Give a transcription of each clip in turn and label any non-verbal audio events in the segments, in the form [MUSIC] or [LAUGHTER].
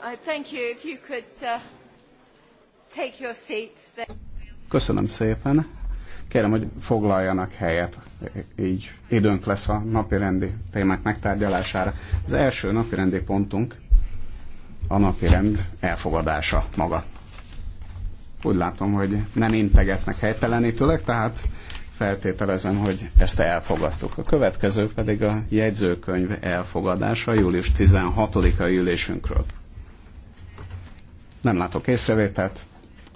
Uh, uh, Köszönöm szépen. Kérem, hogy foglaljanak helyet, így időnk lesz a napirendi témák megtárgyalására. Az első napirendi pontunk a napirend elfogadása maga. Úgy látom, hogy nem integetnek helytelenítőleg, tehát feltételezem, hogy ezt elfogadtuk. A következő pedig a jegyzőkönyv elfogadása július 16-a ülésünkről. Nem látok észrevételt,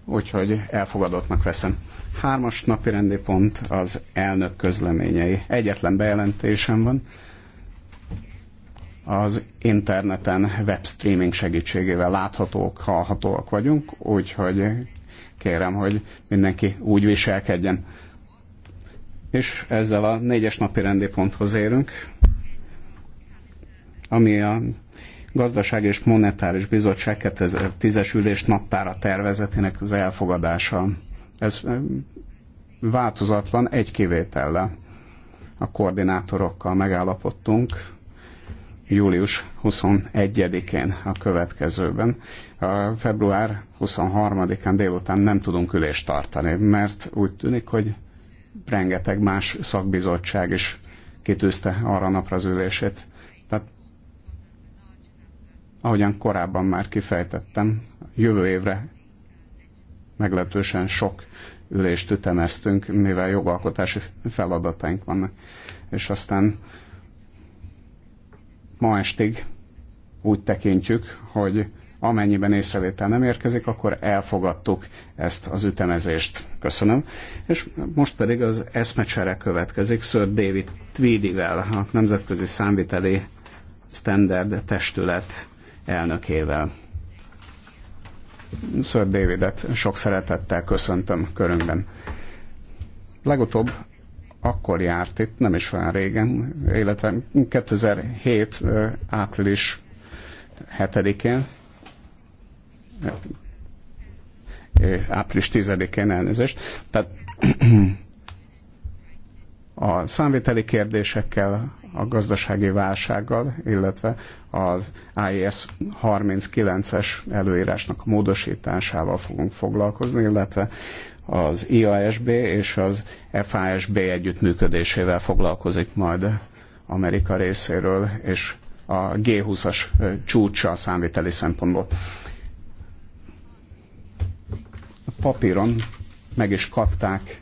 úgyhogy elfogadottnak veszem. Hármas napi rendi pont az elnök közleményei. Egyetlen bejelentésem van. Az interneten webstreaming segítségével láthatók, hallhatóak vagyunk, úgyhogy kérem, hogy mindenki úgy viselkedjen. És ezzel a négyes napi rendi ponthoz érünk, ami a Gazdaság és Monetáris Bizottság 2010-es ülés naptára tervezetének az elfogadása. Ez változatlan egy kivétellel. A koordinátorokkal megállapodtunk július 21-én a következőben. A február 23-án délután nem tudunk ülést tartani, mert úgy tűnik, hogy rengeteg más szakbizottság is kitűzte arra napra az ülését. Ahogyan korábban már kifejtettem, jövő évre meglehetősen sok ülést ütemeztünk, mivel jogalkotási feladataink vannak. És aztán ma estig úgy tekintjük, hogy amennyiben észrevétel nem érkezik, akkor elfogadtuk ezt az ütemezést. Köszönöm. És most pedig az eszmecsere következik Sir David Tweedivel, a Nemzetközi Számviteli Standard Testület elnökével. Sir Davidet sok szeretettel köszöntöm körünkben. Legutóbb akkor járt itt, nem is olyan régen, illetve 2007. április 7-én, április 10-én elnézést, tehát [CLEARS THROAT] a számviteli kérdésekkel, a gazdasági válsággal, illetve az IS 39-es előírásnak a módosításával fogunk foglalkozni, illetve az IASB és az FASB együttműködésével foglalkozik majd Amerika részéről, és a G20-as csúcsa a számviteli szempontból. A papíron meg is kapták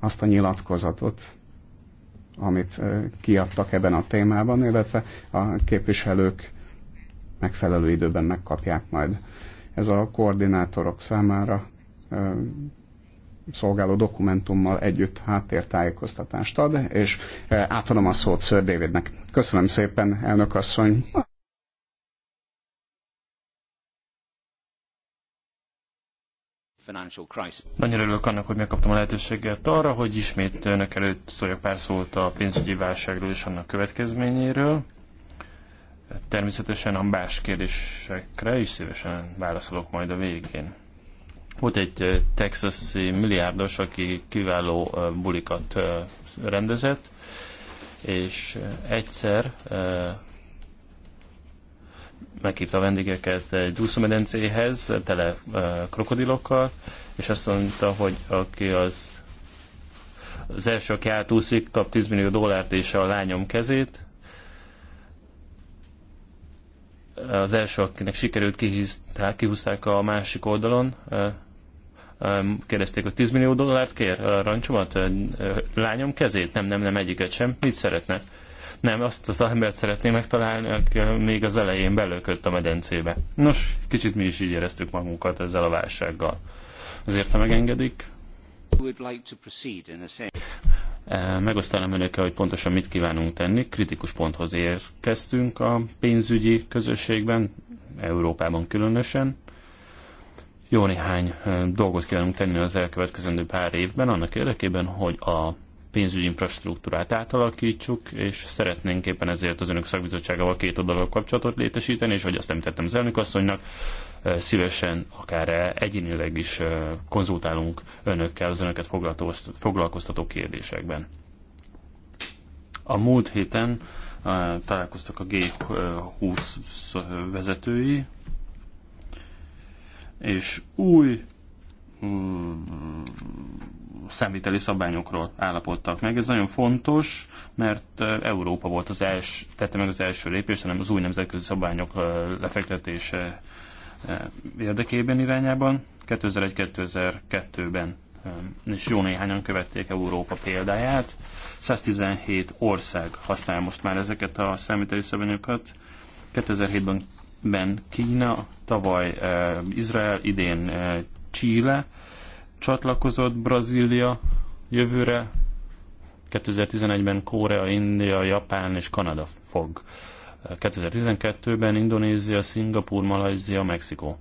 azt a nyilatkozatot, amit kiadtak ebben a témában, illetve a képviselők megfelelő időben megkapják majd. Ez a koordinátorok számára szolgáló dokumentummal együtt háttértájékoztatást ad, és átadom a szót Sir Davidnek. Köszönöm szépen, elnök asszony! Nagyon örülök annak, hogy megkaptam a lehetőséget arra, hogy ismét önök előtt szóljak pár szót a pénzügyi válságról és annak következményéről. Természetesen a más kérdésekre is szívesen válaszolok majd a végén. Volt egy texasi milliárdos, aki kiváló bulikat rendezett, és egyszer meghívta a vendégeket egy úszómedencéhez, tele eh, krokodilokkal, és azt mondta, hogy aki az az első, aki átúszik, kap 10 millió dollárt és a lányom kezét. Az első, akinek sikerült kihízták, hát kihúzták a másik oldalon, eh, kérdezték, hogy 10 millió dollárt kér a eh, rancsomat, lányom kezét? Nem, nem, nem, egyiket sem. Mit szeretne? Nem, azt az embert szeretné megtalálni, aki még az elején belökött a medencébe. Nos, kicsit mi is így éreztük magunkat ezzel a válsággal. Azért, ha megengedik... E, megosztanám önökkel, hogy pontosan mit kívánunk tenni. Kritikus ponthoz érkeztünk a pénzügyi közösségben, Európában különösen. Jó néhány e, dolgot kívánunk tenni az elkövetkezendő pár évben, annak érdekében, hogy a pénzügyi infrastruktúrát átalakítsuk, és szeretnénk éppen ezért az önök szakbizottságával két oldalról kapcsolatot létesíteni, és hogy azt említettem az asszonynak, szívesen akár egyénileg is konzultálunk önökkel az önöket foglalkoztató kérdésekben. A múlt héten találkoztak a G20 vezetői, és új számviteli szabályokról állapodtak meg. Ez nagyon fontos, mert Európa volt az első, tette meg az első lépést, hanem az új nemzetközi szabályok lefektetése érdekében irányában. 2001-2002-ben és jó néhányan követték Európa példáját. 117 ország használ most már ezeket a számviteli szabályokat. 2007-ben Kína, tavaly Izrael, idén Chile, csatlakozott Brazília jövőre, 2011-ben Korea, India, Japán és Kanada fog. 2012-ben Indonézia, Szingapur, Malajzia, Mexikó.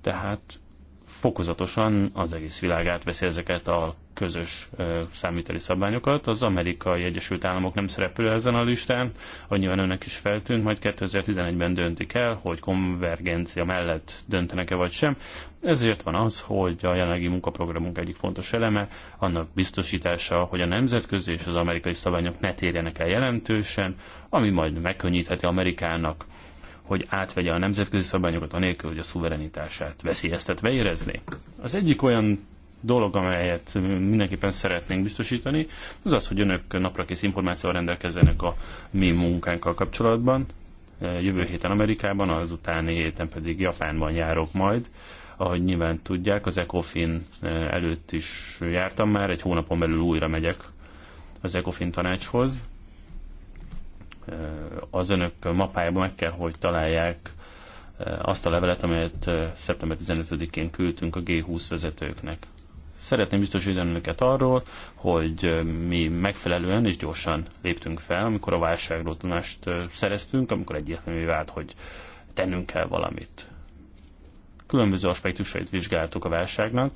Tehát fokozatosan az egész világ átveszi ezeket a közös számítási szabványokat. Az amerikai Egyesült Államok nem szerepel ezen a listán, annyiban önnek is feltűnt, majd 2011-ben döntik el, hogy konvergencia mellett döntenek-e vagy sem. Ezért van az, hogy a jelenlegi munkaprogramunk egyik fontos eleme annak biztosítása, hogy a nemzetközi és az amerikai szabványok ne térjenek el jelentősen, ami majd megkönnyítheti Amerikának hogy átvegye a nemzetközi szabályokat, anélkül, hogy a szuverenitását veszélyeztetve érezni. Az egyik olyan dolog, amelyet mindenképpen szeretnénk biztosítani, az az, hogy önök naprakész információval rendelkezzenek a mi munkánkkal kapcsolatban. Jövő héten Amerikában, utáni héten pedig Japánban járok majd. Ahogy nyilván tudják, az ECOFIN eh, előtt is jártam már, egy hónapon belül újra megyek az ECOFIN tanácshoz, az önök mapájában meg kell, hogy találják azt a levelet, amelyet szeptember 15-én küldtünk a G20 vezetőknek. Szeretném biztosítani önöket arról, hogy mi megfelelően és gyorsan léptünk fel, amikor a válságról tanást szereztünk, amikor egyértelmű vált, hogy tennünk kell valamit. Különböző aspektusait vizsgáltuk a válságnak,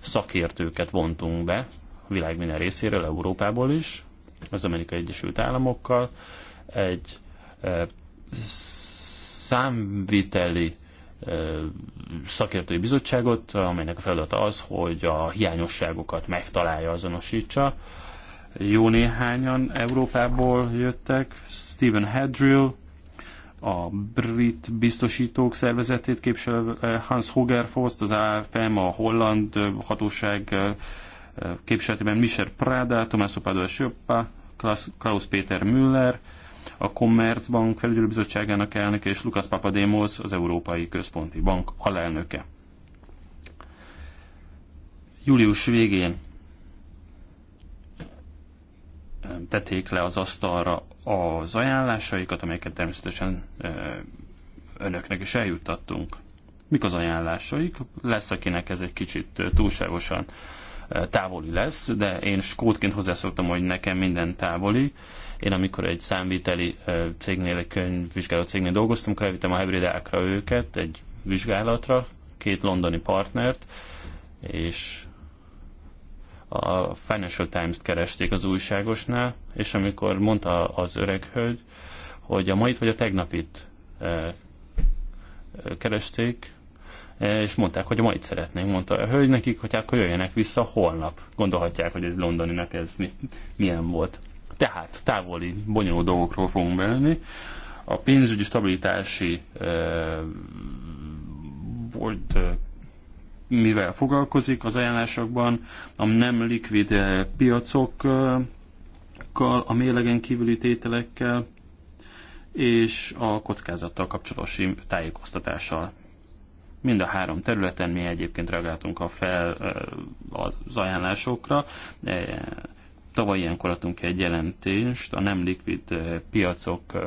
szakértőket vontunk be, a világ minden részéről, Európából is, az Amerikai Egyesült Államokkal, egy számviteli szakértői bizottságot, amelynek a feladata az, hogy a hiányosságokat megtalálja, azonosítsa. Jó néhányan Európából jöttek. Stephen Hedrill, a brit biztosítók szervezetét képviselő Hans Hogerfost, az AFM, a holland hatóság képviseletében Michel Prada, Tomás Opado Klaus Péter Müller, a Commerzbank felügyelőbizottságának elnöke, és Lukas Papademos, az Európai Központi Bank alelnöke. Július végén tették le az asztalra az ajánlásaikat, amelyeket természetesen önöknek is eljuttattunk. Mik az ajánlásaik? Lesz, akinek ez egy kicsit túlságosan távoli lesz, de én skótként hozzászoktam, hogy nekem minden távoli. Én amikor egy számviteli cégnél, egy könyvvizsgáló cégnél dolgoztam, akkor elvittem a hebridákra őket egy vizsgálatra, két londoni partnert, és a Financial Times-t keresték az újságosnál, és amikor mondta az öreg hölgy, hogy a mait vagy a tegnapit keresték, és mondták, hogy a mait szeretnénk, mondta a hölgy nekik, hogy hát akkor jöjjenek vissza holnap. Gondolhatják, hogy egy londoninak ez mi, milyen volt. Tehát távoli, bonyolult dolgokról fogunk belni. A pénzügyi stabilitási eh, volt eh, mivel foglalkozik az ajánlásokban, a nem likvid eh, piacokkal, a mélegen kívüli tételekkel és a kockázattal kapcsolatos tájékoztatással mind a három területen mi egyébként reagáltunk a fel eh, az ajánlásokra, eh, Tavaly ilyenkor adtunk egy jelentést a nem likvid eh, piacok eh,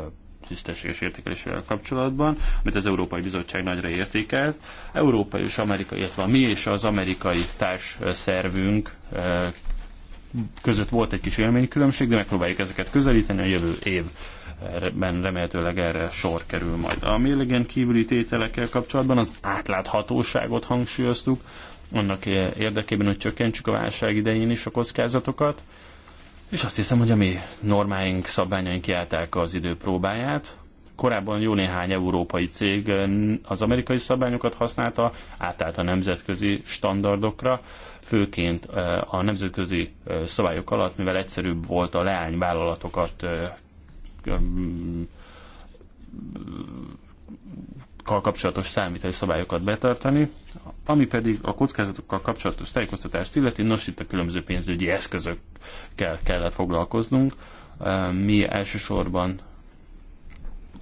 tisztességes értékelésével kapcsolatban, amit az Európai Bizottság nagyra értékelt. Európai és amerikai, illetve mi és az amerikai társ eh, szervünk között volt egy kis élménykülönbség, de megpróbáljuk ezeket közelíteni a jövő év ben remélhetőleg erre sor kerül majd. A mérlegen kívüli tételekkel kapcsolatban az átláthatóságot hangsúlyoztuk, annak érdekében, hogy csökkentsük a válság idején is a kockázatokat. És azt hiszem, hogy a mi normáink, szabványaink kiállták az idő próbáját. Korábban jó néhány európai cég az amerikai szabványokat használta, átállt a nemzetközi standardokra, főként a nemzetközi szabályok alatt, mivel egyszerűbb volt a leányvállalatokat kapcsolatos számítási szabályokat betartani, ami pedig a kockázatokkal kapcsolatos tájékoztatást illeti, nos itt a különböző pénzügyi eszközökkel kellett foglalkoznunk. Mi elsősorban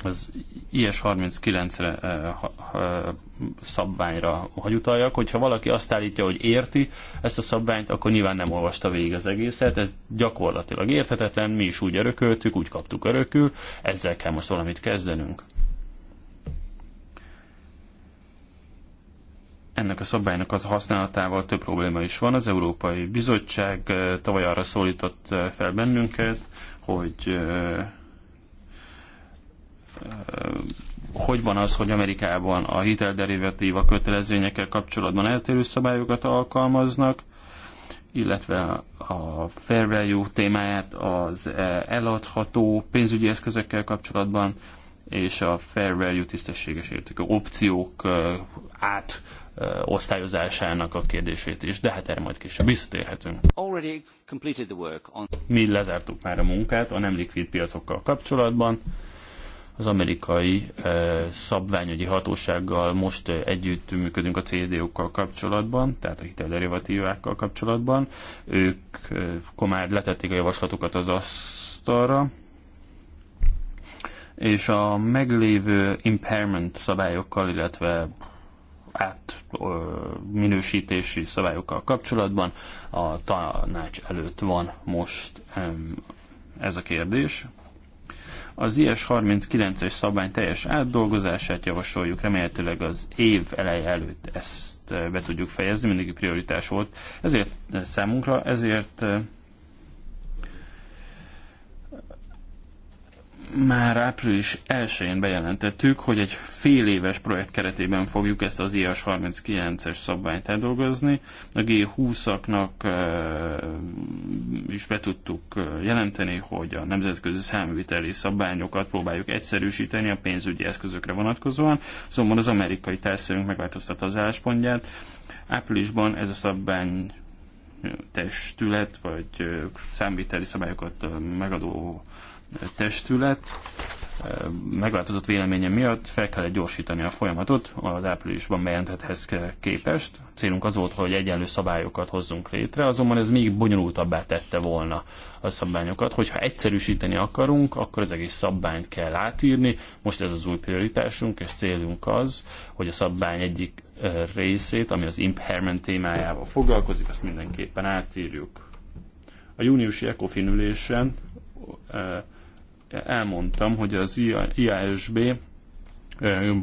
az IS-39-re szabványra utaljak, hogyha valaki azt állítja, hogy érti ezt a szabványt, akkor nyilván nem olvasta végig az egészet, ez gyakorlatilag érthetetlen, mi is úgy örököltük, úgy kaptuk örökül, ezzel kell most valamit kezdenünk. ennek a szabálynak az használatával több probléma is van. Az Európai Bizottság eh, tavaly arra szólított eh, fel bennünket, hogy eh, hogy van az, hogy Amerikában a hitelderivatíva kötelezvényekkel kapcsolatban eltérő szabályokat alkalmaznak, illetve a fair value témáját az eladható pénzügyi eszközökkel kapcsolatban, és a fair value tisztességes értékű opciók át osztályozásának a kérdését is, de hát erre majd később visszatérhetünk. Mi lezártuk már a munkát a nem likvid piacokkal kapcsolatban. Az amerikai eh, szabványügyi hatósággal most eh, együttműködünk a CDO-kkal kapcsolatban, tehát a hitelderivatívákkal kapcsolatban. Ők eh, már letették a javaslatukat az asztalra, és a meglévő impairment szabályokkal, illetve átminősítési szabályokkal kapcsolatban. A tanács előtt van most ez a kérdés. Az IS-39-es szabály teljes átdolgozását javasoljuk, remélhetőleg az év eleje előtt ezt be tudjuk fejezni, mindig prioritás volt. Ezért számunkra, ezért már április 1-én bejelentettük, hogy egy fél éves projekt keretében fogjuk ezt az IAS 39-es szabványt eldolgozni. A G20-aknak is be tudtuk jelenteni, hogy a nemzetközi számviteli szabványokat próbáljuk egyszerűsíteni a pénzügyi eszközökre vonatkozóan, szóval az amerikai társadalmunk megváltoztatta az álláspontját. Áprilisban ez a szabvány testület vagy számviteli szabályokat megadó testület megváltozott véleménye miatt fel kellett gyorsítani a folyamatot az áprilisban bejelentethez képest. A célunk az volt, hogy egyenlő szabályokat hozzunk létre, azonban ez még bonyolultabbá tette volna a szabványokat. Hogyha egyszerűsíteni akarunk, akkor az egész szabványt kell átírni. Most ez az új prioritásunk, és célunk az, hogy a szabvány egyik részét, ami az impairment témájával foglalkozik, azt mindenképpen átírjuk. A júniusi ECOFIN ülésen elmondtam, hogy az IASB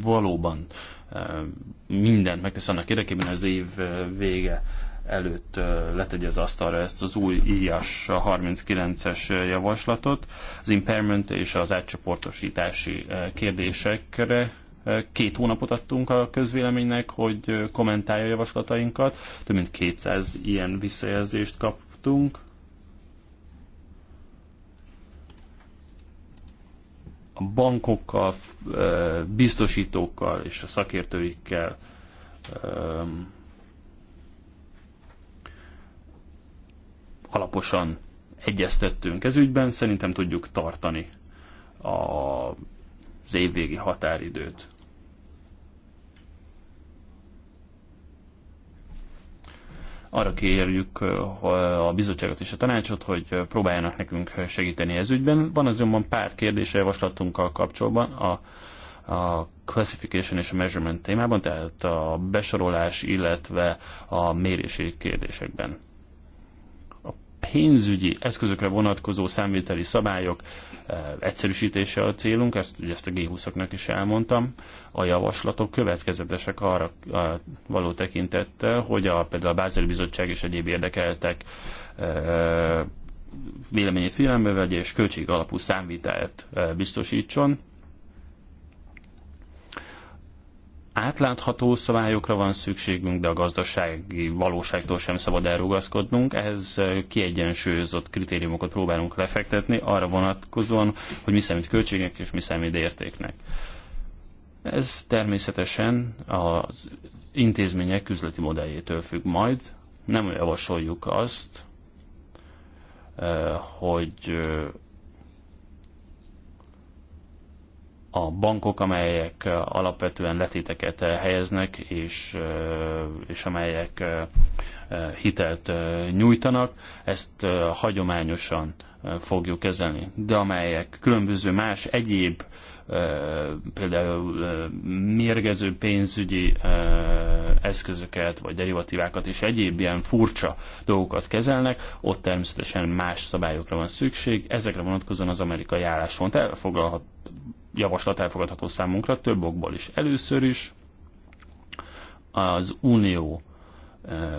valóban mindent megtesz annak érdekében, az év vége előtt letegye az asztalra ezt az új IAS 39-es javaslatot. Az impairment és az átcsoportosítási kérdésekre két hónapot adtunk a közvéleménynek, hogy kommentálja a javaslatainkat. Több mint 200 ilyen visszajelzést kaptunk a bankokkal, biztosítókkal és a szakértőikkel alaposan egyeztettünk ez ügyben, szerintem tudjuk tartani az évvégi határidőt. Arra kérjük a bizottságot és a tanácsot, hogy próbáljanak nekünk segíteni ez ügyben. Van azonban pár kérdése javaslatunkkal kapcsolatban a, a classification és a measurement témában, tehát a besorolás, illetve a mérési kérdésekben pénzügyi eszközökre vonatkozó számviteli szabályok eh, egyszerűsítése a célunk, ezt, ugye ezt a G20-oknak is elmondtam. A javaslatok következetesek arra eh, való tekintettel, hogy a, például a Bázeli Bizottság és egyéb érdekeltek eh, véleményét figyelembe vegye, és költség alapú számvitelt biztosítson, átlátható szabályokra van szükségünk, de a gazdasági valóságtól sem szabad elrugaszkodnunk. Ehhez kiegyensúlyozott kritériumokat próbálunk lefektetni arra vonatkozóan, hogy mi számít költségnek és mi számít értéknek. Ez természetesen az intézmények üzleti modelljétől függ majd. Nem javasoljuk azt, eh, hogy eh, a bankok, amelyek alapvetően letéteket helyeznek, és, és amelyek hitelt nyújtanak, ezt hagyományosan fogjuk kezelni. De amelyek különböző más egyéb például mérgező pénzügyi eszközöket, vagy derivatívákat és egyéb ilyen furcsa dolgokat kezelnek, ott természetesen más szabályokra van szükség. Ezekre vonatkozóan az amerikai álláspont elfoglalható javaslat elfogadható számunkra több okból is. Először is az unió eh,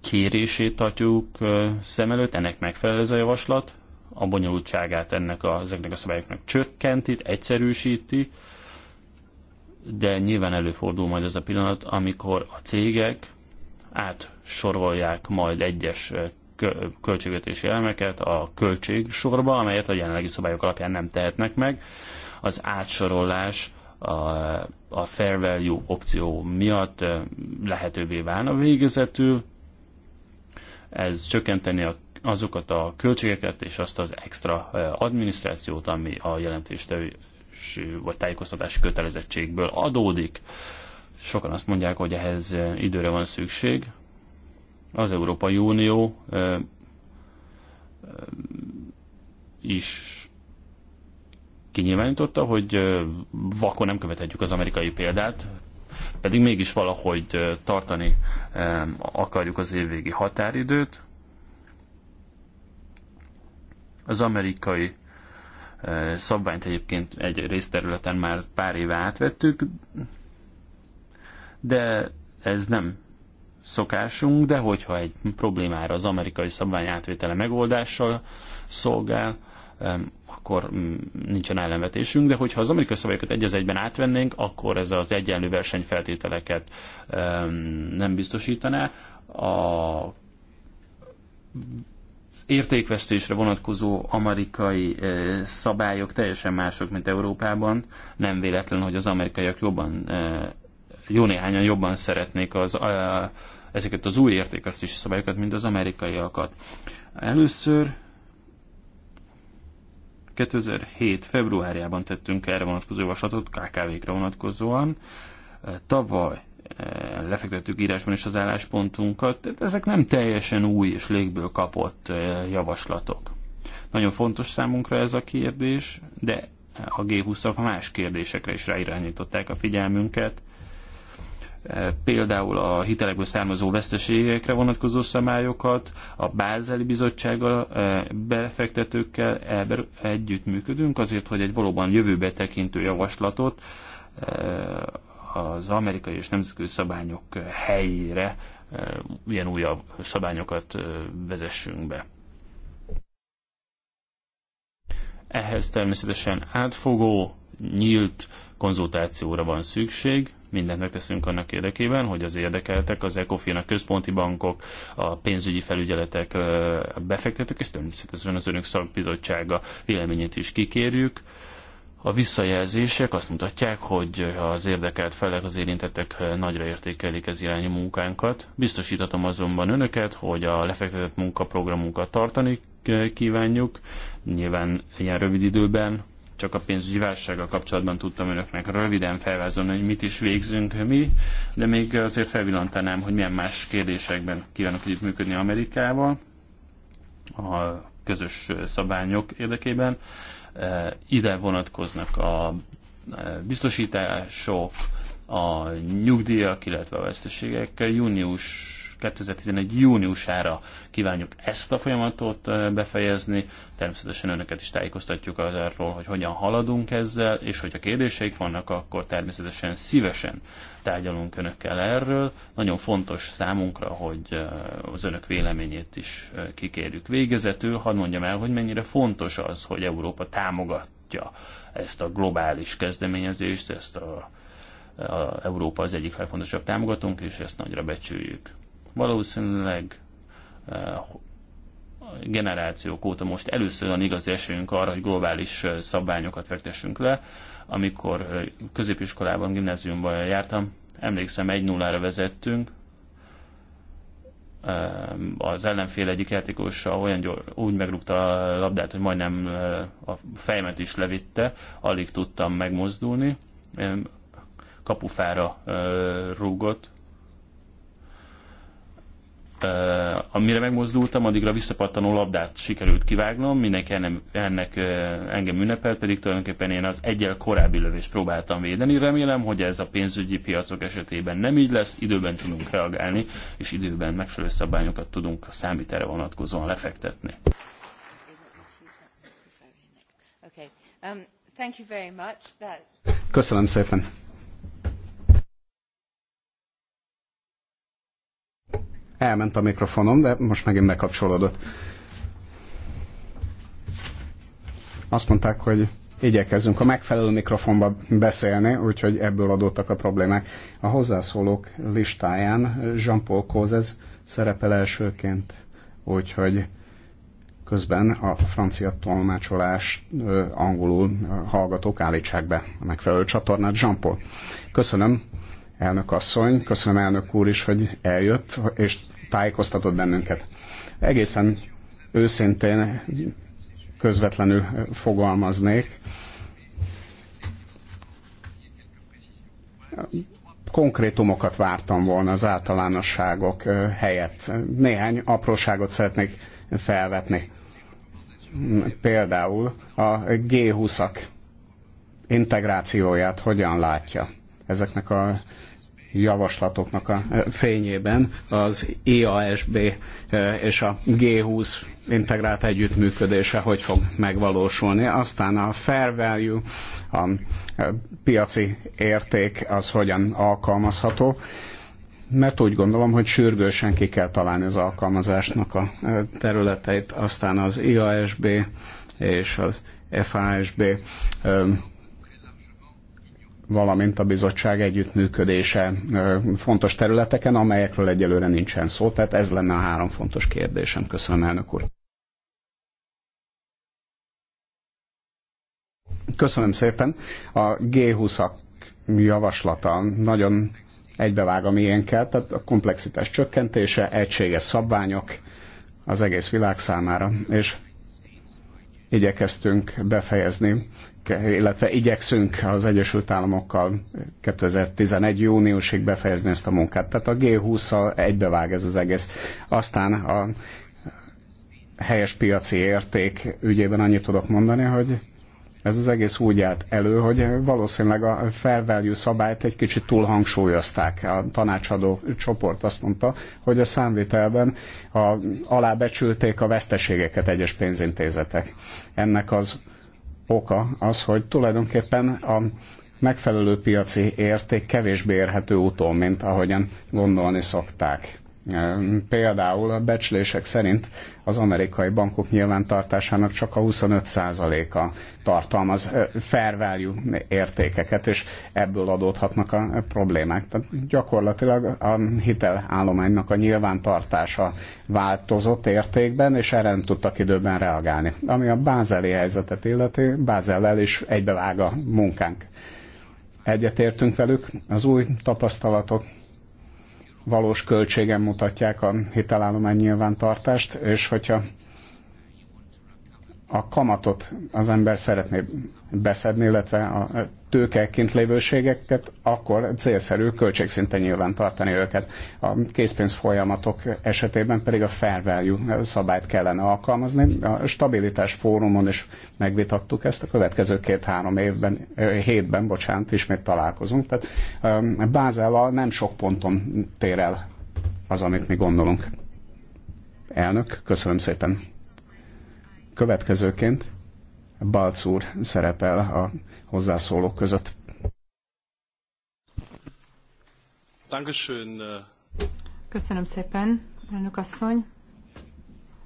kérését tartjuk eh, szem előtt, ennek megfelel ez a javaslat, a bonyolultságát ennek a, ezeknek a szabályoknak csökkenti, egyszerűsíti, de nyilván előfordul majd ez a pillanat, amikor a cégek átsorolják majd egyes eh, költségvetési elemeket a költségsorba, amelyet a jelenlegi szabályok alapján nem tehetnek meg, az átsorolás a, a fair value opció miatt lehetővé válna végezetül. Ez csökkenteni a azokat a költségeket és azt az extra adminisztrációt, ami a jelentéstevés vagy tájékoztatási kötelezettségből adódik. Sokan azt mondják, hogy ehhez időre van szükség. Az Európai Unió is kinyilvánította, hogy vakon nem követhetjük az amerikai példát, pedig mégis valahogy tartani akarjuk az évvégi határidőt. Az amerikai szabványt egyébként egy részterületen már pár éve átvettük, de ez nem szokásunk, de hogyha egy problémára az amerikai szabvány átvétele megoldással szolgál, akkor mm, nincsen ellenvetésünk, de hogyha az amerikai szabályokat egy az egyben átvennénk, akkor ez az egyenlő versenyfeltételeket nem biztosítaná. A az értékvesztésre vonatkozó amerikai e, szabályok teljesen mások, mint Európában. Nem véletlen, hogy az amerikaiak jobban, e, jó néhányan jobban szeretnék az, e, ezeket az új értékvesztési szabályokat, mint az amerikaiakat. Először 2007. februárjában tettünk erre vonatkozó javaslatot KKV-kra vonatkozóan. Tavaly lefektettük írásban is az álláspontunkat, tehát ezek nem teljesen új és légből kapott javaslatok. Nagyon fontos számunkra ez a kérdés, de a G20-ak más kérdésekre is ráirányították a figyelmünket, E, például a hitelekből származó veszteségekre vonatkozó szabályokat, a Bázeli Bizottsággal, e, befektetőkkel együttműködünk azért, hogy egy valóban jövőbe tekintő javaslatot e, az amerikai és nemzetközi szabályok helyére ilyen újabb szabályokat vezessünk be. Ehhez természetesen átfogó, nyílt konzultációra van szükség, mindent megteszünk annak érdekében, hogy az érdekeltek, az ECOFIN, a központi bankok, a pénzügyi felügyeletek, befektetők, és természetesen az önök szakbizottsága véleményét is kikérjük. A visszajelzések azt mutatják, hogy az érdekelt felek, az érintettek nagyra értékelik ez irányú munkánkat. Biztosítatom azonban önöket, hogy a lefektetett munkaprogramunkat tartani kívánjuk, nyilván ilyen rövid időben, csak a pénzügyi válsággal kapcsolatban tudtam önöknek röviden felvázolni, hogy mit is végzünk mi, de még azért felvillantanám, hogy milyen más kérdésekben kívánok együttműködni Amerikával a közös szabályok érdekében. E, ide vonatkoznak a e, biztosítások, a nyugdíjak, illetve a veszteségek. Június 2011. júniusára kívánjuk ezt a folyamatot e, befejezni. Természetesen önöket is tájékoztatjuk arról, hogy hogyan haladunk ezzel, és hogyha kérdéseik vannak, akkor természetesen szívesen tárgyalunk önökkel erről. Nagyon fontos számunkra, hogy eh, az önök véleményét is eh, kikérjük. Végezetül hadd mondjam el, hogy mennyire fontos az, hogy Európa támogatja ezt a globális kezdeményezést, ezt a, a Európa az egyik legfontosabb támogatónk, és ezt nagyra becsüljük. Valószínűleg eh, generációk óta most először van igaz esélyünk arra, hogy globális szabványokat fektessünk le. Amikor középiskolában, gimnáziumban jártam, emlékszem, 1-0-ra vezettünk, az ellenfél egyik játékosa olyan gyors, úgy megrúgta a labdát, hogy majdnem a fejemet is levitte, alig tudtam megmozdulni. Kapufára rúgott, Eh, amire megmozdultam, addigra visszapattanó labdát sikerült kivágnom, mindenki ennek, ennek eh, engem ünnepelt, pedig tulajdonképpen én az egyel korábbi lövést próbáltam védeni. Remélem, hogy ez a pénzügyi piacok esetében nem így lesz, időben tudunk reagálni, és időben megfelelő szabályokat tudunk számítára vonatkozóan lefektetni. Um, Köszönöm szépen. Elment a mikrofonom, de most megint bekapcsolódott. Azt mondták, hogy igyekezzünk a megfelelő mikrofonba beszélni, úgyhogy ebből adódtak a problémák. A hozzászólók listáján Jean-Paul Kózez szerepel elsőként, úgyhogy közben a francia tolmácsolás angolul hallgatók állítsák be a megfelelő csatornát. Jean-Paul, köszönöm elnök asszony, köszönöm elnök úr is, hogy eljött, és tájékoztatott bennünket. Egészen őszintén közvetlenül fogalmaznék. Konkrétumokat vártam volna az általánosságok helyett. Néhány apróságot szeretnék felvetni. Például a G20-ak integrációját hogyan látja ezeknek a javaslatoknak a eh, fényében az IASB eh, és a G20 integrált együttműködése hogy fog megvalósulni. Aztán a fair value, a eh, piaci érték az hogyan alkalmazható mert úgy gondolom, hogy sürgősen ki kell találni az alkalmazásnak a területeit, aztán az IASB és az FASB valamint a bizottság együttműködése fontos területeken, amelyekről egyelőre nincsen szó. Tehát ez lenne a három fontos kérdésem. Köszönöm, elnök úr. Köszönöm szépen. A G20-ak javaslata nagyon egybevág a miénkkel, tehát a komplexitás csökkentése, egységes szabványok az egész világ számára, és igyekeztünk befejezni illetve igyekszünk az Egyesült Államokkal 2011. júniusig befejezni ezt a munkát. Tehát a G20-szal egybevág ez az egész. Aztán a helyes piaci érték ügyében annyit tudok mondani, hogy ez az egész úgy állt elő, hogy valószínűleg a fair value szabályt egy kicsit túl hangsúlyozták A tanácsadó csoport azt mondta, hogy a számvitelben a, alábecsülték a veszteségeket egyes pénzintézetek. Ennek az oka az, hogy tulajdonképpen a megfelelő piaci érték kevésbé érhető úton, mint ahogyan gondolni szokták. Például a becslések szerint az amerikai bankok nyilvántartásának csak a 25%-a tartalmaz fair value értékeket, és ebből adódhatnak a problémák. Tehát gyakorlatilag a hitelállománynak a nyilvántartása változott értékben, és erre nem tudtak időben reagálni. Ami a bázeli helyzetet illeti, bázellel is egybevág a munkánk. Egyetértünk velük, az új tapasztalatok valós költségen mutatják a hitelállomány nyilvántartást, és hogyha a kamatot az ember szeretné beszedni, illetve a tőkeként lévőségeket, akkor célszerű költségszinten nyilván tartani őket. A készpénz folyamatok esetében pedig a fair value szabályt kellene alkalmazni. A stabilitás fórumon is megvitattuk ezt, a következő két-három évben, hétben, bocsánat, ismét találkozunk. Tehát Bázellal nem sok ponton tér el az, amit mi gondolunk. Elnök, köszönöm szépen. Következőként Balc úr szerepel a hozzászólók között. Uh, Köszönöm szépen, elnök asszony.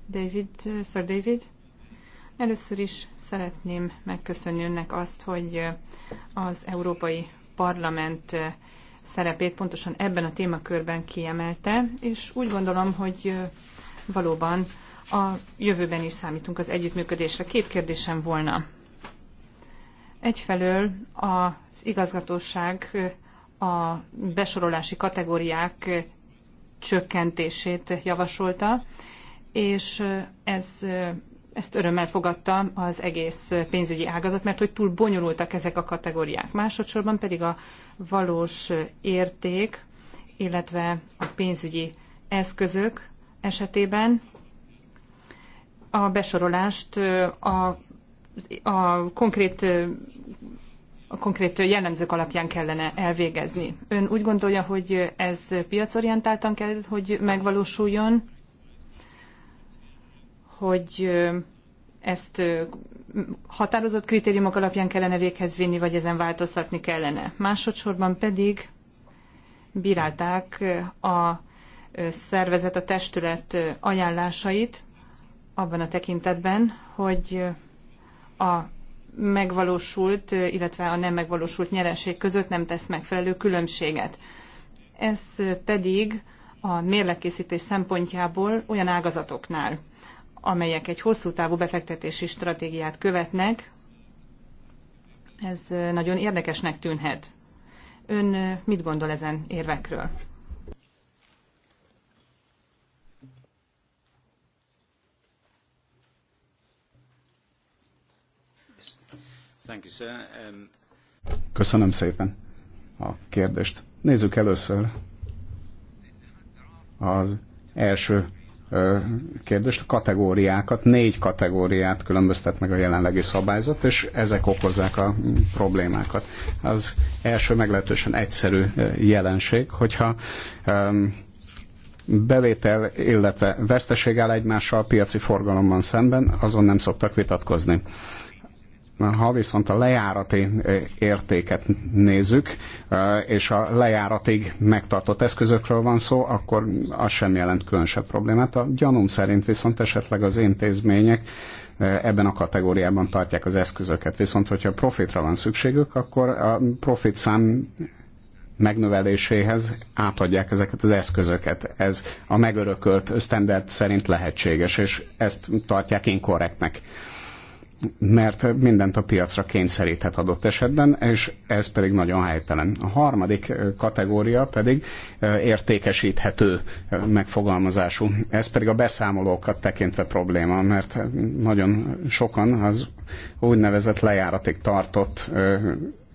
David, uh, Sir David. Először is szeretném megköszönni önnek azt, hogy uh, az Európai Parlament szerepét pontosan ebben a témakörben kiemelte, és úgy gondolom, hogy valóban a jövőben is számítunk az együttműködésre. Két kérdésem volna. Egyfelől az igazgatóság a besorolási kategóriák csökkentését javasolta, és ez, ezt örömmel fogadta az egész pénzügyi ágazat, mert hogy túl bonyolultak ezek a kategóriák. Másodszorban pedig a valós érték, illetve a pénzügyi eszközök esetében a besorolást a, a konkrét a konkrét jellemzők alapján kellene elvégezni. Ön úgy gondolja, hogy ez piacorientáltan kell, hogy megvalósuljon, hogy ezt határozott kritériumok alapján kellene véghez vinni, vagy ezen változtatni kellene. Másodszorban pedig bírálták a szervezet, a testület ajánlásait, abban a tekintetben, hogy a megvalósult, illetve a nem megvalósult nyereség között nem tesz megfelelő különbséget. Ez pedig a mérlegkészítés szempontjából olyan ágazatoknál, amelyek egy hosszú távú befektetési stratégiát követnek, ez nagyon érdekesnek tűnhet. Ön mit gondol ezen érvekről? Um, Köszönöm szépen a kérdést. Nézzük először az első kérdést, a kategóriákat, négy kategóriát különböztet meg a jelenlegi szabályzat, és ezek okozzák a problémákat. Az első meglehetősen egyszerű jelenség, hogyha bevétel, illetve veszteség áll egymással a piaci forgalomban szemben, azon nem szoktak vitatkozni. Ha viszont a lejárati értéket nézzük, és a lejáratig megtartott eszközökről van szó, akkor az sem jelent különösebb problémát. A gyanúm szerint viszont esetleg az intézmények ebben a kategóriában tartják az eszközöket. Viszont, hogyha profitra van szükségük, akkor a profit szám megnöveléséhez átadják ezeket az eszközöket. Ez a megörökölt standard szerint lehetséges, és ezt tartják inkorrektnek mert mindent a piacra kényszeríthet adott esetben, és ez pedig nagyon helytelen. A harmadik kategória pedig értékesíthető megfogalmazású. Ez pedig a beszámolókat tekintve probléma, mert nagyon sokan az úgynevezett lejáratig tartott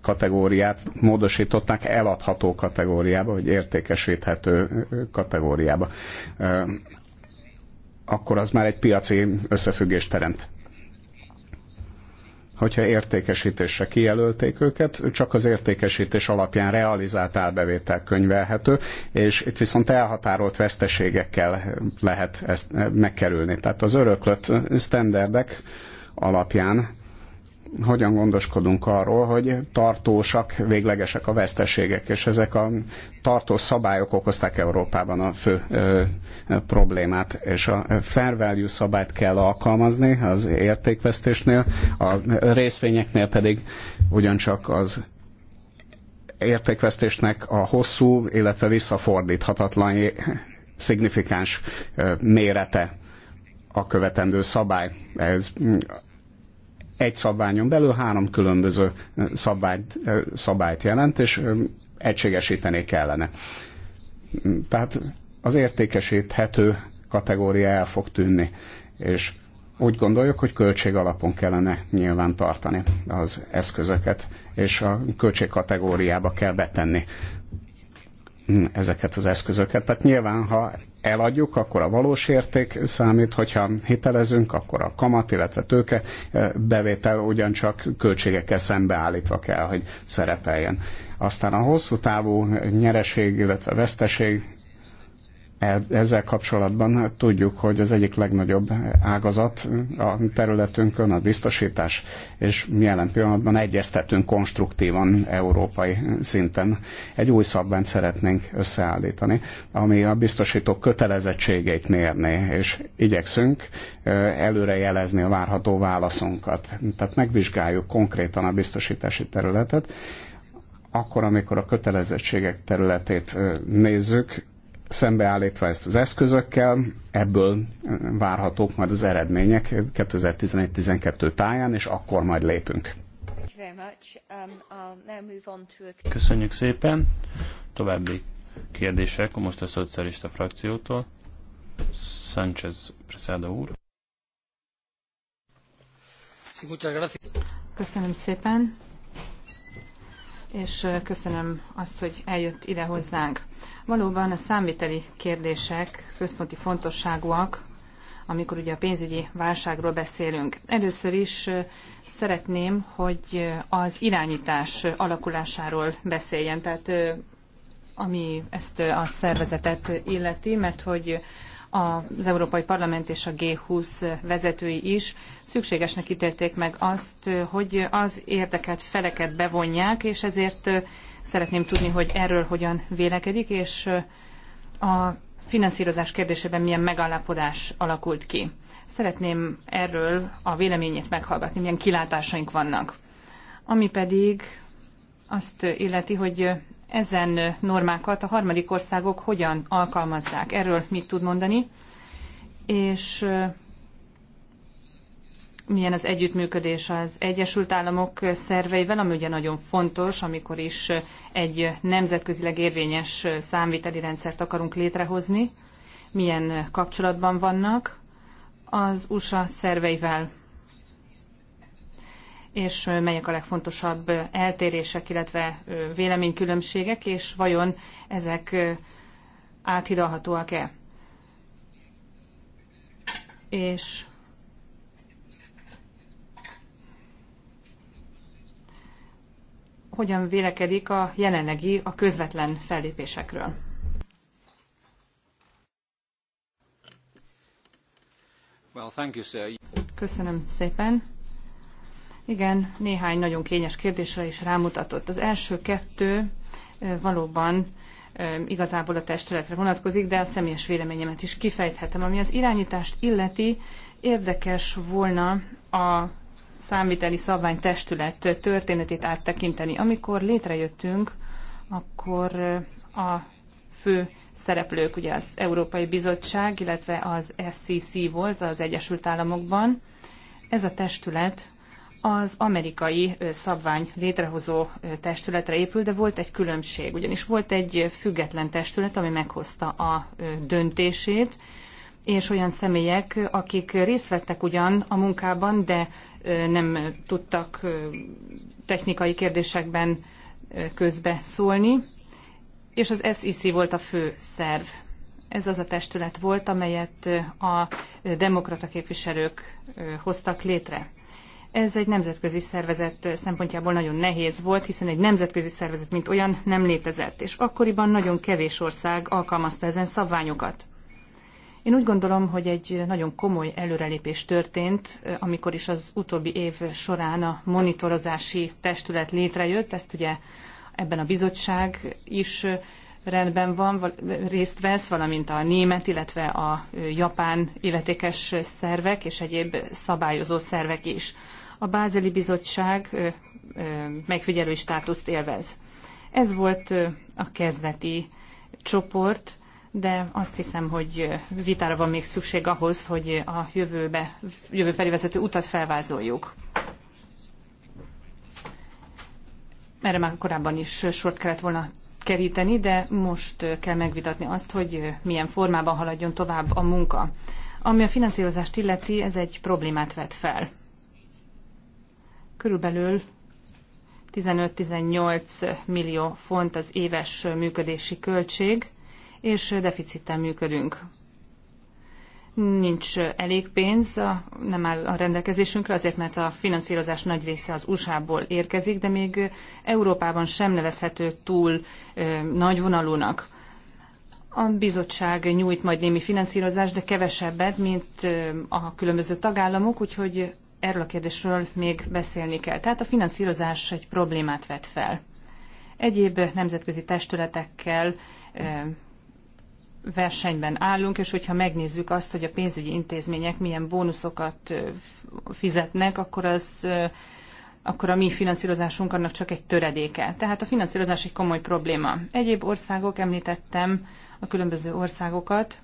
kategóriát módosították eladható kategóriába, vagy értékesíthető kategóriába. Akkor az már egy piaci összefüggést teremt hogyha értékesítésre kijelölték őket, csak az értékesítés alapján realizált árbevétel könyvelhető, és itt viszont elhatárolt veszteségekkel lehet ezt megkerülni. Tehát az öröklött standardek alapján hogyan gondoskodunk arról, hogy tartósak, véglegesek a veszteségek, és ezek a tartós szabályok okozták Európában a fő ö, problémát, és a fair value szabályt kell alkalmazni az értékvesztésnél, a részvényeknél pedig ugyancsak az értékvesztésnek a hosszú, illetve visszafordíthatatlan szignifikáns mérete a követendő szabály. Ez egy szabványon belül három különböző szabályt, szabályt jelent, és egységesíteni kellene. Tehát az értékesíthető kategória el fog tűnni, és úgy gondoljuk, hogy költség alapon kellene nyilván tartani az eszközöket, és a költség kategóriába kell betenni hm, ezeket az eszközöket. Tehát nyilván, ha eladjuk, akkor a valós érték számít, hogyha hitelezünk, akkor a kamat, illetve tőke eh, bevétel ugyancsak költségekkel szembeállítva kell, hogy szerepeljen. Aztán a hosszú távú nyereség, illetve veszteség ezzel kapcsolatban hát tudjuk, hogy az egyik legnagyobb ágazat a területünkön a biztosítás, és jelen pillanatban egyeztetünk konstruktívan európai szinten. Egy új szabványt szeretnénk összeállítani, ami a biztosítók kötelezettségeit mérné, és igyekszünk előrejelezni a várható válaszunkat. Tehát megvizsgáljuk konkrétan a biztosítási területet, akkor, amikor a kötelezettségek területét nézzük, szembeállítva ezt az eszközökkel, ebből várhatók majd az eredmények 2011-12 táján, és akkor majd lépünk. Köszönjük szépen. További kérdések most a szocialista frakciótól. Sánchez Presada úr. Köszönöm szépen és köszönöm azt, hogy eljött ide hozzánk. Valóban a számviteli kérdések központi fontosságúak, amikor ugye a pénzügyi válságról beszélünk. Először is szeretném, hogy az irányítás alakulásáról beszéljen, tehát ami ezt a szervezetet illeti, mert hogy az Európai Parlament és a G20 vezetői is szükségesnek ítélték meg azt, hogy az érdekelt feleket bevonják, és ezért szeretném tudni, hogy erről hogyan vélekedik, és a finanszírozás kérdésében milyen megállapodás alakult ki. Szeretném erről a véleményét meghallgatni, milyen kilátásaink vannak. Ami pedig azt illeti, hogy ezen normákat a harmadik országok hogyan alkalmazzák. Erről mit tud mondani? És milyen az együttműködés az Egyesült Államok szerveivel, ami ugye nagyon fontos, amikor is egy nemzetközileg érvényes számviteli rendszert akarunk létrehozni, milyen kapcsolatban vannak az USA szerveivel és melyek a legfontosabb eltérések, illetve véleménykülönbségek, és vajon ezek áthidalhatóak-e. És hogyan vélekedik a jelenlegi, a közvetlen fellépésekről? Well, thank you, sir. Köszönöm szépen. Igen, néhány nagyon kényes kérdésre is rámutatott. Az első kettő valóban igazából a testületre vonatkozik, de a személyes véleményemet is kifejthetem. Ami az irányítást illeti, érdekes volna a szabvány testület történetét áttekinteni. Amikor létrejöttünk, akkor a fő szereplők ugye az Európai Bizottság, illetve az SCC volt az Egyesült Államokban. Ez a testület az amerikai szabvány létrehozó testületre épült, de volt egy különbség, ugyanis volt egy független testület, ami meghozta a döntését, és olyan személyek, akik részt vettek ugyan a munkában, de nem tudtak technikai kérdésekben közbe szólni, és az SEC volt a fő szerv. Ez az a testület volt, amelyet a demokrata képviselők hoztak létre. Ez egy nemzetközi szervezet szempontjából nagyon nehéz volt, hiszen egy nemzetközi szervezet, mint olyan, nem létezett, és akkoriban nagyon kevés ország alkalmazta ezen szabványokat. Én úgy gondolom, hogy egy nagyon komoly előrelépés történt, amikor is az utóbbi év során a monitorozási testület létrejött, ezt ugye ebben a bizottság is rendben van, részt vesz, valamint a német, illetve a japán illetékes szervek és egyéb szabályozó szervek is a Bázeli Bizottság megfigyelői státuszt élvez. Ez volt a kezdeti csoport, de azt hiszem, hogy vitára van még szükség ahhoz, hogy a jövőbe, jövő felé vezető utat felvázoljuk. Erre már korábban is sort kellett volna keríteni, de most kell megvitatni azt, hogy milyen formában haladjon tovább a munka. Ami a finanszírozást illeti, ez egy problémát vet fel. Körülbelül 15-18 millió font az éves működési költség, és deficittel működünk. Nincs elég pénz, nem áll a rendelkezésünkre, azért mert a finanszírozás nagy része az USA-ból érkezik, de még Európában sem nevezhető túl nagy vonalúnak. A bizottság nyújt majd némi finanszírozást, de kevesebbet, mint a különböző tagállamok, úgyhogy erről a kérdésről még beszélni kell. Tehát a finanszírozás egy problémát vet fel. Egyéb nemzetközi testületekkel versenyben állunk, és hogyha megnézzük azt, hogy a pénzügyi intézmények milyen bónuszokat fizetnek, akkor az akkor a mi finanszírozásunk annak csak egy töredéke. Tehát a finanszírozás egy komoly probléma. Egyéb országok, említettem a különböző országokat,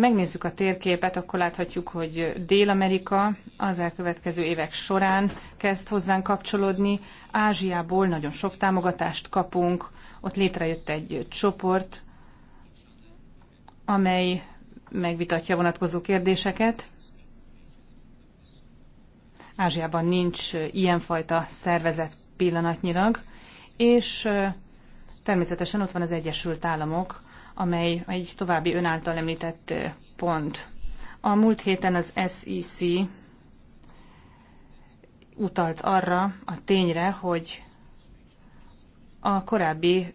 ha megnézzük a térképet, akkor láthatjuk, hogy Dél-Amerika az elkövetkező évek során kezd hozzánk kapcsolódni. Ázsiából nagyon sok támogatást kapunk. Ott létrejött egy csoport, amely megvitatja vonatkozó kérdéseket. Ázsiában nincs ilyenfajta szervezet pillanatnyilag, és természetesen ott van az Egyesült Államok, amely egy további ön által említett pont. A múlt héten az SEC utalt arra a tényre, hogy a korábbi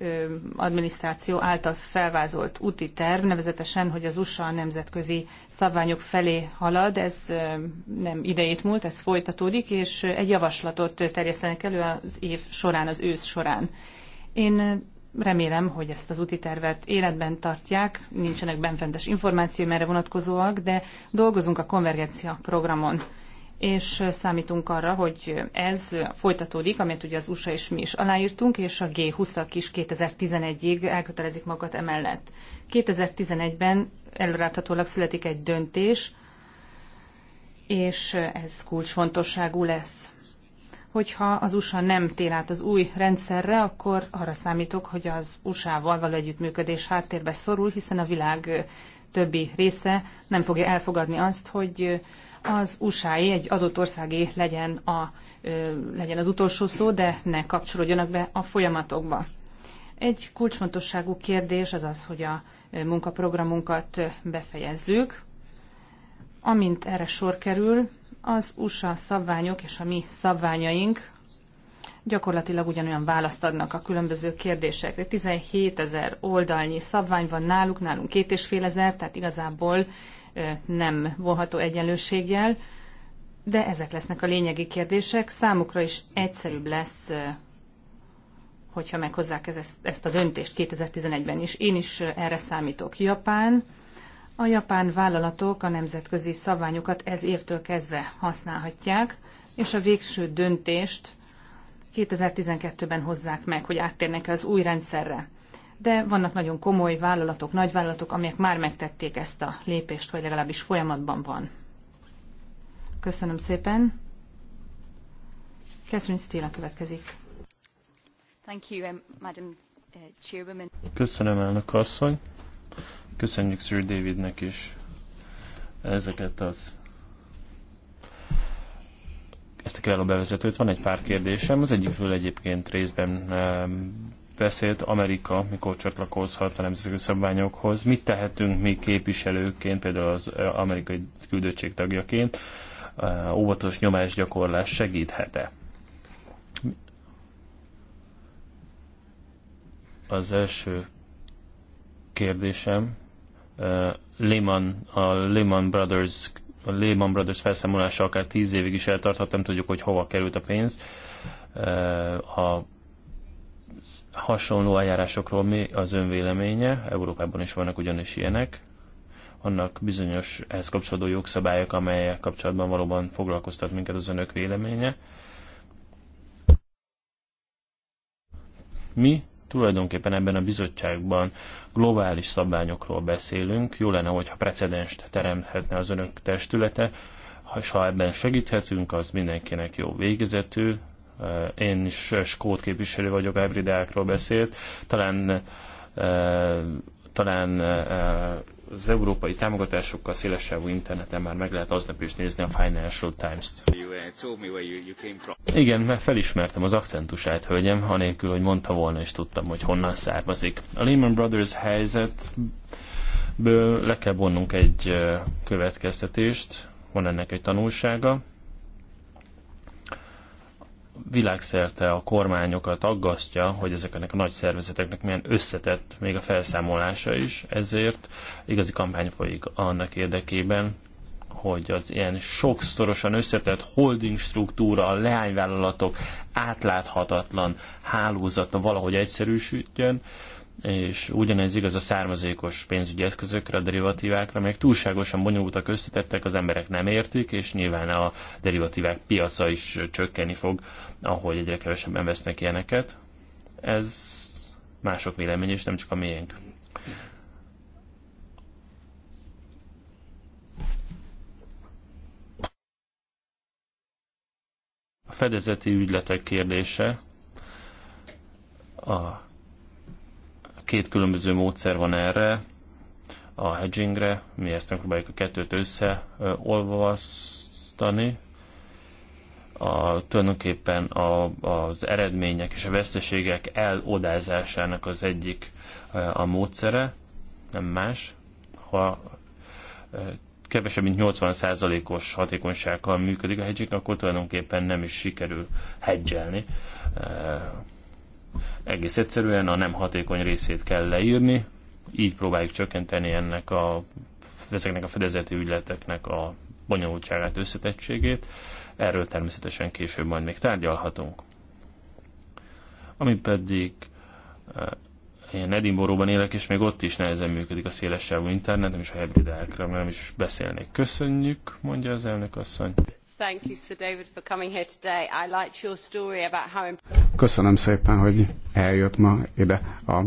adminisztráció által felvázolt úti terv, nevezetesen, hogy az USA nemzetközi szabványok felé halad, ez nem idejét múlt, ez folytatódik, és egy javaslatot terjesztenek elő az év során, az ősz során. Én Remélem, hogy ezt az úti tervet életben tartják, nincsenek benfentes információim erre vonatkozóak, de dolgozunk a konvergencia programon és számítunk arra, hogy ez folytatódik, amit ugye az USA és mi is aláírtunk, és a G20-ak is 2011-ig elkötelezik magat emellett. 2011-ben előráthatólag születik egy döntés, és ez kulcsfontosságú lesz hogyha az USA nem tér át az új rendszerre, akkor arra számítok, hogy az USA-val való együttműködés háttérbe szorul, hiszen a világ többi része nem fogja elfogadni azt, hogy az usa egy adott országé legyen, a, legyen az utolsó szó, de ne kapcsolódjanak be a folyamatokba. Egy kulcsfontosságú kérdés az az, hogy a munkaprogramunkat befejezzük. Amint erre sor kerül, az USA szabványok és a mi szabványaink gyakorlatilag ugyanolyan választ adnak a különböző kérdésekre. 17 ezer oldalnyi szabvány van náluk, nálunk két és fél ezer, tehát igazából nem vonható egyenlőséggel, de ezek lesznek a lényegi kérdések. Számukra is egyszerűbb lesz, hogyha meghozzák ezt, ezt a döntést 2011-ben is. Én is erre számítok. Japán a japán vállalatok a nemzetközi szabványokat ez évtől kezdve használhatják, és a végső döntést 2012-ben hozzák meg, hogy áttérnek az új rendszerre. De vannak nagyon komoly vállalatok, nagyvállalatok, amelyek már megtették ezt a lépést, vagy legalábbis folyamatban van. Köszönöm szépen. Catherine Steele következik. Thank you, um, Madam uh, Chairwoman. Köszönöm, elnök asszony. Köszönjük Sir Davidnek is ezeket az ezt a kiváló bevezetőt. Van egy pár kérdésem, az egyikről egyébként részben beszélt Amerika, mikor csatlakozhat a nemzetközi szabványokhoz. Mit tehetünk mi képviselőként, például az amerikai küldöttség tagjaként? Óvatos nyomásgyakorlás segíthet-e? Az első kérdésem Lehman, a Lehman Brothers a Lehman Brothers felszámolása akár tíz évig is eltarthat, nem tudjuk, hogy hova került a pénz. A hasonló eljárásokról mi az önvéleménye? Európában is vannak ugyanis ilyenek. Vannak bizonyos ehhez kapcsolódó jogszabályok, amelyek kapcsolatban valóban foglalkoztat minket az önök véleménye. Mi tulajdonképpen ebben a bizottságban globális szabványokról beszélünk. Jó lenne, hogyha precedenst teremthetne az önök testülete, és ha ebben segíthetünk, az mindenkinek jó végezetű. Eh, én is eh, skót képviselő vagyok, hybridákról beszélt. Talán eh, talán az európai támogatásokkal szélesebb interneten már meg lehet aznap is nézni a Financial Times-t. Igen, mert felismertem az akcentusát, hölgyem, anélkül, hogy mondta volna, és tudtam, hogy honnan származik. A Lehman Brothers helyzetből le kell vonnunk egy következtetést, van ennek egy tanulsága világszerte a kormányokat aggasztja, hogy ezeknek a nagy szervezeteknek milyen összetett még a felszámolása is, ezért igazi kampány folyik annak érdekében, hogy az ilyen sokszorosan összetett holding struktúra, a leányvállalatok átláthatatlan hálózata valahogy egyszerűsítjön, és ugyanez igaz a származékos pénzügyi eszközökre, a derivatívákra, amelyek túlságosan bonyolultak, összetettek, az emberek nem értik, és nyilván a derivatívák piaca is csökkenni fog, ahogy egyre kevesebben vesznek ilyeneket. Ez mások vélemény, és nem csak a miénk. A fedezeti ügyletek kérdése a Két különböző módszer van erre, a hedgingre, mi ezt megpróbáljuk a kettőt összeolvasztani, a, tulajdonképpen a, az eredmények és a veszteségek elodázásának az egyik e, a módszere, nem más. Ha e, kevesebb, mint 80%-os hatékonysággal működik a hedging, akkor tulajdonképpen nem is sikerül hedgelni e, egész egyszerűen a nem hatékony részét kell leírni, így próbáljuk csökkenteni ennek a, ezeknek a fedezeti ügyleteknek a bonyolultságát, összetettségét. Erről természetesen később majd még tárgyalhatunk. Ami pedig eh, én Edinburgh-ban élek, és még ott is nehezen működik a szélessávú internet, nem is a hibridekről, nem is beszélnék. Köszönjük, mondja az elnök asszony. Thank you, Sir David, for coming here today. I liked your story about how... Köszönöm szépen, hogy eljött ma ide a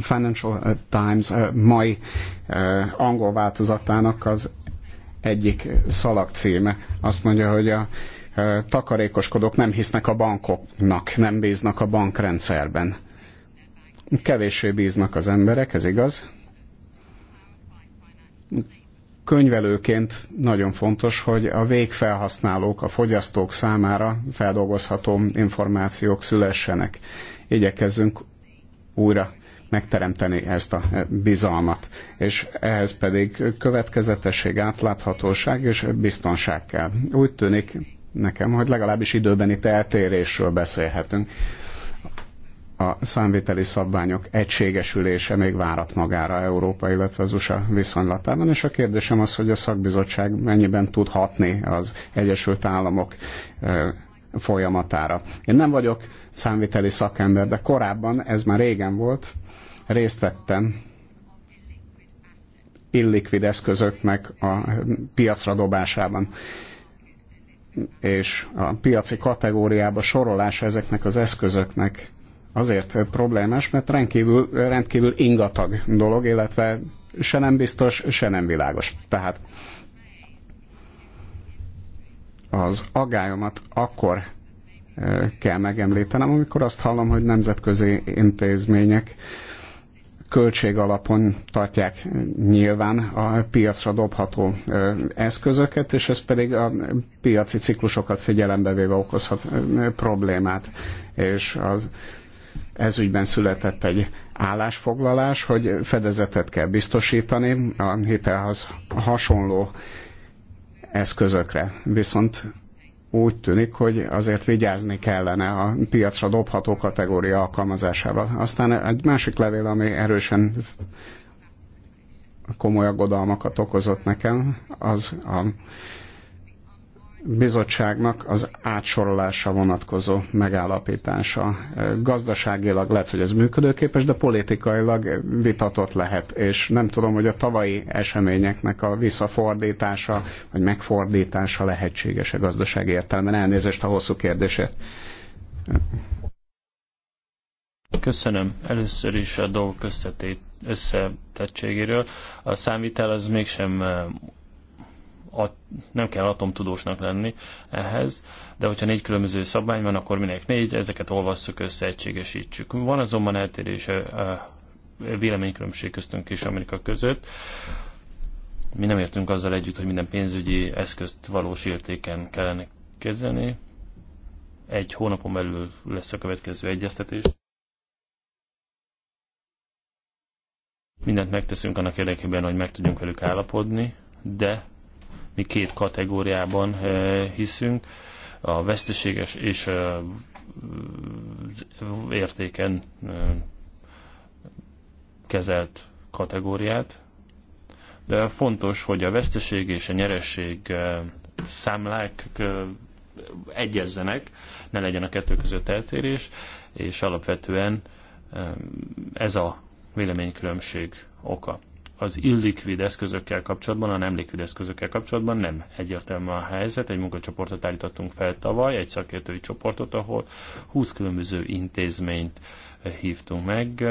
Financial Times mai e, angol változatának az egyik szalag címe. Azt mondja, hogy a e, takarékoskodók nem hisznek a bankoknak, nem bíznak a bankrendszerben. Kevéssé bíznak az emberek, ez igaz? könyvelőként nagyon fontos, hogy a végfelhasználók, a fogyasztók számára feldolgozható információk szülessenek. Igyekezzünk újra megteremteni ezt a bizalmat. És ehhez pedig következetesség, átláthatóság és biztonság kell. Úgy tűnik nekem, hogy legalábbis időbeni eltérésről beszélhetünk a számviteli szabványok egységesülése még várat magára Európa, illetve az USA viszonylatában, és a kérdésem az, hogy a szakbizottság mennyiben tud hatni az Egyesült Államok folyamatára. Én nem vagyok számviteli szakember, de korábban, ez már régen volt, részt vettem illikvid eszközöknek a piacra dobásában és a piaci kategóriába sorolása ezeknek az eszközöknek azért problémás, mert rendkívül, rendkívül ingatag dolog, illetve se nem biztos, se nem világos. Tehát az agályomat akkor e, kell megemlítenem, amikor azt hallom, hogy nemzetközi intézmények költség alapon tartják nyilván a piacra dobható e, eszközöket, és ez pedig a piaci ciklusokat figyelembe véve okozhat e, problémát, és az ez ügyben született egy állásfoglalás, hogy fedezetet kell biztosítani a hitelhez hasonló eszközökre. Viszont úgy tűnik, hogy azért vigyázni kellene a piacra dobható kategória alkalmazásával. Aztán egy másik levél, ami erősen komoly aggodalmakat okozott nekem, az a bizottságnak az átsorolása vonatkozó megállapítása. Gazdaságilag lehet, hogy ez működőképes, de politikailag vitatott lehet, és nem tudom, hogy a tavalyi eseményeknek a visszafordítása, vagy megfordítása lehetséges-e gazdaság értelemben. Elnézést a hosszú kérdését. Köszönöm. Először is a dolgok összetettségéről. A számvitel az mégsem a, nem kell atomtudósnak lenni ehhez, de hogyha négy különböző szabvány van, akkor minek négy, ezeket olvasszuk össze, egységesítsük. Van azonban a eh, véleménykülönbség köztünk és Amerika között. Mi nem értünk azzal együtt, hogy minden pénzügyi eszközt valós értéken kellene kezelni. Egy hónapon belül lesz a következő egyeztetés. Mindent megteszünk annak érdekében, hogy meg tudjunk velük állapodni, de mi két kategóriában hiszünk, a veszteséges és értéken kezelt kategóriát, de fontos, hogy a veszteség és a nyeresség számlák egyezzenek, ne legyen a kettő között eltérés, és alapvetően ez a véleménykülönbség oka az illikvid eszközökkel kapcsolatban, a nem likvid eszközökkel kapcsolatban nem egyértelmű a helyzet. Egy munkacsoportot állítottunk fel tavaly, egy szakértői csoportot, ahol 20 különböző intézményt hívtunk meg,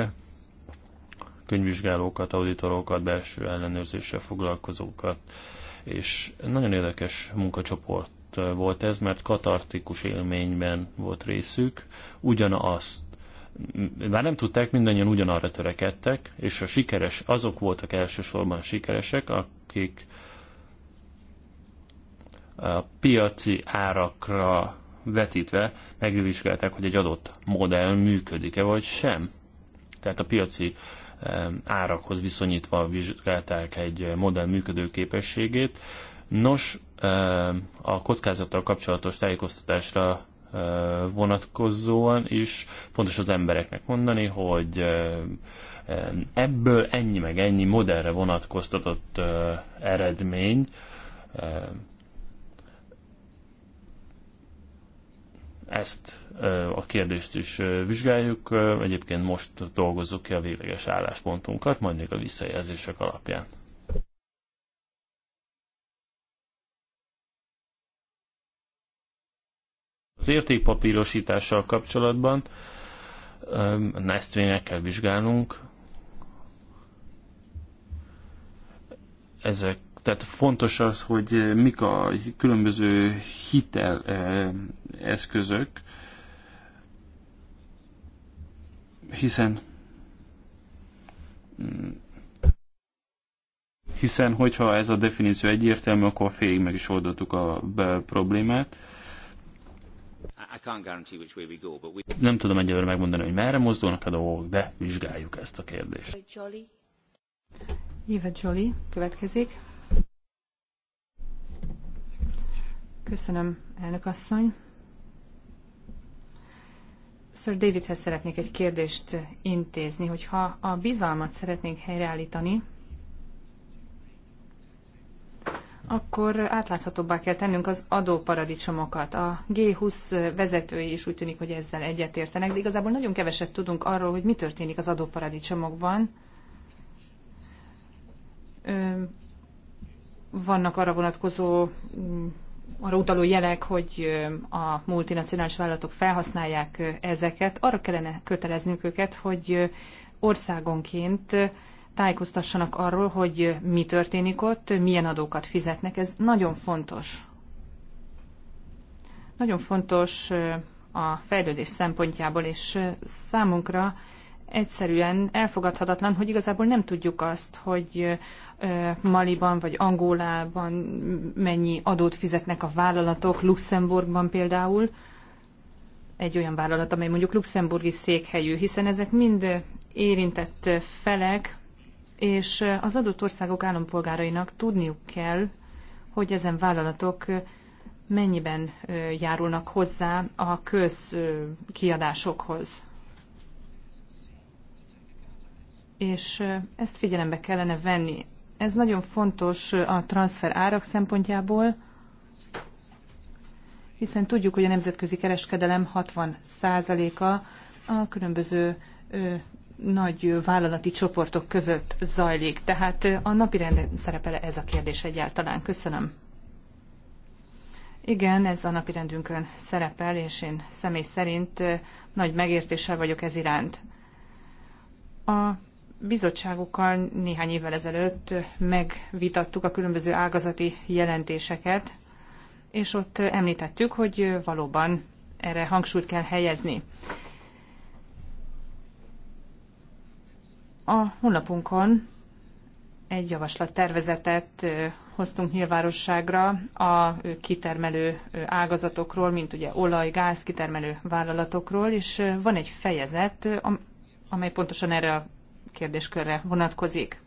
könyvvizsgálókat, auditorokat, belső ellenőrzéssel foglalkozókat, és nagyon érdekes munkacsoport volt ez, mert katartikus élményben volt részük, ugyanazt már nem tudták, mindannyian ugyanarra törekedtek, és a sikeres, azok voltak elsősorban sikeresek, akik a piaci árakra vetítve megvizsgálták, hogy egy adott modell működik-e vagy sem. Tehát a piaci árakhoz viszonyítva vizsgálták egy modell működőképességét. Nos, a kockázattal kapcsolatos tájékoztatásra vonatkozóan is fontos az embereknek mondani, hogy ebből ennyi meg ennyi modellre vonatkoztatott eredmény ezt a kérdést is vizsgáljuk. Egyébként most dolgozzuk ki a végleges álláspontunkat, majd még a visszajelzések alapján. értékpapírosítással kapcsolatban ezt meg kell vizsgálnunk. Ezek, tehát fontos az, hogy mik a különböző hitel eszközök, hiszen hiszen hogyha ez a definíció egyértelmű, akkor félig meg is oldottuk a problémát. Nem tudom egyelőre megmondani, hogy merre mozdulnak a dolgok, de vizsgáljuk ezt a kérdést. Jolly. Éva Jolly következik. Köszönöm, elnök asszony. Sir Davidhez szeretnék egy kérdést intézni, hogyha a bizalmat szeretnénk helyreállítani, akkor átláthatóbbá kell tennünk az adóparadicsomokat. A G20 vezetői is úgy tűnik, hogy ezzel egyetértenek, de igazából nagyon keveset tudunk arról, hogy mi történik az adóparadicsomokban. Vannak arra vonatkozó mm, arra utaló jelek, hogy a multinacionális vállalatok felhasználják ezeket. Arra kellene köteleznünk őket, hogy országonként tájékoztassanak arról, hogy mi történik ott, milyen adókat fizetnek. Ez nagyon fontos. Nagyon fontos a fejlődés szempontjából, és számunkra egyszerűen elfogadhatatlan, hogy igazából nem tudjuk azt, hogy Maliban vagy Angolában mennyi adót fizetnek a vállalatok, Luxemburgban például, egy olyan vállalat, amely mondjuk luxemburgi székhelyű, hiszen ezek mind érintett felek, és az adott országok állampolgárainak tudniuk kell, hogy ezen vállalatok mennyiben járulnak hozzá a közkiadásokhoz. És ezt figyelembe kellene venni. Ez nagyon fontos a transfer árak szempontjából, hiszen tudjuk, hogy a nemzetközi kereskedelem 60%-a a különböző nagy vállalati csoportok között zajlik. Tehát a napi renden e ez a kérdés egyáltalán. Köszönöm. Igen, ez a napirendünkön szerepel, és én személy szerint nagy megértéssel vagyok ez iránt. A bizottságokkal néhány évvel ezelőtt megvitattuk a különböző ágazati jelentéseket, és ott említettük, hogy valóban erre hangsúlyt kell helyezni. A honlapunkon egy javaslattervezetet hoztunk nyilvánosságra a kitermelő ágazatokról, mint ugye olaj, gáz kitermelő vállalatokról, és van egy fejezet, amely pontosan erre a kérdéskörre vonatkozik.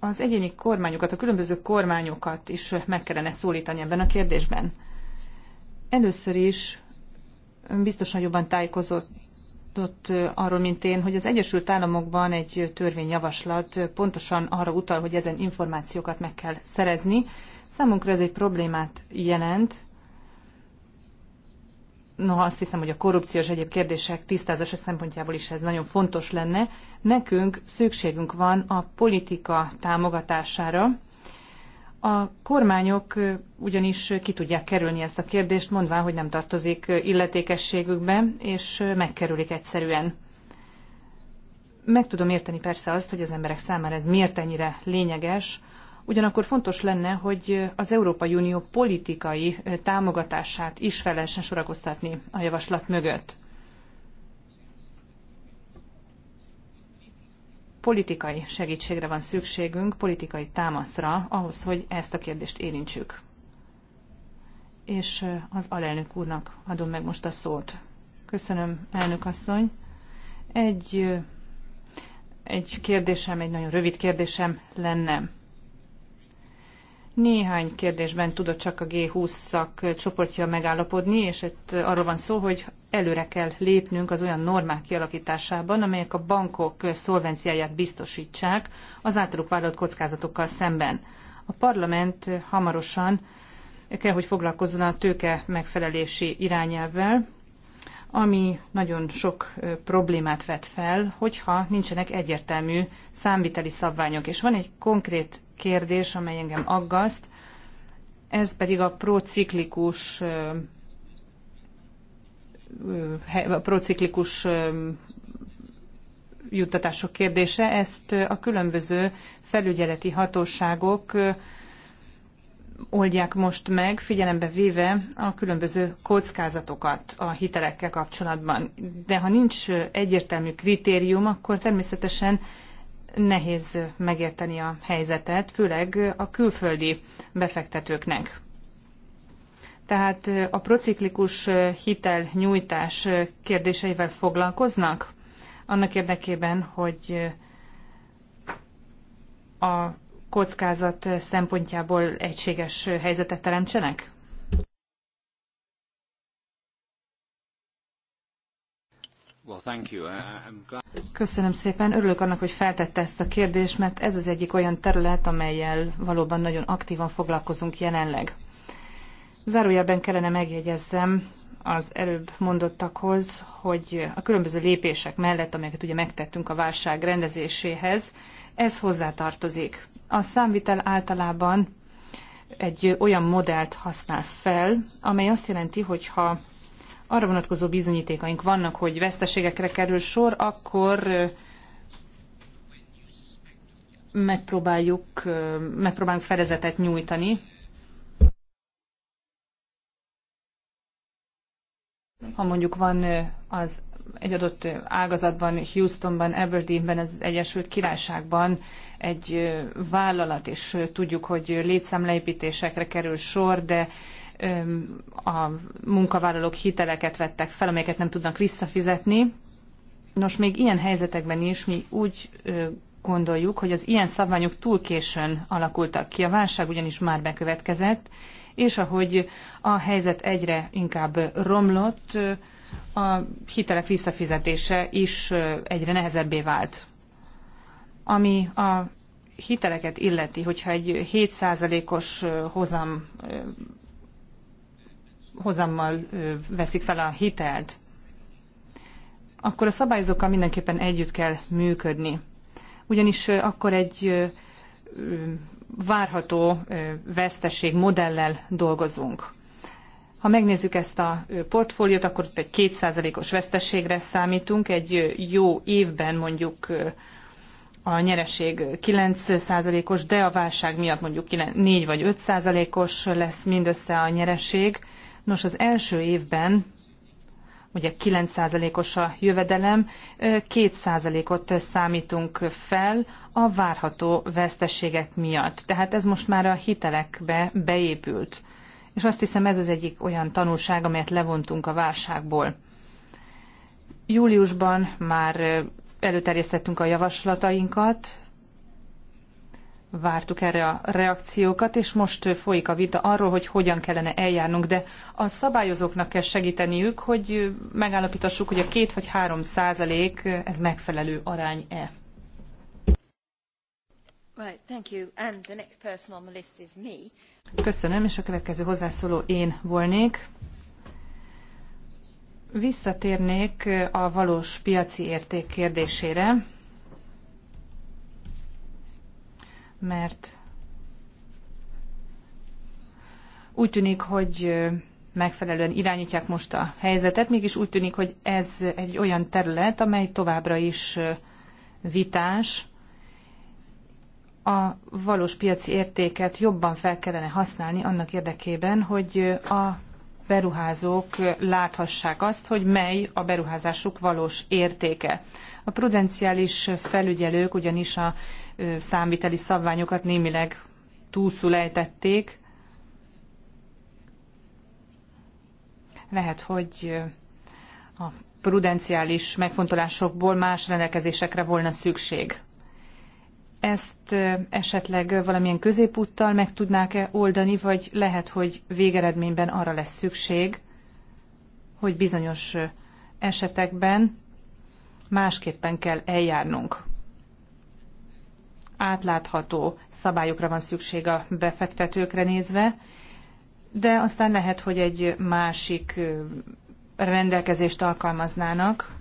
Az egyéni kormányokat, a különböző kormányokat is meg kellene szólítani ebben a kérdésben. Először is biztosan jobban tájékozott arról, mint én, hogy az Egyesült Államokban egy törvényjavaslat pontosan arra utal, hogy ezen információkat meg kell szerezni. Számunkra ez egy problémát jelent, No, azt hiszem, hogy a korrupciós egyéb kérdések tisztázása szempontjából is ez nagyon fontos lenne, nekünk szükségünk van a politika támogatására, a kormányok ugyanis ki tudják kerülni ezt a kérdést, mondván, hogy nem tartozik illetékességükbe, és megkerülik egyszerűen. Meg tudom érteni persze azt, hogy az emberek számára ez miért ennyire lényeges, ugyanakkor fontos lenne, hogy az Európai Unió politikai támogatását is felelsen sorakoztatni a javaslat mögött. politikai segítségre van szükségünk, politikai támaszra ahhoz, hogy ezt a kérdést érintsük. És az alelnök úrnak adom meg most a szót. Köszönöm, elnök asszony. Egy, egy kérdésem, egy nagyon rövid kérdésem lenne. Néhány kérdésben tudott csak a G20-szak csoportja megállapodni, és itt arról van szó, hogy előre kell lépnünk az olyan normák kialakításában, amelyek a bankok szolvenciáját biztosítsák az általuk vállalt kockázatokkal szemben. A parlament hamarosan kell, hogy foglalkozzon a tőke megfelelési irányelvvel, ami nagyon sok problémát vet fel, hogyha nincsenek egyértelmű számviteli szabványok. És van egy konkrét kérdés, amely engem aggaszt, ez pedig a prociklikus a prociklikus juttatások kérdése. Ezt a különböző felügyeleti hatóságok oldják most meg, figyelembe véve a különböző kockázatokat a hitelekkel kapcsolatban. De ha nincs egyértelmű kritérium, akkor természetesen nehéz megérteni a helyzetet, főleg a külföldi befektetőknek. Tehát a prociklikus hitel nyújtás kérdéseivel foglalkoznak? Annak érdekében, hogy a kockázat szempontjából egységes helyzetet teremtsenek? Köszönöm szépen. Örülök annak, hogy feltette ezt a kérdést, mert ez az egyik olyan terület, amelyel valóban nagyon aktívan foglalkozunk jelenleg. Zárójelben kellene megjegyezzem az előbb mondottakhoz, hogy a különböző lépések mellett, amelyeket ugye megtettünk a válság rendezéséhez, ez hozzátartozik. A számvitel általában egy olyan modellt használ fel, amely azt jelenti, hogy ha arra vonatkozó bizonyítékaink vannak, hogy veszteségekre kerül sor, akkor megpróbáljuk, megpróbálunk fedezetet nyújtani. Ha mondjuk van az egy adott ágazatban, Houstonban, Aberdeenben, az Egyesült Királyságban egy vállalat, és tudjuk, hogy létszámleépítésekre kerül sor, de a munkavállalók hiteleket vettek fel, amelyeket nem tudnak visszafizetni. Nos, még ilyen helyzetekben is mi úgy gondoljuk, hogy az ilyen szabványok túl későn alakultak ki. A válság ugyanis már bekövetkezett, és ahogy a helyzet egyre inkább romlott, a hitelek visszafizetése is egyre nehezebbé vált. Ami a hiteleket illeti, hogyha egy 7%-os hozam hozammal veszik fel a hitelt, akkor a szabályozókkal mindenképpen együtt kell működni. Ugyanis akkor egy várható veszteség modellel dolgozunk. Ha megnézzük ezt a portfóliót, akkor ott egy kétszázalékos veszteségre számítunk, egy jó évben mondjuk a nyereség 9%-os, de a válság miatt mondjuk 4 vagy 5%-os lesz mindössze a nyereség. Nos, az első évben ugye 9%-os a jövedelem, 2%-ot számítunk fel a várható veszteségek miatt. Tehát ez most már a hitelekbe beépült. És azt hiszem ez az egyik olyan tanulság, amelyet levontunk a válságból. Júliusban már előterjesztettünk a javaslatainkat, vártuk erre a reakciókat, és most folyik a vita arról, hogy hogyan kellene eljárnunk, de a szabályozóknak kell segíteniük, hogy megállapítassuk, hogy a két vagy három százalék ez megfelelő arány-e. Köszönöm, és a következő hozzászóló én volnék. Visszatérnék a valós piaci érték kérdésére, mert úgy tűnik, hogy megfelelően irányítják most a helyzetet, mégis úgy tűnik, hogy ez egy olyan terület, amely továbbra is vitás. A valós piaci értéket jobban fel kellene használni annak érdekében, hogy a beruházók láthassák azt, hogy mely a beruházásuk valós értéke. A prudenciális felügyelők ugyanis a számviteli szabványokat némileg túlszul ejtették. Lehet, hogy a prudenciális megfontolásokból más rendelkezésekre volna szükség. Ezt esetleg valamilyen középúttal meg tudnák-e oldani, vagy lehet, hogy végeredményben arra lesz szükség, hogy bizonyos esetekben másképpen kell eljárnunk. Átlátható szabályokra van szükség a befektetőkre nézve, de aztán lehet, hogy egy másik rendelkezést alkalmaznának,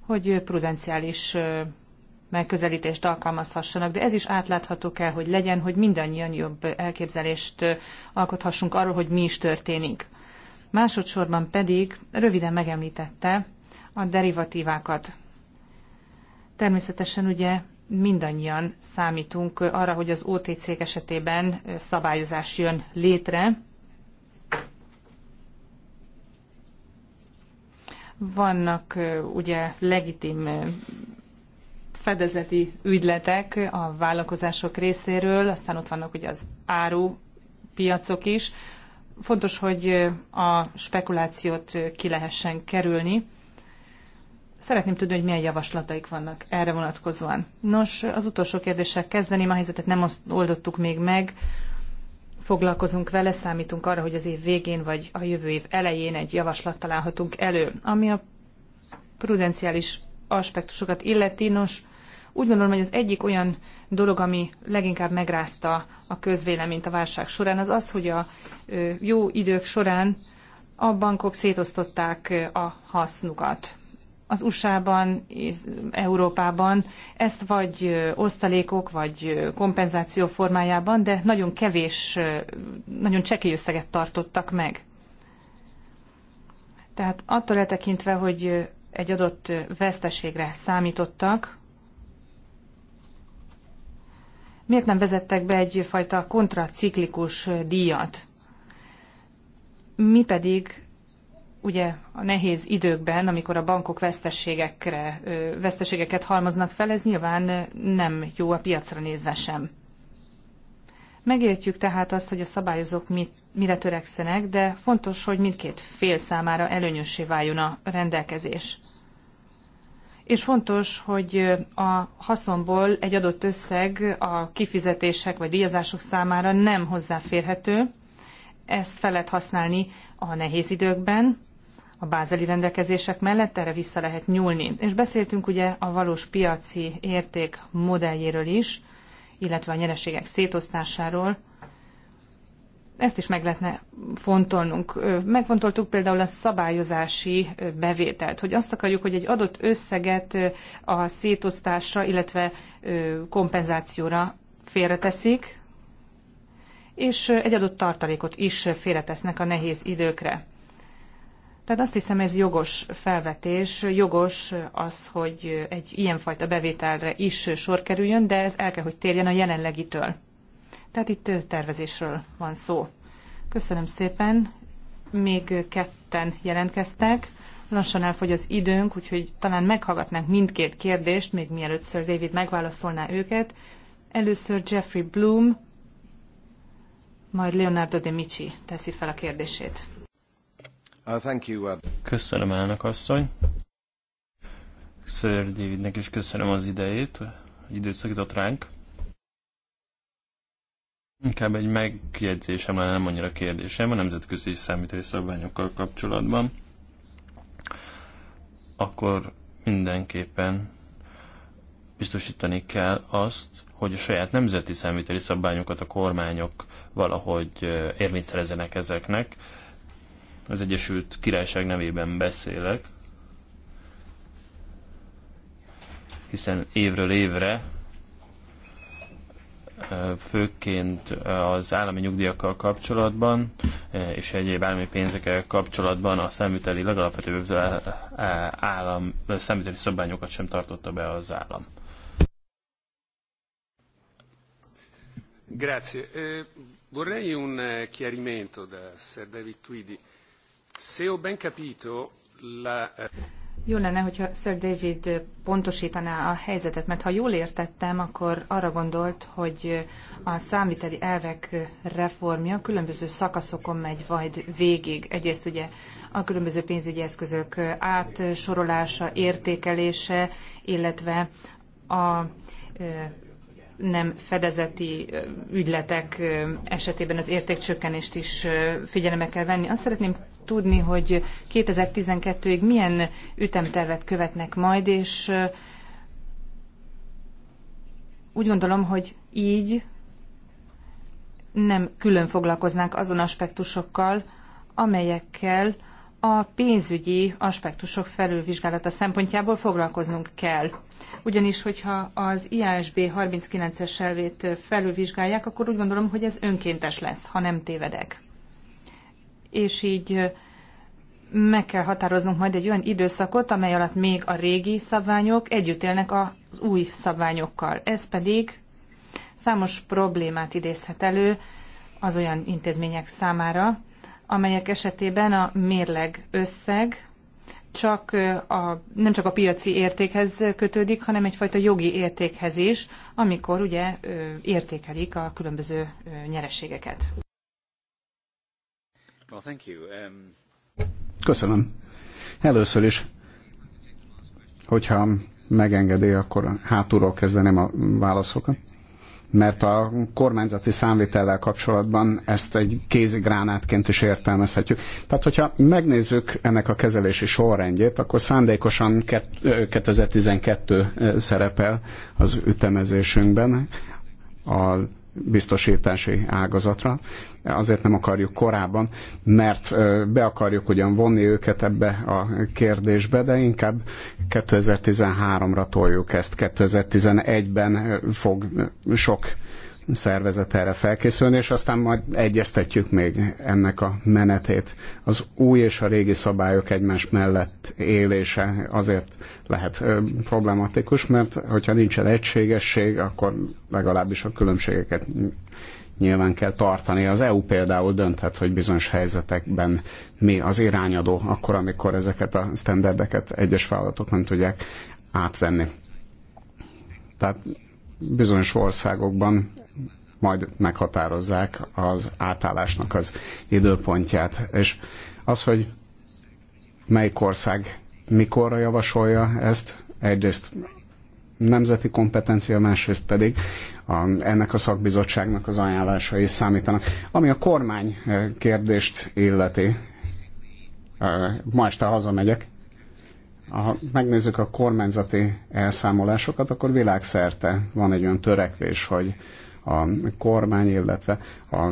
hogy prudenciális megközelítést alkalmazhassanak, de ez is átlátható kell, hogy legyen, hogy mindannyian jobb elképzelést alkothassunk arról, hogy mi is történik. Másodszorban pedig röviden megemlítette a derivatívákat. Természetesen ugye mindannyian számítunk arra, hogy az otc esetében szabályozás jön létre. Vannak ugye legitim fedezeti ügyletek a vállalkozások részéről, aztán ott vannak ugye az áru piacok is. Fontos, hogy a spekulációt ki lehessen kerülni Szeretném tudni, hogy milyen javaslataik vannak erre vonatkozóan. Nos, az utolsó kérdéssel kezdeném, a helyzetet nem oldottuk még meg, foglalkozunk vele, számítunk arra, hogy az év végén vagy a jövő év elején egy javaslat találhatunk elő. Ami a prudenciális aspektusokat illeti, nos, úgy gondolom, hogy az egyik olyan dolog, ami leginkább megrázta a közvéleményt a válság során, az az, hogy a jó idők során a bankok szétosztották a hasznukat az USA-ban, Európában ezt vagy osztalékok, vagy kompenzáció formájában, de nagyon kevés, nagyon csekély összeget tartottak meg. Tehát attól eltekintve, hogy egy adott veszteségre számítottak, miért nem vezettek be egyfajta kontraciklikus díjat? Mi pedig ugye a nehéz időkben, amikor a bankok veszteségekre, veszteségeket halmoznak fel, ez nyilván nem jó a piacra nézve sem. Megértjük tehát azt, hogy a szabályozók mit, mire törekszenek, de fontos, hogy mindkét fél számára előnyössé váljon a rendelkezés. És fontos, hogy a haszonból egy adott összeg a kifizetések vagy díjazások számára nem hozzáférhető, ezt fel lehet használni a nehéz időkben, a bázeli rendelkezések mellett erre vissza lehet nyúlni. És beszéltünk ugye a valós piaci érték modelljéről is, illetve a nyereségek szétosztásáról. Ezt is meg lehetne fontolnunk. Megfontoltuk például a szabályozási bevételt, hogy azt akarjuk, hogy egy adott összeget a szétosztásra, illetve kompenzációra félreteszik, és egy adott tartalékot is félretesznek a nehéz időkre. Tehát azt hiszem, ez jogos felvetés, jogos az, hogy egy ilyenfajta bevételre is sor kerüljön, de ez el kell, hogy térjen a jelenlegitől. Tehát itt tervezésről van szó. Köszönöm szépen. Még ketten jelentkeztek. Lassan elfogy az időnk, úgyhogy talán meghallgatnánk mindkét kérdést, még mielőtt Sir David megválaszolná őket. Először Jeffrey Bloom, majd Leonardo de Michi teszi fel a kérdését. Uh, uh, köszönöm, elnök asszony. Sir Davidnek is köszönöm az idejét, hogy időszakított ránk. Inkább egy megjegyzésem lenne, nem annyira kérdésem a nemzetközi számítási szabványokkal kapcsolatban. Akkor mindenképpen biztosítani kell azt, hogy a saját nemzeti számítási szabványokat a kormányok valahogy érvényt szerezenek ezeknek az Egyesült Királyság nevében beszélek, hiszen évről évre főként az állami nyugdíjakkal kapcsolatban és egyéb állami pénzekkel kapcsolatban a szemüteli legalapvetőbb állam, szemüteli szabványokat sem tartotta be az állam. Grazie. Eh, vorrei un eh, chiarimento da Sir David Tweedy. Eh, Jó lenne, hogyha Sir David pontosítaná a helyzetet, mert ha jól értettem, akkor arra gondolt, hogy a számviteli elvek reformja különböző szakaszokon megy majd végig. Egyrészt ugye a különböző pénzügyi eszközök átsorolása, értékelése, illetve a nem fedezeti ügyletek esetében az értékcsökkenést is figyelembe kell venni. Azt szeretném tudni, hogy 2012-ig milyen ütemtervet követnek majd, és úgy gondolom, hogy így nem külön foglalkoznánk azon aspektusokkal, amelyekkel a pénzügyi aspektusok felülvizsgálata szempontjából foglalkoznunk kell. Ugyanis, hogyha az IASB 39-es elvét felülvizsgálják, akkor úgy gondolom, hogy ez önkéntes lesz, ha nem tévedek és így meg kell határoznunk majd egy olyan időszakot, amely alatt még a régi szabványok együtt élnek az új szabványokkal. Ez pedig számos problémát idézhet elő az olyan intézmények számára, amelyek esetében a mérleg összeg csak a, nem csak a piaci értékhez kötődik, hanem egyfajta jogi értékhez is, amikor ugye értékelik a különböző nyereségeket. Um, Köszönöm. Először is, hogyha megengedi, akkor hátulról kezdeném a válaszokat. Mert a kormányzati számvitellel kapcsolatban ezt egy kézigránátként is értelmezhetjük. Tehát, hogyha megnézzük ennek a kezelési sorrendjét, akkor szándékosan 2012 szerepel az ütemezésünkben a biztosítási ágazatra, azért nem akarjuk korábban, mert be akarjuk ugyan vonni őket ebbe a kérdésbe, de inkább 2013-ra toljuk ezt. 2011-ben fog sok szervezet erre felkészülni, és aztán majd egyeztetjük még ennek a menetét. Az új és a régi szabályok egymás mellett élése azért lehet problematikus, mert hogyha nincsen egységesség, akkor legalábbis a különbségeket nyilván kell tartani. Az EU például dönthet, hogy bizonyos helyzetekben mi az irányadó, akkor, amikor ezeket a standardeket egyes vállalatok nem tudják átvenni. Tehát bizonyos országokban majd meghatározzák az átállásnak az időpontját. És az, hogy melyik ország mikorra javasolja ezt, egyrészt nemzeti kompetencia, másrészt pedig a, ennek a szakbizottságnak az ajánlásai számítanak. Ami a kormány eh, kérdést illeti, eh, ma este hazamegyek, ha megnézzük a kormányzati elszámolásokat, akkor világszerte van egy olyan törekvés, hogy a kormány, illetve a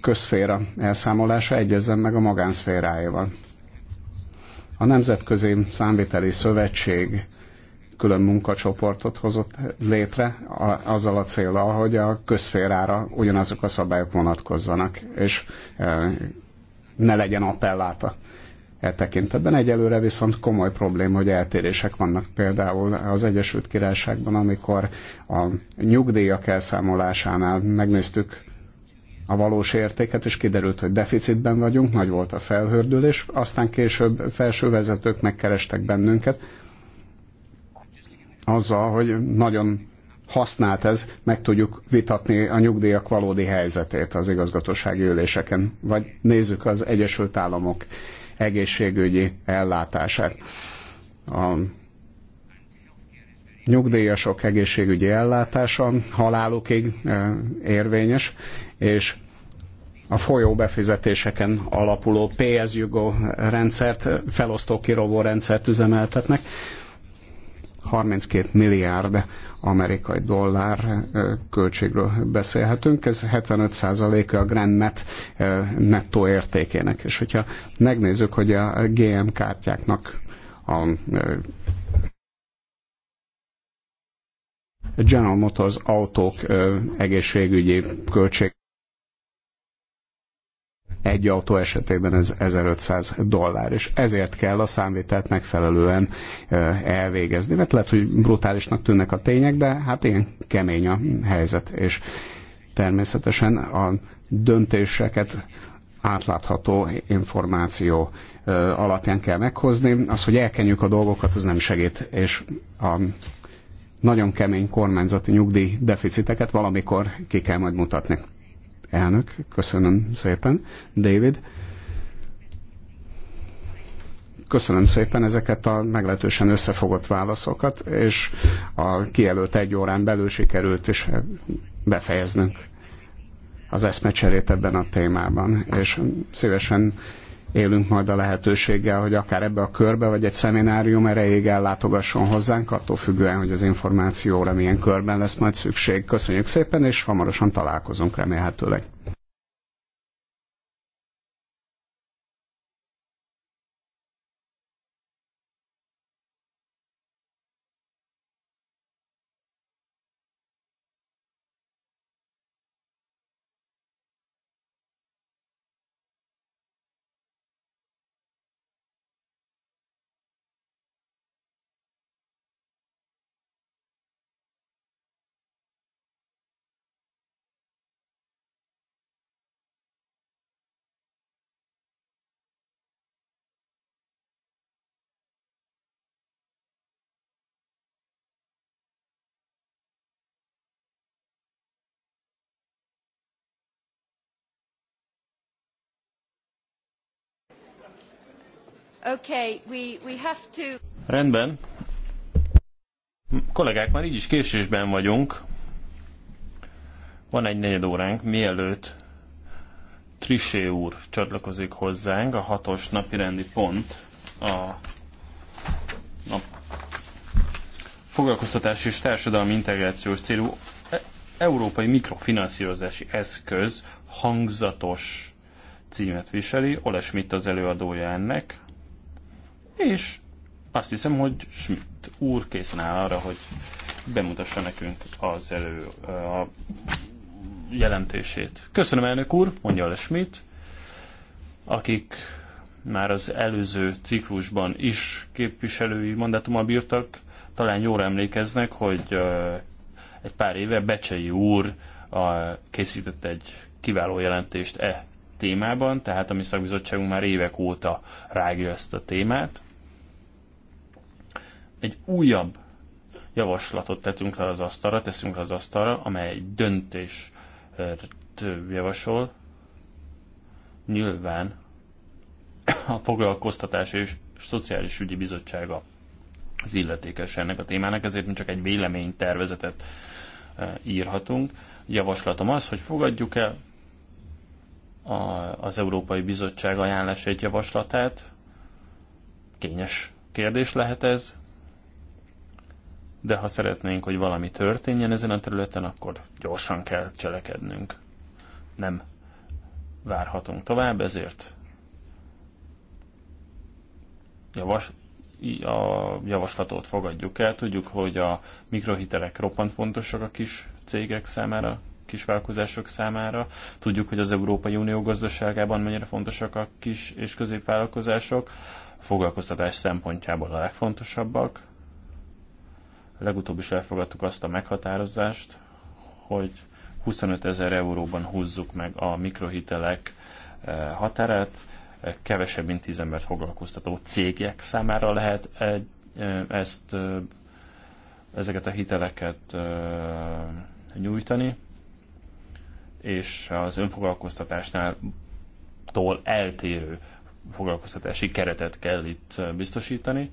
közféra elszámolása egyezzen meg a magánszféráival. A Nemzetközi Számviteli Szövetség külön munkacsoportot hozott létre a, azzal a célral, hogy a közférára ugyanazok a szabályok vonatkozzanak, és e, ne legyen appelláta e tekintetben. Egyelőre viszont komoly probléma, hogy eltérések vannak például az Egyesült Királyságban, amikor a nyugdíjak elszámolásánál megnéztük a valós értéket, és kiderült, hogy deficitben vagyunk, nagy volt a felhördülés, aztán később felső vezetők megkerestek bennünket, azzal, hogy nagyon használt ez, meg tudjuk vitatni a nyugdíjak valódi helyzetét az igazgatósági üléseken, vagy nézzük az Egyesült Államok egészségügyi ellátását. A nyugdíjasok egészségügyi ellátása halálukig e, érvényes, és a folyó befizetéseken alapuló pay rendszert, felosztó kirovó rendszert üzemeltetnek 32 milliárd amerikai dollár eh, költségről beszélhetünk, ez 75%-a a Grand Net eh, nettó értékének. És hogyha megnézzük, hogy a GM kártyáknak a eh, General Motors autók egészségügyi költség egy autó esetében ez 1500 dollár, és ezért kell a számvételt megfelelően elvégezni. Mert lehet, hogy brutálisnak tűnnek a tények, de hát ilyen kemény a helyzet, és természetesen a döntéseket átlátható információ alapján kell meghozni. Az, hogy elkenjük a dolgokat, az nem segít, és a nagyon kemény kormányzati nyugdíj deficiteket valamikor ki kell majd mutatni. Elnök, köszönöm szépen. David, köszönöm szépen ezeket a meglehetősen összefogott válaszokat, és a kijelölt egy órán belül sikerült is befejeznünk az eszmecserét ebben a témában, és szívesen élünk majd a lehetőséggel, hogy akár ebbe a körbe, vagy egy szeminárium erejéig ellátogasson hozzánk, attól függően, hogy az információra milyen körben lesz majd szükség. Köszönjük szépen, és hamarosan találkozunk remélhetőleg. Okay, we, we have to... Rendben. Kollégák, már így is késésben vagyunk. Van egy negyed óránk, mielőtt Trisé úr csatlakozik hozzánk, a hatos napi rendi pont a nap foglalkoztatás és társadalmi integrációs célú e- európai mikrofinanszírozási eszköz hangzatos címet viseli. Schmidt az előadója ennek és azt hiszem, hogy Schmidt úr készen áll arra, hogy bemutassa nekünk az elő a jelentését. Köszönöm, elnök úr, mondja le Schmidt, akik már az előző ciklusban is képviselői mandátummal bírtak, talán jól emlékeznek, hogy egy pár éve Becsei úr készített egy kiváló jelentést e témában, tehát a mi szakbizottságunk már évek óta rágja ezt a témát egy újabb javaslatot tetünk le az asztalra, teszünk le az asztalra, amely egy döntést javasol. Nyilván a foglalkoztatás és Szociális Ügyi Bizottsága az illetékes ennek a témának, ezért mi csak egy véleménytervezetet írhatunk. Javaslatom az, hogy fogadjuk el az Európai Bizottság ajánlásait, javaslatát. Kényes kérdés lehet ez, de ha szeretnénk, hogy valami történjen ezen a területen, akkor gyorsan kell cselekednünk. Nem várhatunk tovább, ezért javas, a javaslatot fogadjuk el. Tudjuk, hogy a mikrohitelek roppant fontosak a kis cégek számára, kisvállalkozások számára. Tudjuk, hogy az Európai Unió gazdaságában mennyire fontosak a kis és középvállalkozások, a foglalkoztatás szempontjából a legfontosabbak. Legutóbb is elfogadtuk azt a meghatározást, hogy 25 ezer euróban húzzuk meg a mikrohitelek eh, határát, eh, kevesebb mint 10 embert foglalkoztató cégek számára lehet eh, ezt, ezeket a hiteleket nyújtani, és az önfoglalkoztatásnál tól eltérő foglalkoztatási keretet kell itt biztosítani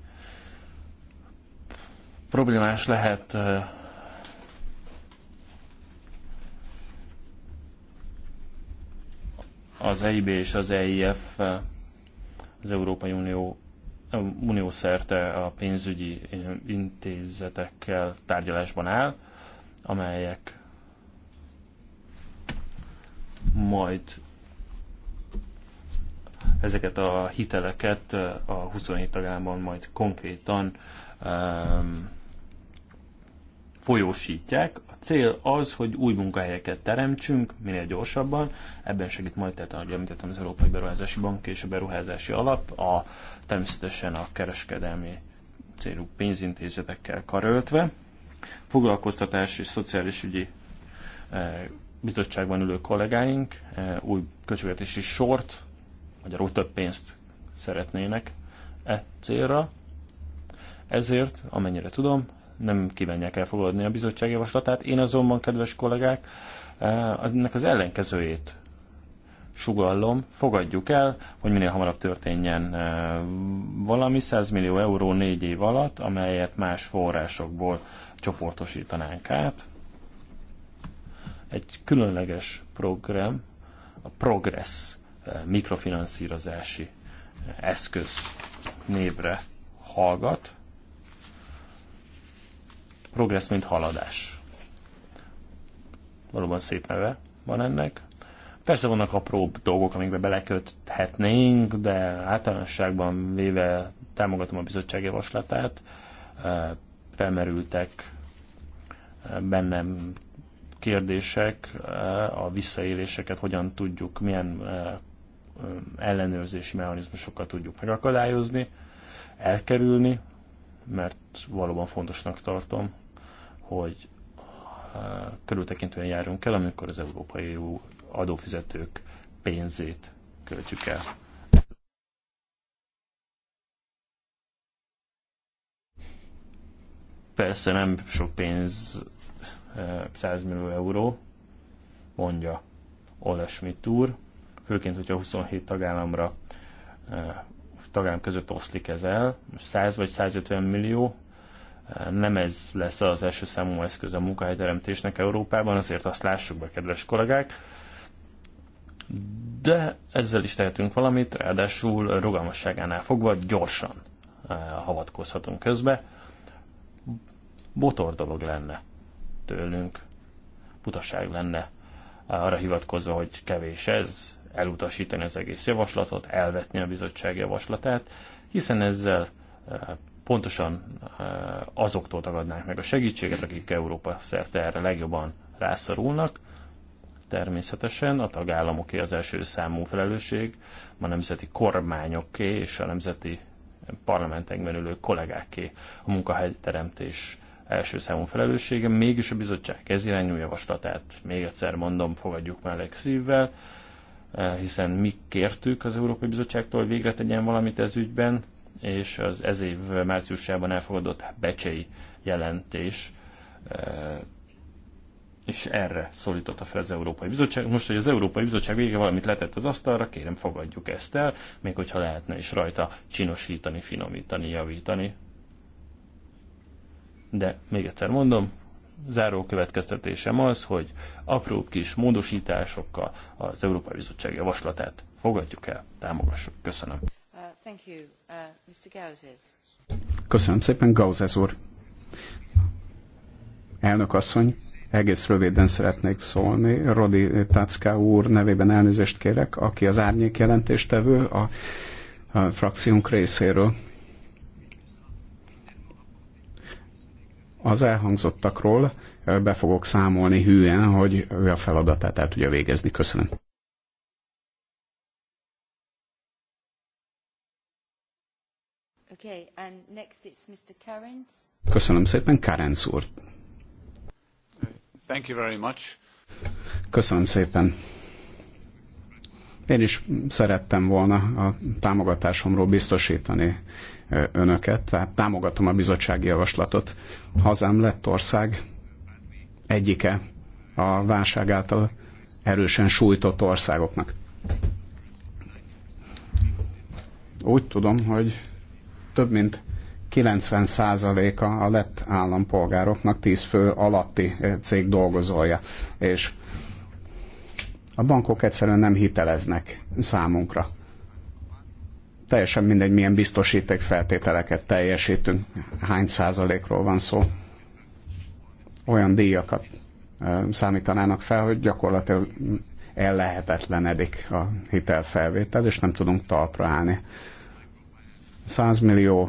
problémás lehet az EIB és az EIF az Európai Unió unió szerte a pénzügyi intézetekkel tárgyalásban áll, amelyek majd ezeket a hiteleket a 27 tagállamban majd konkrétan um, folyósítják. A cél az, hogy új munkahelyeket teremtsünk minél gyorsabban. Ebben segít majd, tehát ahogy említettem, az Európai Beruházási Bank és a Beruházási Alap, a, természetesen a kereskedelmi célú pénzintézetekkel karöltve. Foglalkoztatás és Szociális Ügyi e, bizottságban ülő kollégáink e, új költségvetési sort, magyarul több pénzt szeretnének e célra. Ezért, amennyire tudom, nem kívánják elfogadni a bizottság javaslatát. Én azonban, kedves kollégák, eh, ennek az ellenkezőjét sugallom, fogadjuk el, hogy minél hamarabb történjen eh, valami 100 millió euró négy év alatt, amelyet más forrásokból csoportosítanánk át. Egy különleges program, a Progress eh, mikrofinanszírozási eszköz névre hallgat. Progress, mint haladás. Valóban szép neve van ennek. Persze vannak apróbb dolgok, amikbe beleköthetnénk, de általánosságban véve támogatom a bizottság javaslatát. Felmerültek bennem kérdések, a visszaéléseket hogyan tudjuk, milyen ellenőrzési mechanizmusokkal tudjuk megakadályozni, elkerülni, mert valóban fontosnak tartom, hogy körültekintően járunk el, amikor az Európai EU adófizetők pénzét költjük el. Persze nem sok pénz, 100 millió euró, mondja Ole Schmidt úr, főként, hogyha 27 tagállamra tagállam között oszlik ez el, 100 vagy 150 millió, nem ez lesz az első számú eszköz a munkahelyteremtésnek Európában, azért azt lássuk be, kedves kollégák, de ezzel is tehetünk valamit, ráadásul rugalmasságánál fogva gyorsan eh, havatkozhatunk közbe. Botor dolog lenne tőlünk, butaság lenne arra hivatkozva, hogy kevés ez, elutasítani az egész javaslatot, elvetni a bizottság javaslatát, hiszen ezzel eh, pontosan azoktól tagadnánk meg a segítséget, akik Európa szerte erre legjobban rászorulnak. Természetesen a tagállamoké az első számú felelősség, a nemzeti kormányoké és a nemzeti parlamentekben ülő kollégáké a munkahelyteremtés első számú felelőssége, mégis a bizottság kezirányú javaslatát, még egyszer mondom, fogadjuk meleg szívvel, hiszen mi kértük az Európai Bizottságtól, hogy végre tegyen valamit ez ügyben, és az ez év márciusában elfogadott becsei jelentés e, és erre szólította fel az Európai Bizottság. Most, hogy az Európai Bizottság vége valamit letett az asztalra, kérem fogadjuk ezt el, még hogyha lehetne is rajta csinosítani, finomítani, javítani. De még egyszer mondom, záró következtetésem az, hogy apró kis módosításokkal az Európai Bizottság javaslatát fogadjuk el, támogassuk. Köszönöm. Uh, Köszönöm szépen, Gauzes úr. Elnök asszony, egész röviden szeretnék szólni. Rodi Tácká úr nevében elnézést kérek, aki az árnyék jelentéstevő a, a frakciónk részéről. Az elhangzottakról be fogok számolni hűen, hogy ő a feladatát el tudja végezni. Köszönöm. Okay, and next it's Mr. Karens. Köszönöm szépen, Karenc úr. Thank you very much. Köszönöm szépen. Én is szerettem volna a támogatásomról biztosítani önöket, tehát támogatom a bizottsági javaslatot. Hazám lett ország egyike a válság által erősen sújtott országoknak. Úgy tudom, hogy több mint 90 százaléka a lett állampolgároknak 10 fő alatti cég dolgozója, és a bankok egyszerűen nem hiteleznek számunkra. Teljesen mindegy, milyen biztosíték feltételeket teljesítünk, hány százalékról van szó. Olyan díjakat számítanának fel, hogy gyakorlatilag ellehetetlenedik a hitelfelvétel, és nem tudunk talpra állni 100 millió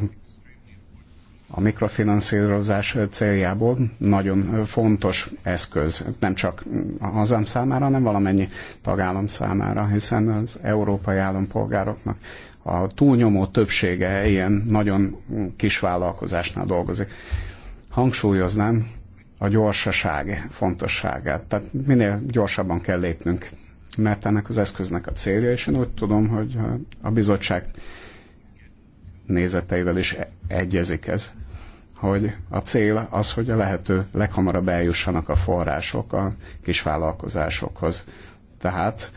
a mikrofinanszírozás céljából nagyon fontos eszköz, nem csak a hazám számára, hanem valamennyi tagállam számára, hiszen az európai állampolgároknak a túlnyomó többsége ilyen nagyon kis vállalkozásnál dolgozik. Hangsúlyoznám a gyorsaság fontosságát, tehát minél gyorsabban kell lépnünk, mert ennek az eszköznek a célja, és én úgy tudom, hogy a bizottság nézeteivel is egyezik ez, hogy a cél az, hogy a lehető leghamarabb eljussanak a források a kisvállalkozásokhoz. Tehát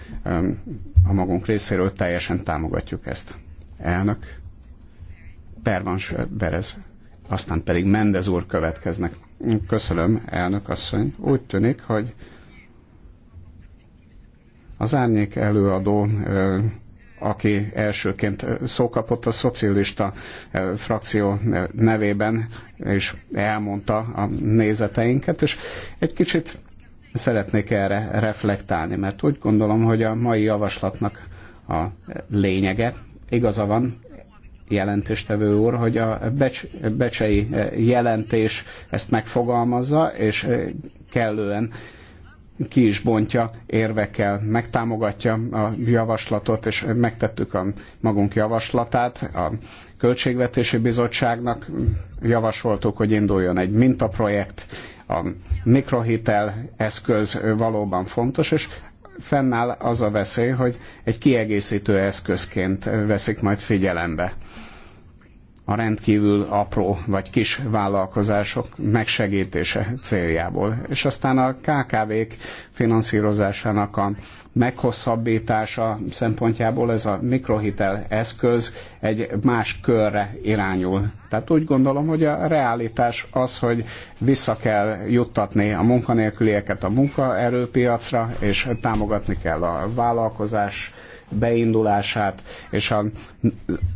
a magunk részéről teljesen támogatjuk ezt. Elnök, Pervans Berez, aztán pedig Mendez úr következnek. Köszönöm, elnök asszony. Úgy tűnik, hogy az árnyék előadó aki elsőként szókapott a szocialista eh, frakció eh, nevében, és elmondta a nézeteinket, és egy kicsit szeretnék erre reflektálni, mert úgy gondolom, hogy a mai javaslatnak a lényege igaza van, jelentéstevő úr, hogy a becs, becsei eh, jelentés ezt megfogalmazza, és kellően ki is bontja érvekkel, megtámogatja a javaslatot, és megtettük a magunk javaslatát. A Költségvetési Bizottságnak javasoltuk, hogy induljon egy mintaprojekt, a mikrohitel eszköz valóban fontos, és fennáll az a veszély, hogy egy kiegészítő eszközként veszik majd figyelembe a rendkívül apró vagy kis vállalkozások megsegítése céljából. És aztán a KKV-k finanszírozásának a meghosszabbítása szempontjából ez a mikrohitel eszköz egy más körre irányul. Tehát úgy gondolom, hogy a realitás az, hogy vissza kell juttatni a munkanélkülieket a munkaerőpiacra, és támogatni kell a vállalkozás beindulását, és a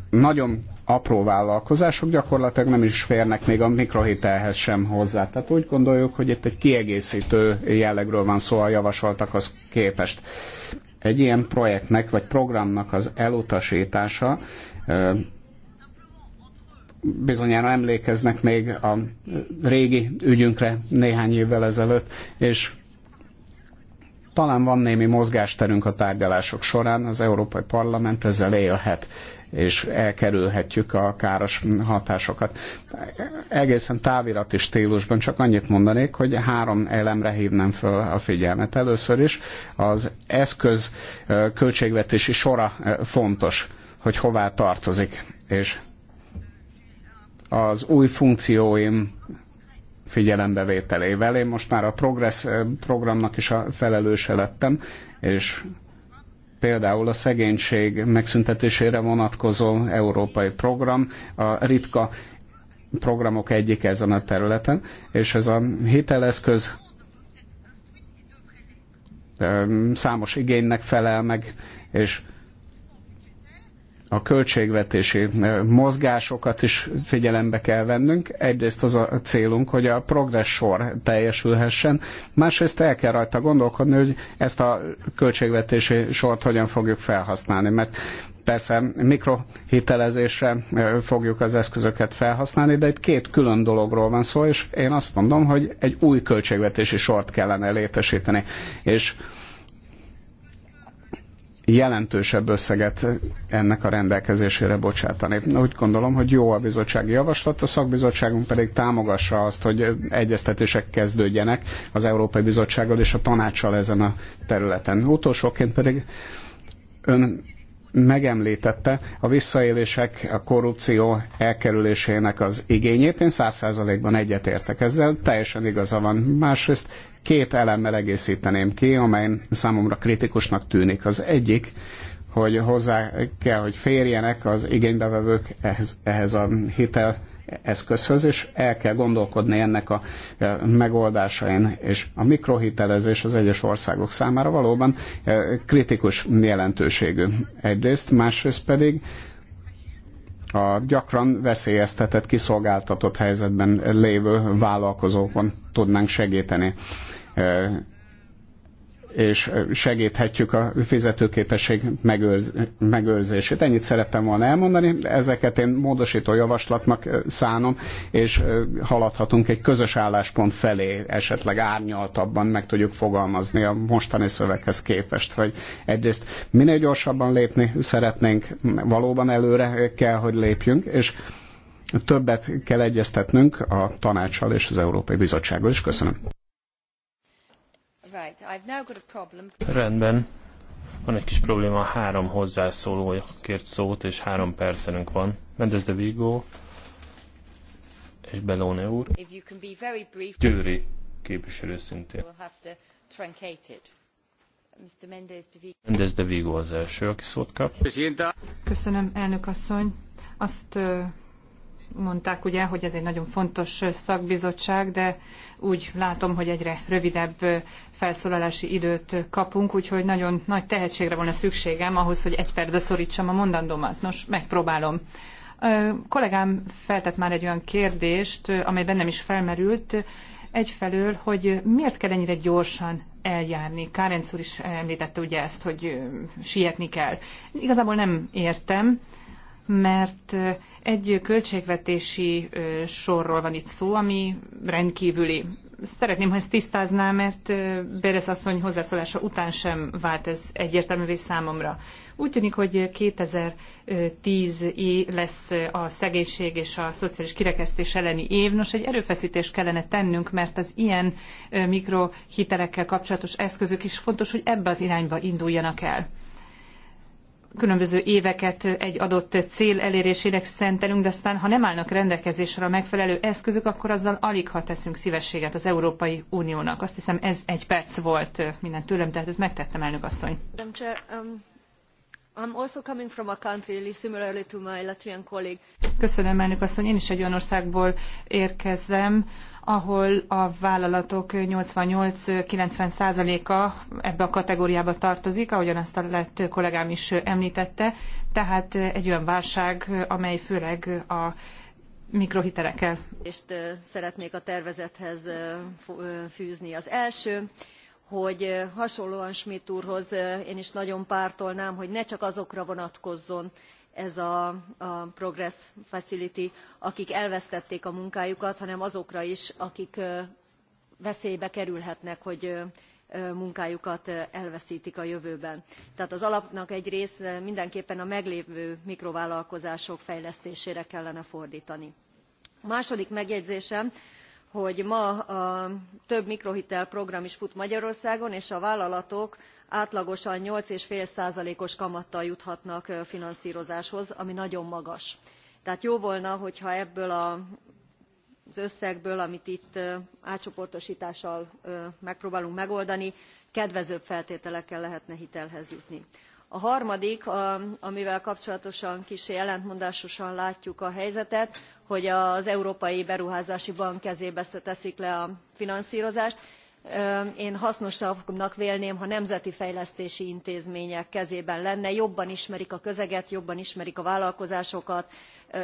nagyon apró vállalkozások gyakorlatilag nem is férnek még a mikrohitelhez sem hozzá. Tehát úgy gondoljuk, hogy itt egy kiegészítő jellegről van szó a javasoltakhoz képest. Egy ilyen projektnek vagy programnak az elutasítása bizonyára emlékeznek még a régi ügyünkre néhány évvel ezelőtt, és talán van némi mozgásterünk a tárgyalások során, az Európai Parlament ezzel élhet és elkerülhetjük a káros hatásokat. Egészen távirati stílusban csak annyit mondanék, hogy három elemre hívnám föl a figyelmet. Először is az eszköz költségvetési sora fontos, hogy hová tartozik, és az új funkcióim figyelembevételével. Én most már a Progress programnak is a felelőse lettem, és például a szegénység megszüntetésére vonatkozó európai program, a ritka programok egyik ezen a területen, és ez a hiteleszköz számos igénynek felel meg, és a költségvetési mozgásokat is figyelembe kell vennünk. Egyrészt az a célunk, hogy a progress sor teljesülhessen, másrészt el kell rajta gondolkodni, hogy ezt a költségvetési sort hogyan fogjuk felhasználni, mert persze mikrohitelezésre fogjuk az eszközöket felhasználni, de itt két külön dologról van szó, és én azt mondom, hogy egy új költségvetési sort kellene létesíteni. És jelentősebb összeget ennek a rendelkezésére bocsátani. Úgy gondolom, hogy jó a bizottsági javaslat, a szakbizottságunk pedig támogassa azt, hogy egyeztetések kezdődjenek az Európai Bizottsággal és a tanácssal ezen a területen. Utolsóként pedig ön megemlítette a visszaélések, a korrupció elkerülésének az igényét. Én száz százalékban egyetértek ezzel, teljesen igaza van. Másrészt Két elemmel egészíteném ki, amely számomra kritikusnak tűnik. Az egyik, hogy hozzá kell, hogy férjenek az igénybevevők ehhez, ehhez a hitel eszközhöz, és el kell gondolkodni ennek a e, megoldásain. És a mikrohitelezés az egyes országok számára valóban e, kritikus jelentőségű. Egyrészt, másrészt pedig a gyakran veszélyeztetett, kiszolgáltatott helyzetben lévő vállalkozókon tudnánk segíteni és segíthetjük a fizetőképesség megőrz, megőrzését. Ennyit szerettem volna elmondani, ezeket én módosító javaslatnak szánom, és haladhatunk egy közös álláspont felé, esetleg árnyaltabban meg tudjuk fogalmazni a mostani szöveghez képest, hogy egyrészt minél gyorsabban lépni szeretnénk, valóban előre kell, hogy lépjünk, és többet kell egyeztetnünk a tanácssal és az Európai Bizottsággal is. Köszönöm. Rendben. Van egy kis probléma, három hozzászóló kért szót, és három percenünk van. Mendez de Vigo és Belone úr. Győri képviselő szintén. Mendes de Vigo. Mendez de Vigo az első, aki szót kap. Köszönöm, elnök asszony. Azt mondták ugye, hogy ez egy nagyon fontos szakbizottság, de úgy látom, hogy egyre rövidebb felszólalási időt kapunk, úgyhogy nagyon nagy tehetségre volna szükségem ahhoz, hogy egy percbe szorítsam a mondandómat. Nos, megpróbálom. A kollégám feltett már egy olyan kérdést, amely bennem is felmerült, egyfelől, hogy miért kell ennyire gyorsan eljárni. Kárenc úr is említette ugye ezt, hogy sietni kell. Igazából nem értem mert egy költségvetési sorról van itt szó, ami rendkívüli. Szeretném, ha ezt tisztázná, mert Bérez asszony hozzászólása után sem vált ez egyértelművé számomra. Úgy tűnik, hogy 2010 lesz a szegénység és a szociális kirekesztés elleni év. Nos, egy erőfeszítést kellene tennünk, mert az ilyen mikrohitelekkel kapcsolatos eszközök is fontos, hogy ebbe az irányba induljanak el különböző éveket egy adott cél elérésének szentelünk, de aztán ha nem állnak rendelkezésre a megfelelő eszközök, akkor azzal alig ha teszünk szívességet az Európai Uniónak. Azt hiszem ez egy perc volt minden tőlem, tehát megtettem elnök asszony. Um, Köszönöm elnök asszony, én is egy olyan országból érkezem, ahol a vállalatok 88-90%-a ebbe a kategóriába tartozik, ahogyan azt a lett kollégám is említette, tehát egy olyan válság, amely főleg a mikrohitelekkel. És szeretnék a tervezethez fűzni. Az első, hogy hasonlóan Schmidt úrhoz én is nagyon pártolnám, hogy ne csak azokra vonatkozzon ez a, progress facility akik elvesztették a munkájukat hanem azokra is akik veszélybe kerülhetnek hogy munkájukat elvesztik a jövőben. tehát az alapnak egy részt mindenképpen a meglévő mikrovállalkozások fejlesztésére kellene fordtani. a második megjegyzésem hogy ma több mikrohitel program is fut magyarországon és a vállalatok átlagosan eight five százalékos kamattal juthatnak finanszrozáshoz ami nagyon magas. tehát jó volna hogyha ebből az összegből amit itt átcsoportostással megpróbálunk megoldani kedvezőbb feltételekkel lehetne hitelhez jutni a harmadik amivel kapcsolatosan kissé ellentmondásosan látjuk a helyzetet hogy az európai beruházási bank kezébe teszik le a finanszrozást én hasznosabbnak vélném ha nemzeti fejlesztési intézmények kezében lenne jobban ismerik a közeget jobban ismerik a vállalkozásokat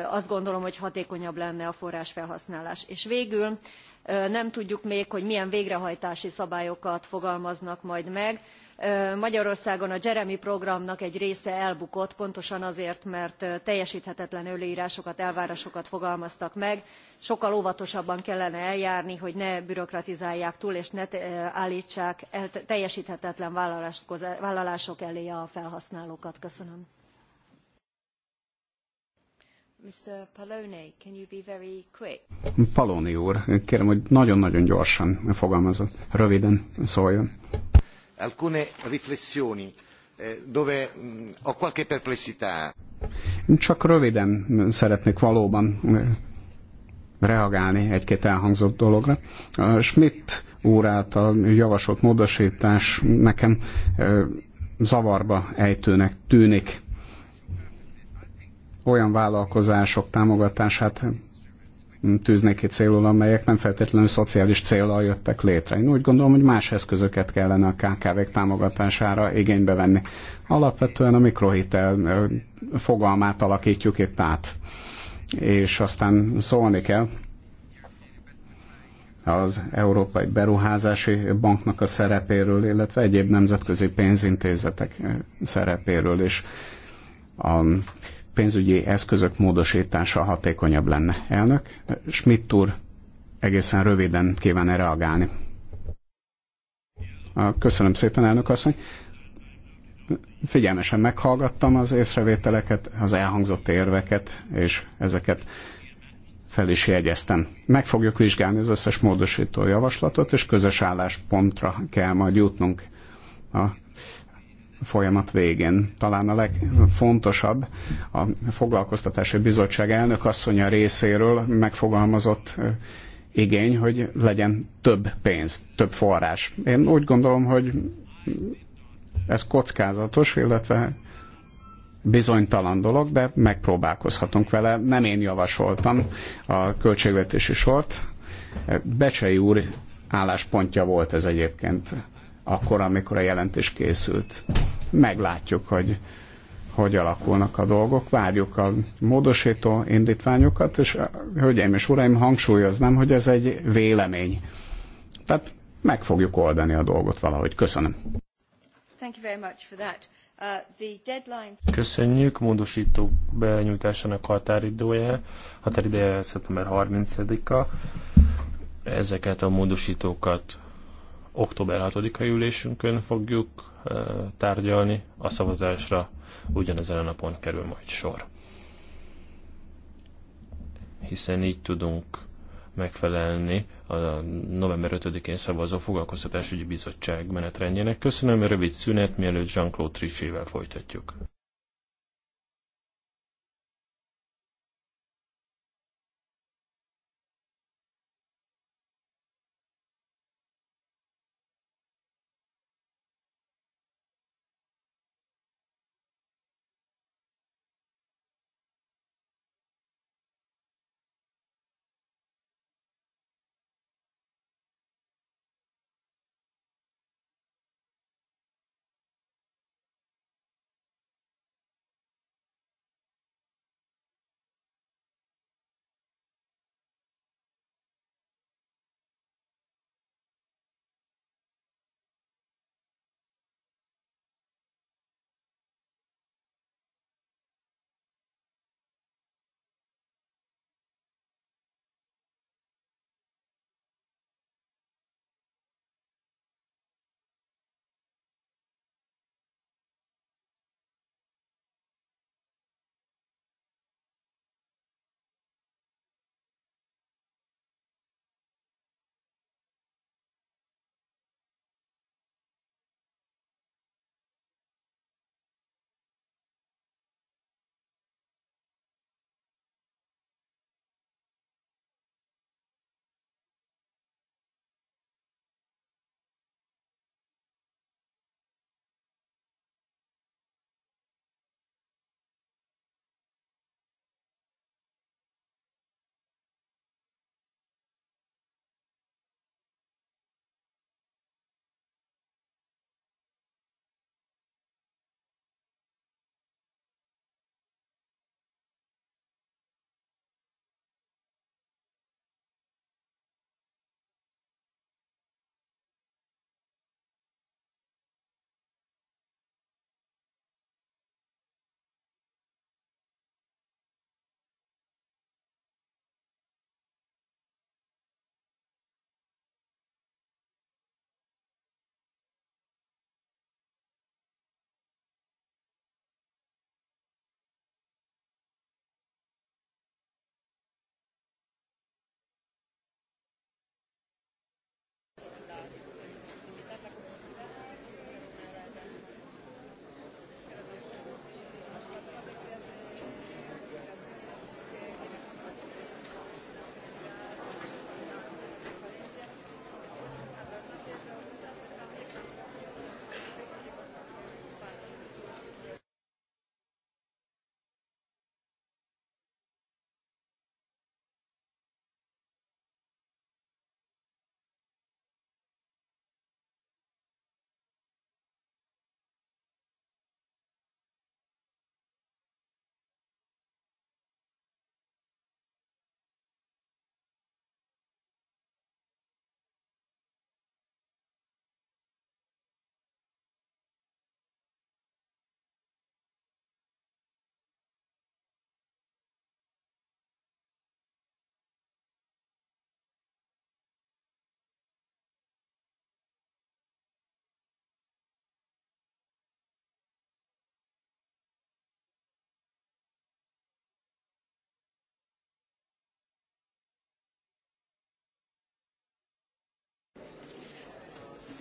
azt gondolom hogy hatékonyabb lenne a forrásfelhasználás. és végül nem tudjuk még hogy milyen végrehajtási szabályokat fogalmaznak majd meg magyarországon a jeremie programnak egy része elbukott pontosan azért mert teljesthetetlen előrásokat elvárásokat fogalmaztak meg sokkal óvatosabban kellene eljárni hogy ne bürokratizálják túl és ne álltsák teljesthetetlen vállalások elé a felhasználókat. köszönöm. Mr. Palone, can you be very quick? úr, kérem, hogy nagyon-nagyon gyorsan fogalmazott, röviden szóljon alcune riflessioni eh, dove mm, ho qualche perplessità. Csak röviden szeretnék valóban eh, reagálni egy-két elhangzott dologra. A Schmidt úr által javasolt módosítás nekem eh, zavarba ejtőnek tűnik. Olyan vállalkozások támogatását tűznék ki célul, amelyek nem feltétlenül szociális célral jöttek létre. Én úgy gondolom, hogy más eszközöket kellene a KKV-k támogatására igénybe venni. Alapvetően a mikrohitel fogalmát alakítjuk itt át, és aztán szólni kell az Európai Beruházási Banknak a szerepéről, illetve egyéb nemzetközi pénzintézetek szerepéről is. A pénzügyi eszközök módosítása hatékonyabb lenne. Elnök, Schmidt úr egészen röviden kíván -e reagálni. Köszönöm szépen, elnök asszony. Figyelmesen meghallgattam az észrevételeket, az elhangzott érveket, és ezeket fel is jegyeztem. Meg fogjuk vizsgálni az összes módosító javaslatot, és közös álláspontra kell majd jutnunk a folyamat végén. Talán a legfontosabb a Foglalkoztatási Bizottság elnök asszonya részéről megfogalmazott igény, hogy legyen több pénz, több forrás. Én úgy gondolom, hogy ez kockázatos, illetve bizonytalan dolog, de megpróbálkozhatunk vele. Nem én javasoltam a költségvetési sort. Becsei úr álláspontja volt ez egyébként akkor, amikor a jelentés készült. Meglátjuk, hogy hogy alakulnak a dolgok, várjuk a módosító indítványokat, és hölgyeim és uraim, hangsúlyoznám, hogy ez egy vélemény. Tehát meg fogjuk oldani a dolgot valahogy. Köszönöm. Uh, Köszönjük, módosítók benyújtásának határidője, határideje szeptember 30-a. Ezeket a módosítókat október 6-ai ülésünkön fogjuk tárgyalni, a szavazásra ugyanezen a napon kerül majd sor. Hiszen így tudunk megfelelni a november 5-én szavazó foglalkoztatásügyi bizottság menetrendjének. Köszönöm, rövid szünet, mielőtt Jean-Claude Trichével folytatjuk.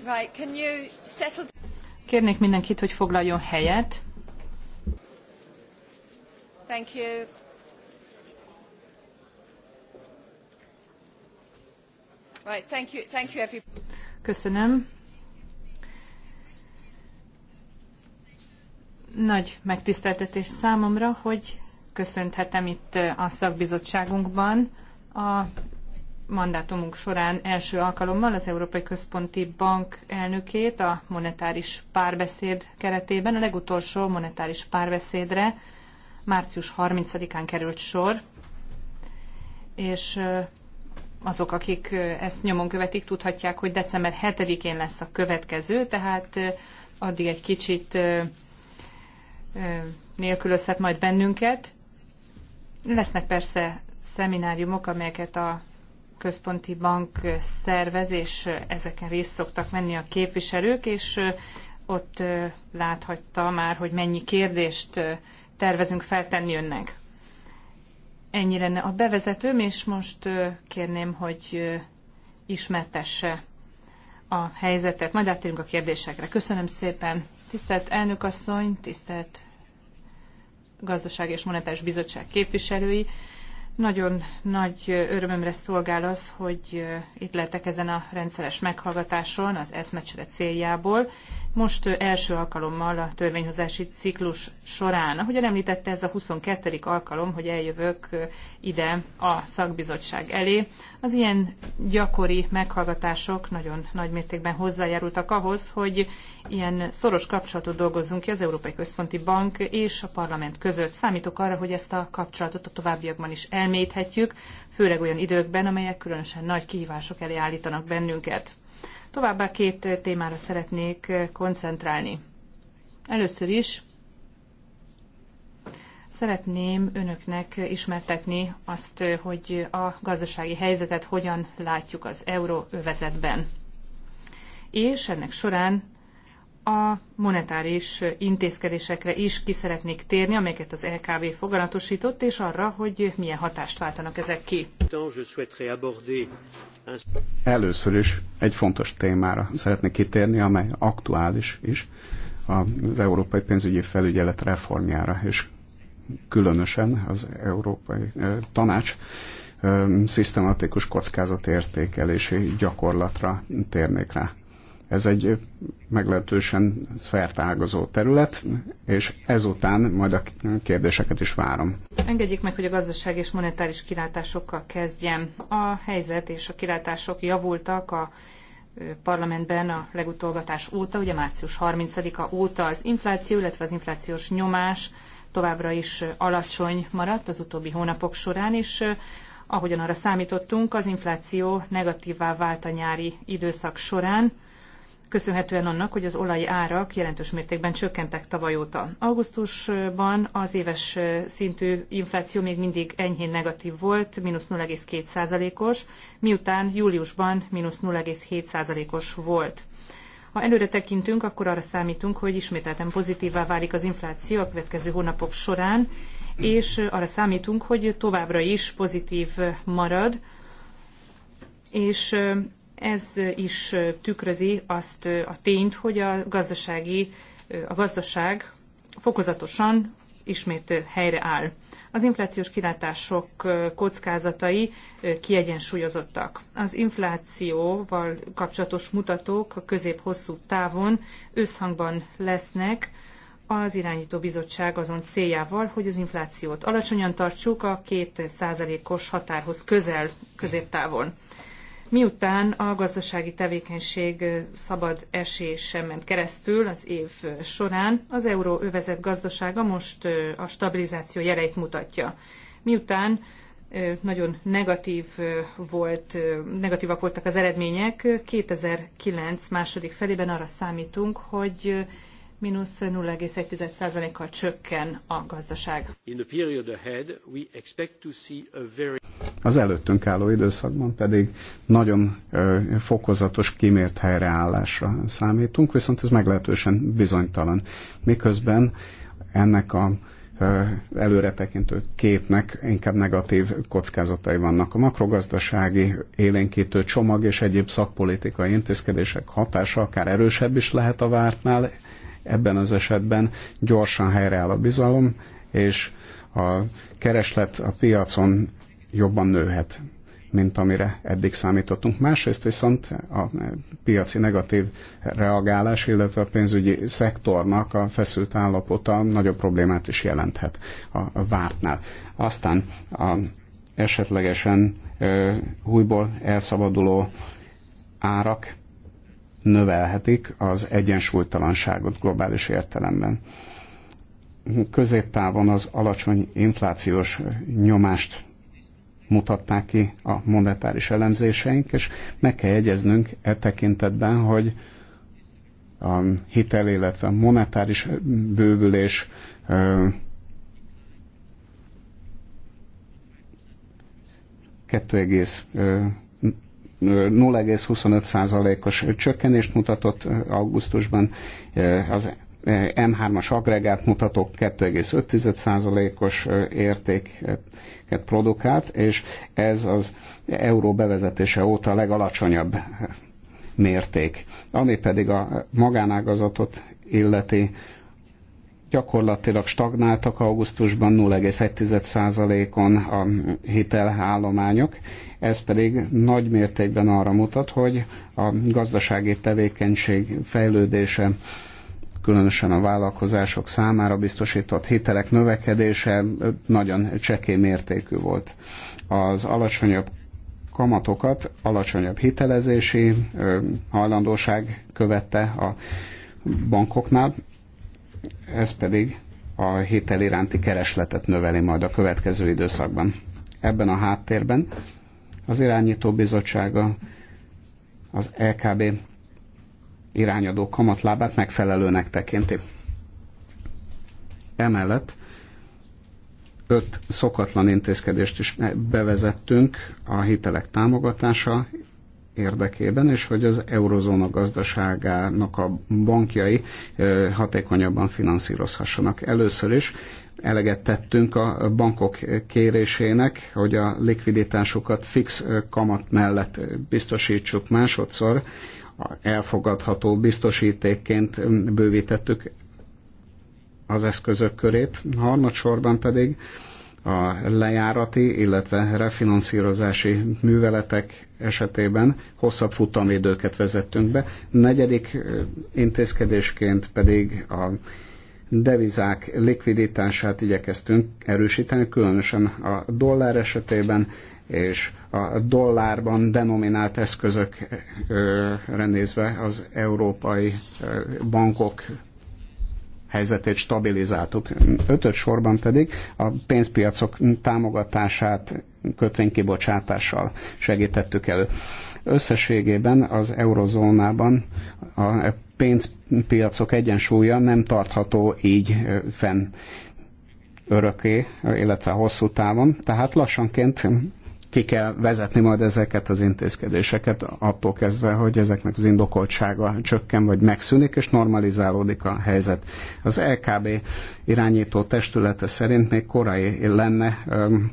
Right, can you settle... Kérnék mindenkit, hogy foglaljon helyet. Thank you. Right, thank you, thank you everybody. Köszönöm. Nagy megtiszteltetés számomra, hogy köszönhetem itt a szakbizottságunkban a mandátumunk során első alkalommal az Európai Központi Bank elnökét a monetáris párbeszéd keretében. A legutolsó monetáris párbeszédre március 30-án került sor, és azok, akik ezt nyomon követik, tudhatják, hogy december 7-én lesz a következő, tehát addig egy kicsit nélkülözhet majd bennünket. Lesznek persze szemináriumok, amelyeket a központi bank szervez, és ezeken részt szoktak menni a képviselők, és ott láthatta már, hogy mennyi kérdést tervezünk feltenni önnek. Ennyi lenne a bevezetőm, és most kérném, hogy ismertesse a helyzetet. Majd átérünk a kérdésekre. Köszönöm szépen. Tisztelt elnökasszony, tisztelt gazdaság és monetáris bizottság képviselői. Nagyon nagy örömömre szolgál az, hogy itt lehetek ezen a rendszeres meghallgatáson az eszmecsere céljából. Most első alkalommal a törvényhozási ciklus során, ahogyan említette, ez a 22. alkalom, hogy eljövök ide a szakbizottság elé, az ilyen gyakori meghallgatások nagyon nagy mértékben hozzájárultak ahhoz, hogy ilyen szoros kapcsolatot dolgozzunk ki az Európai Központi Bank és a parlament között. Számítok arra, hogy ezt a kapcsolatot a továbbiakban is elmélyíthetjük, főleg olyan időkben, amelyek különösen nagy kihívások elé állítanak bennünket. Továbbá két témára szeretnék koncentrálni. Először is Szeretném önöknek ismertetni azt, hogy a gazdasági helyzetet hogyan látjuk az euróövezetben. És ennek során a monetáris intézkedésekre is ki szeretnék térni, amelyeket az LKB foganatosított, és arra, hogy milyen hatást váltanak ezek ki. Először is egy fontos témára szeretnék kitérni, amely aktuális is, az Európai Pénzügyi Felügyelet reformjára, és különösen az Európai Tanács szisztematikus kockázatértékelési gyakorlatra térnék rá. Ez egy meglehetősen szertágazó terület, és ezután majd a kérdéseket is várom. Engedjék meg, hogy a gazdaság és monetáris kilátásokkal kezdjem. A helyzet és a kilátások javultak a parlamentben a legutolgatás óta, ugye március 30-a óta az infláció, illetve az inflációs nyomás továbbra is alacsony maradt az utóbbi hónapok során, és eh, ahogyan arra számítottunk, az infláció negatívvá vált a nyári időszak során, köszönhetően annak, hogy az olaj árak jelentős mértékben csökkentek tavaly óta. Augusztusban az éves eh, szintű infláció még mindig enyhén negatív volt, mínusz 0,2%-os, miután júliusban mínusz 0,7%-os volt. Ha előre tekintünk, akkor arra számítunk, hogy ismételten pozitívvá válik az infláció a következő hónapok során, és arra számítunk, hogy továbbra is pozitív marad, és ez is tükrözi azt a tényt, hogy a gazdasági a gazdaság fokozatosan ismét helyreáll. Az inflációs kilátások kockázatai kiegyensúlyozottak. Az inflációval kapcsolatos mutatók a közép-hosszú távon összhangban lesznek az irányító bizottság azon céljával, hogy az inflációt alacsonyan tartsuk a két százalékos határhoz közel középtávon. Miután a gazdasági tevékenység szabad esése ment keresztül az év során, az euróövezet gazdasága most a stabilizáció jeleit mutatja. Miután nagyon negatív volt, negatívak voltak az eredmények, 2009 második felében arra számítunk, hogy mínusz 0,1%-kal csökken a gazdaság. Az előttünk álló időszakban pedig nagyon fokozatos, kimért helyreállásra számítunk, viszont ez meglehetősen bizonytalan. Miközben ennek a előretekintő képnek inkább negatív kockázatai vannak. A makrogazdasági élénkítő csomag és egyéb szakpolitikai intézkedések hatása akár erősebb is lehet a vártnál, Ebben az esetben gyorsan helyreáll a bizalom, és a kereslet a piacon jobban nőhet, mint amire eddig számítottunk. Másrészt viszont a piaci negatív reagálás, illetve a pénzügyi szektornak a feszült állapota nagyobb problémát is jelenthet a vártnál. Aztán a esetlegesen újból elszabaduló árak növelhetik az egyensúlytalanságot globális értelemben. Középtávon az alacsony inflációs nyomást mutatták ki a monetáris elemzéseink, és meg kell jegyeznünk e tekintetben, hogy a hitel, illetve monetáris bővülés ö, egész 0,25%-os csökkenést mutatott augusztusban, az M3-as agregát mutatók 2,5%-os értéket produkált, és ez az euró bevezetése óta a legalacsonyabb mérték. Ami pedig a magánágazatot illeti, gyakorlatilag stagnáltak augusztusban 0,1%-on a hitelállományok, ez pedig nagy mértékben arra mutat, hogy a gazdasági tevékenység fejlődése különösen a vállalkozások számára biztosított hitelek növekedése nagyon csekély mértékű volt. Az alacsonyabb kamatokat alacsonyabb hitelezési hajlandóság követte a bankoknál, ez pedig a hétel iránti keresletet növeli majd a következő időszakban. Ebben a háttérben az irányító bizottsága az LKB irányadó kamatlábát megfelelőnek tekinti. Emellett öt szokatlan intézkedést is bevezettünk a hitelek támogatása, érdekében, és hogy az eurozóna gazdaságának a bankjai hatékonyabban finanszírozhassanak. Először is eleget tettünk a bankok kérésének, hogy a likviditásukat fix kamat mellett biztosítsuk másodszor, elfogadható biztosítékként bővítettük az eszközök körét, harmadsorban pedig a lejárati, illetve refinanszírozási műveletek esetében hosszabb futamidőket vezettünk be. Negyedik intézkedésként pedig a devizák likviditását igyekeztünk erősíteni, különösen a dollár esetében, és a dollárban denominált eszközök rendézve az európai bankok helyzetét stabilizáltuk. Ötöt sorban pedig a pénzpiacok támogatását kötvénykibocsátással segítettük elő. Összességében az eurozónában a pénzpiacok egyensúlya nem tartható így fenn örökké, illetve hosszú távon, tehát lassanként ki kell vezetni majd ezeket az intézkedéseket attól kezdve, hogy ezeknek az indokoltsága csökken vagy megszűnik, és normalizálódik a helyzet. Az LKB irányító testülete szerint még korai lenne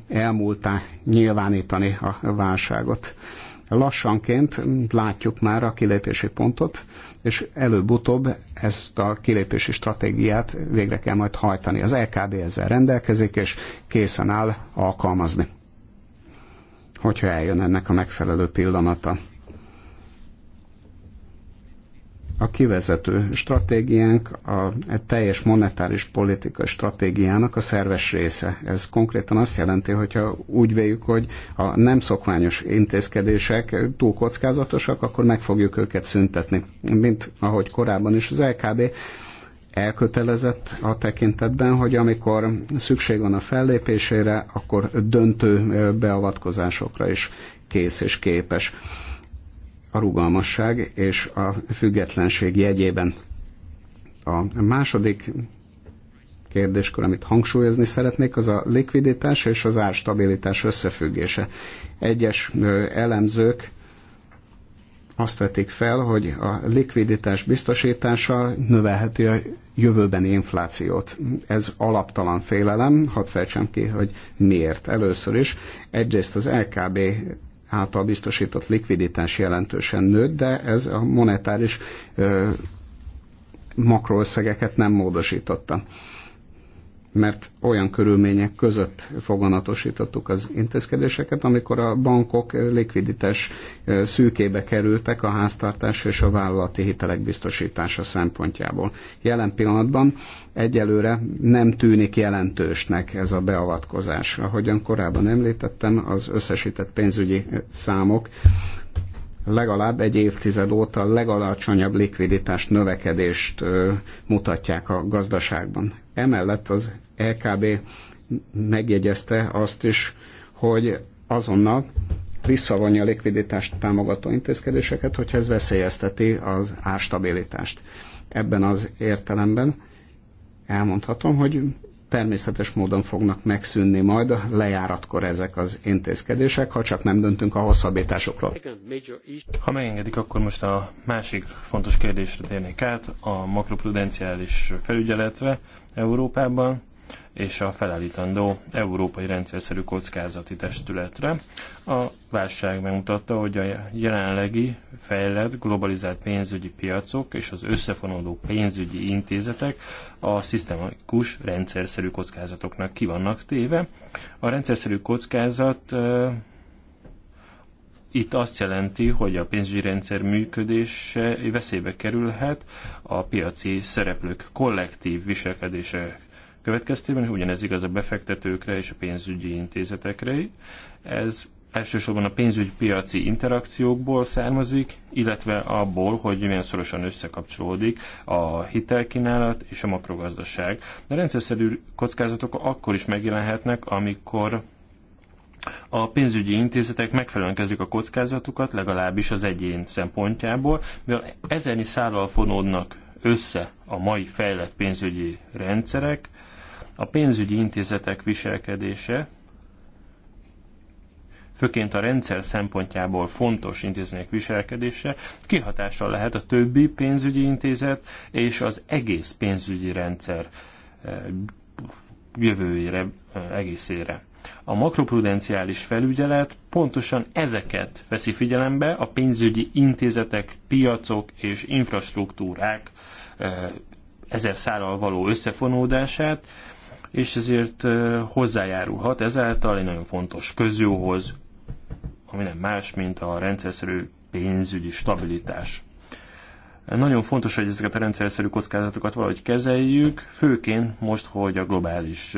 elmúltá nyilvánítani a válságot. Lassanként látjuk már a kilépési pontot, és előbb-utóbb ezt a kilépési stratégiát végre kell majd hajtani. Az LKB ezzel rendelkezik, és készen áll alkalmazni hogyha eljön ennek a megfelelő pillanata. A kivezető stratégiánk a teljes monetáris politika stratégiának a szerves része. Ez konkrétan azt jelenti, hogyha úgy véljük, hogy a nem szokványos intézkedések túl kockázatosak, akkor meg fogjuk őket szüntetni. Mint ahogy korábban is az LKB elkötelezett a tekintetben, hogy amikor szükség van a fellépésére, akkor döntő beavatkozásokra is kész és képes a rugalmasság és a függetlenség jegyében. A második kérdéskör, amit hangsúlyozni szeretnék, az a likviditás és az árstabilitás összefüggése. Egyes elemzők azt vetik fel, hogy a likviditás biztosítása növelheti a jövőbeni inflációt. Ez alaptalan félelem, hadd fejtsem ki, hogy miért. Először is egyrészt az LKB által biztosított likviditás jelentősen nőtt, de ez a monetáris ö, makroösszegeket nem módosította mert olyan körülmények között foganatosítottuk az intézkedéseket, amikor a bankok likviditás szűkébe kerültek a háztartás és a vállalati hitelek biztosítása szempontjából. Jelen pillanatban egyelőre nem tűnik jelentősnek ez a beavatkozás. Ahogyan korábban említettem, az összesített pénzügyi számok legalább egy évtized óta legalacsonyabb likviditás növekedést mutatják a gazdaságban. Emellett az LKB megjegyezte azt is, hogy azonnal visszavonja a likviditást támogató intézkedéseket, hogyha ez veszélyezteti az árstabilitást. Ebben az értelemben elmondhatom, hogy természetes módon fognak megszűnni majd a lejáratkor ezek az intézkedések, ha csak nem döntünk a hosszabbításokról. Ha megengedik, akkor most a másik fontos kérdésre térnék át, a makroprudenciális felügyeletre Európában és a felállítandó Európai Rendszerszerű Kockázati Testületre. A válság megmutatta, hogy a jelenlegi fejlett globalizált pénzügyi piacok és az összefonódó pénzügyi intézetek a szisztematikus rendszerszerű kockázatoknak ki vannak téve. A rendszerszerű kockázat itt azt jelenti, hogy a pénzügyi rendszer működése veszélybe kerülhet, a piaci szereplők kollektív viselkedése Következtében hogy ugyanez igaz a befektetőkre és a pénzügyi intézetekre. Ez elsősorban a pénzügyi piaci interakciókból származik, illetve abból, hogy milyen szorosan összekapcsolódik a hitelkínálat és a makrogazdaság. De rendszerszerű kockázatok akkor is megjelenhetnek, amikor a pénzügyi intézetek megfelelően kezdik a kockázatukat, legalábbis az egyén szempontjából, mivel ezernyi szállal fonódnak össze a mai fejlett pénzügyi rendszerek, a pénzügyi intézetek viselkedése, főként a rendszer szempontjából fontos intézmények viselkedése kihatással lehet a többi pénzügyi intézet és az egész pénzügyi rendszer eh, jövőjére, eh, egészére. A makroprudenciális felügyelet pontosan ezeket veszi figyelembe a pénzügyi intézetek, piacok és infrastruktúrák eh, ezer szállal való összefonódását, és ezért hozzájárulhat ezáltal egy nagyon fontos közjóhoz, ami nem más, mint a rendszerszerű pénzügyi stabilitás. Nagyon fontos, hogy ezeket a rendszerszerű kockázatokat valahogy kezeljük, főként most, hogy a globális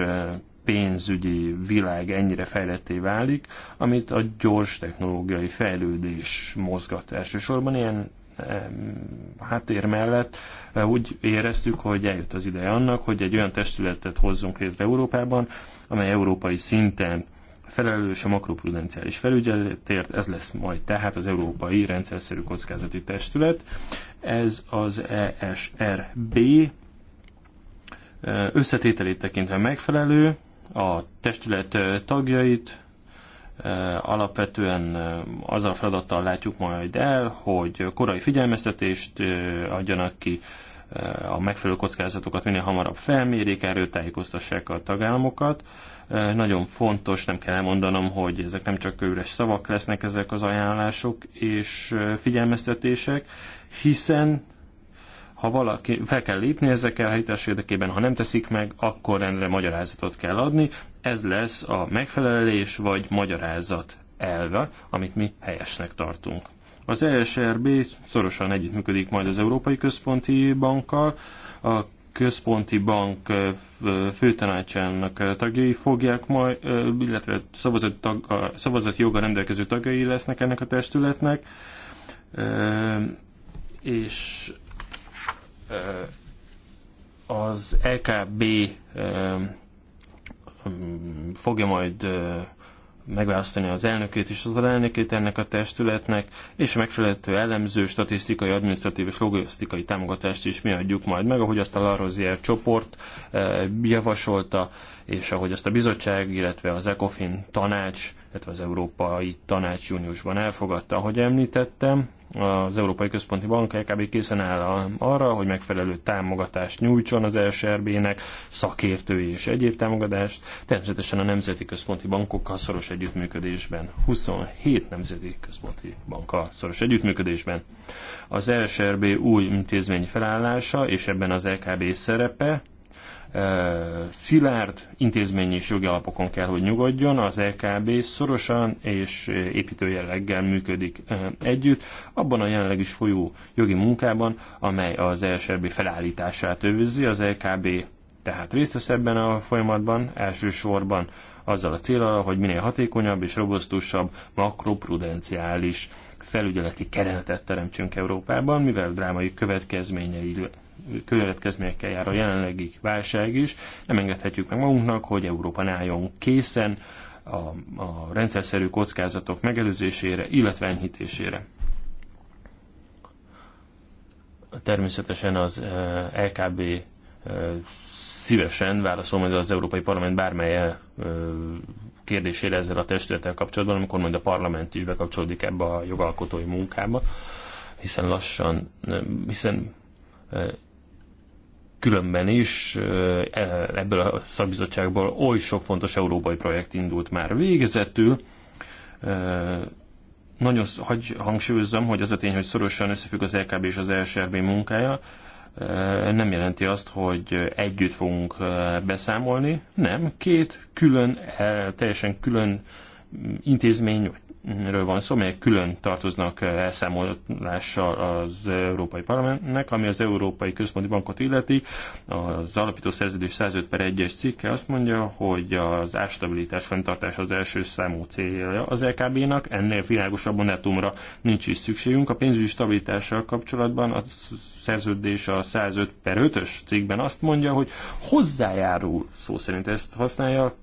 pénzügyi világ ennyire fejletté válik, amit a gyors technológiai fejlődés mozgat elsősorban ilyen háttér mellett úgy éreztük, hogy eljött az ideje annak, hogy egy olyan testületet hozzunk létre Európában, amely európai szinten felelős a makroprudenciális felügyeletért, ez lesz majd tehát az Európai Rendszerszerű Kockázati Testület. Ez az ESRB összetételét tekintve megfelelő, a testület tagjait alapvetően azzal a feladattal látjuk majd el, hogy korai figyelmeztetést adjanak ki, a megfelelő kockázatokat minél hamarabb felmérjék, erről tájékoztassák a tagállamokat. Nagyon fontos, nem kell elmondanom, hogy ezek nem csak üres szavak lesznek ezek az ajánlások és figyelmeztetések, hiszen ha valaki fel kell lépni ezek elhajtás érdekében, ha nem teszik meg, akkor rendre magyarázatot kell adni. Ez lesz a megfelelés vagy magyarázat elve, amit mi helyesnek tartunk. Az ESRB szorosan együttműködik majd az Európai Központi Bankkal, a központi bank főtanácsának tagjai fogják majd, illetve szavazat, tag, szavazati joga rendelkező tagjai lesznek ennek a testületnek, és az EKB fogja majd megválasztani az elnökét és az alelnökét ennek a testületnek, és a megfelelő elemző, statisztikai, adminisztratív és logisztikai támogatást is mi adjuk majd meg, ahogy azt a Larozier csoport javasolta, és ahogy azt a bizottság, illetve az ECOFIN tanács illetve az Európai Tanács júniusban elfogadta. Ahogy említettem, az Európai Központi Bank LKB készen áll arra, hogy megfelelő támogatást nyújtson az e SRB-nek, szakértői és egyéb támogatást, természetesen a Nemzeti Központi Bankokkal szoros együttműködésben, 27 Nemzeti Központi Bankkal szoros együttműködésben. Az e SRB új intézmény felállása és ebben az LKB szerepe, szilárd intézményi és jogi alapokon kell, hogy nyugodjon. Az LKB e szorosan és építőjelleggel működik együtt, abban a jelenleg is folyó jogi munkában, amely az ESRB felállítását övözi. Az LKB e tehát részt vesz ebben a folyamatban, elsősorban azzal a célral, hogy minél hatékonyabb és robosztusabb makroprudenciális felügyeleti keretet teremtsünk Európában, mivel drámai következményei következményekkel jár a jelenlegi válság is. Nem engedhetjük meg magunknak, hogy Európa ne álljon készen a, a rendszerszerű kockázatok megelőzésére, illetve enyhítésére. Természetesen az eh, LKB eh, szívesen válaszol majd az Európai Parlament bármely eh, kérdésére ezzel a testülettel kapcsolatban, amikor majd a parlament is bekapcsolódik ebbe a jogalkotói munkába, hiszen lassan, hiszen különben is e, ebből a szakbizottságból oly sok fontos európai projekt indult már végezetül. Nagyon hagy hangsúlyozzam, hogy az a tény, hogy szorosan összefügg az LKB és az LSRB e munkája, nem jelenti azt, hogy együtt fogunk beszámolni, nem, két külön, e, teljesen külön intézmény vagy ről van szó, melyek külön tartoznak eh, elszámolással az Európai Parlamentnek, ami az Európai Központi Bankot illeti. Az alapító szerződés 105 per 1-es cikke azt mondja, hogy az árstabilitás fenntartása az első számú célja az LKB-nak, ennél világosabb monetumra nincs is szükségünk. A pénzügyi stabilitással kapcsolatban a szerződés a 105 per 5-ös cikkben azt mondja, hogy hozzájárul, szó szerint ezt használja,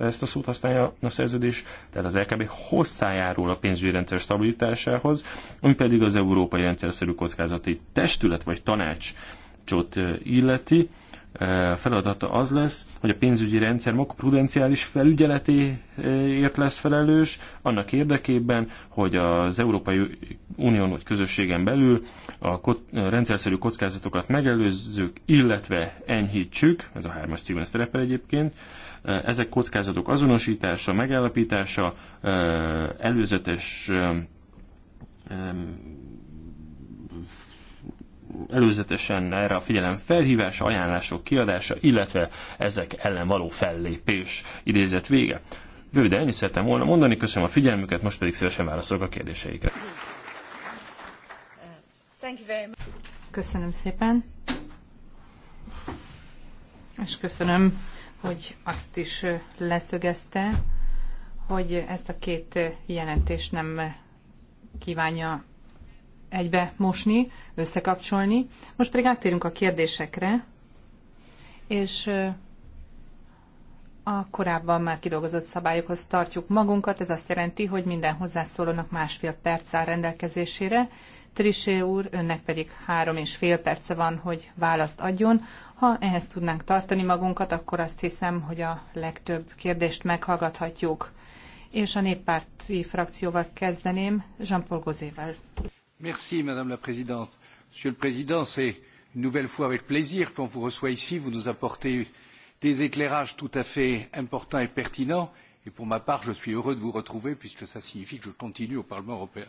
ezt a szót használja a szerződés, tehát az LKB hozzájárul járul a pénzügyi rendszer stabilitásához, ami pedig az Európai Rendszerszerű Kockázati Testület vagy Tanácsot illeti. Feladata az lesz, hogy a pénzügyi rendszer makroprudenciális felügyeletéért lesz felelős, annak érdekében, hogy az Európai Unión vagy közösségen belül a rendszerszerű kockázatokat megelőzzük, illetve enyhítsük, ez a hármas címben szerepel egyébként, ezek kockázatok azonosítása, megállapítása, előzetes előzetesen erre a figyelem felhívása, ajánlások kiadása, illetve ezek ellen való fellépés idézett vége. Bő, de ennyit szerettem volna mondani, köszönöm a figyelmüket, most pedig szívesen válaszolok a kérdéseikre. Köszönöm szépen. És köszönöm hogy azt is leszögezte, hogy ezt a két jelentést nem kívánja egybe mosni, összekapcsolni. Most pedig áttérünk a kérdésekre, és a korábban már kidolgozott szabályokhoz tartjuk magunkat. Ez azt jelenti, hogy minden hozzászólónak másfél perc áll rendelkezésére, Trisé úr, önnek pedig három és fél perce van, hogy választ adjon. Ha ehhez tudnánk tartani magunkat, akkor azt hiszem, hogy a legtöbb kérdést meghallgathatjuk. És a néppárti frakcióval kezdeném, Jean-Paul Gozével. Merci, Madame la Présidente. Monsieur le Président, c'est une nouvelle fois avec plaisir qu'on vous reçoit ici. Vous nous apportez des éclairages tout à fait importants et pertinents. Et pour ma part, je suis heureux de vous retrouver puisque ça signifie que je continue au Parlement européen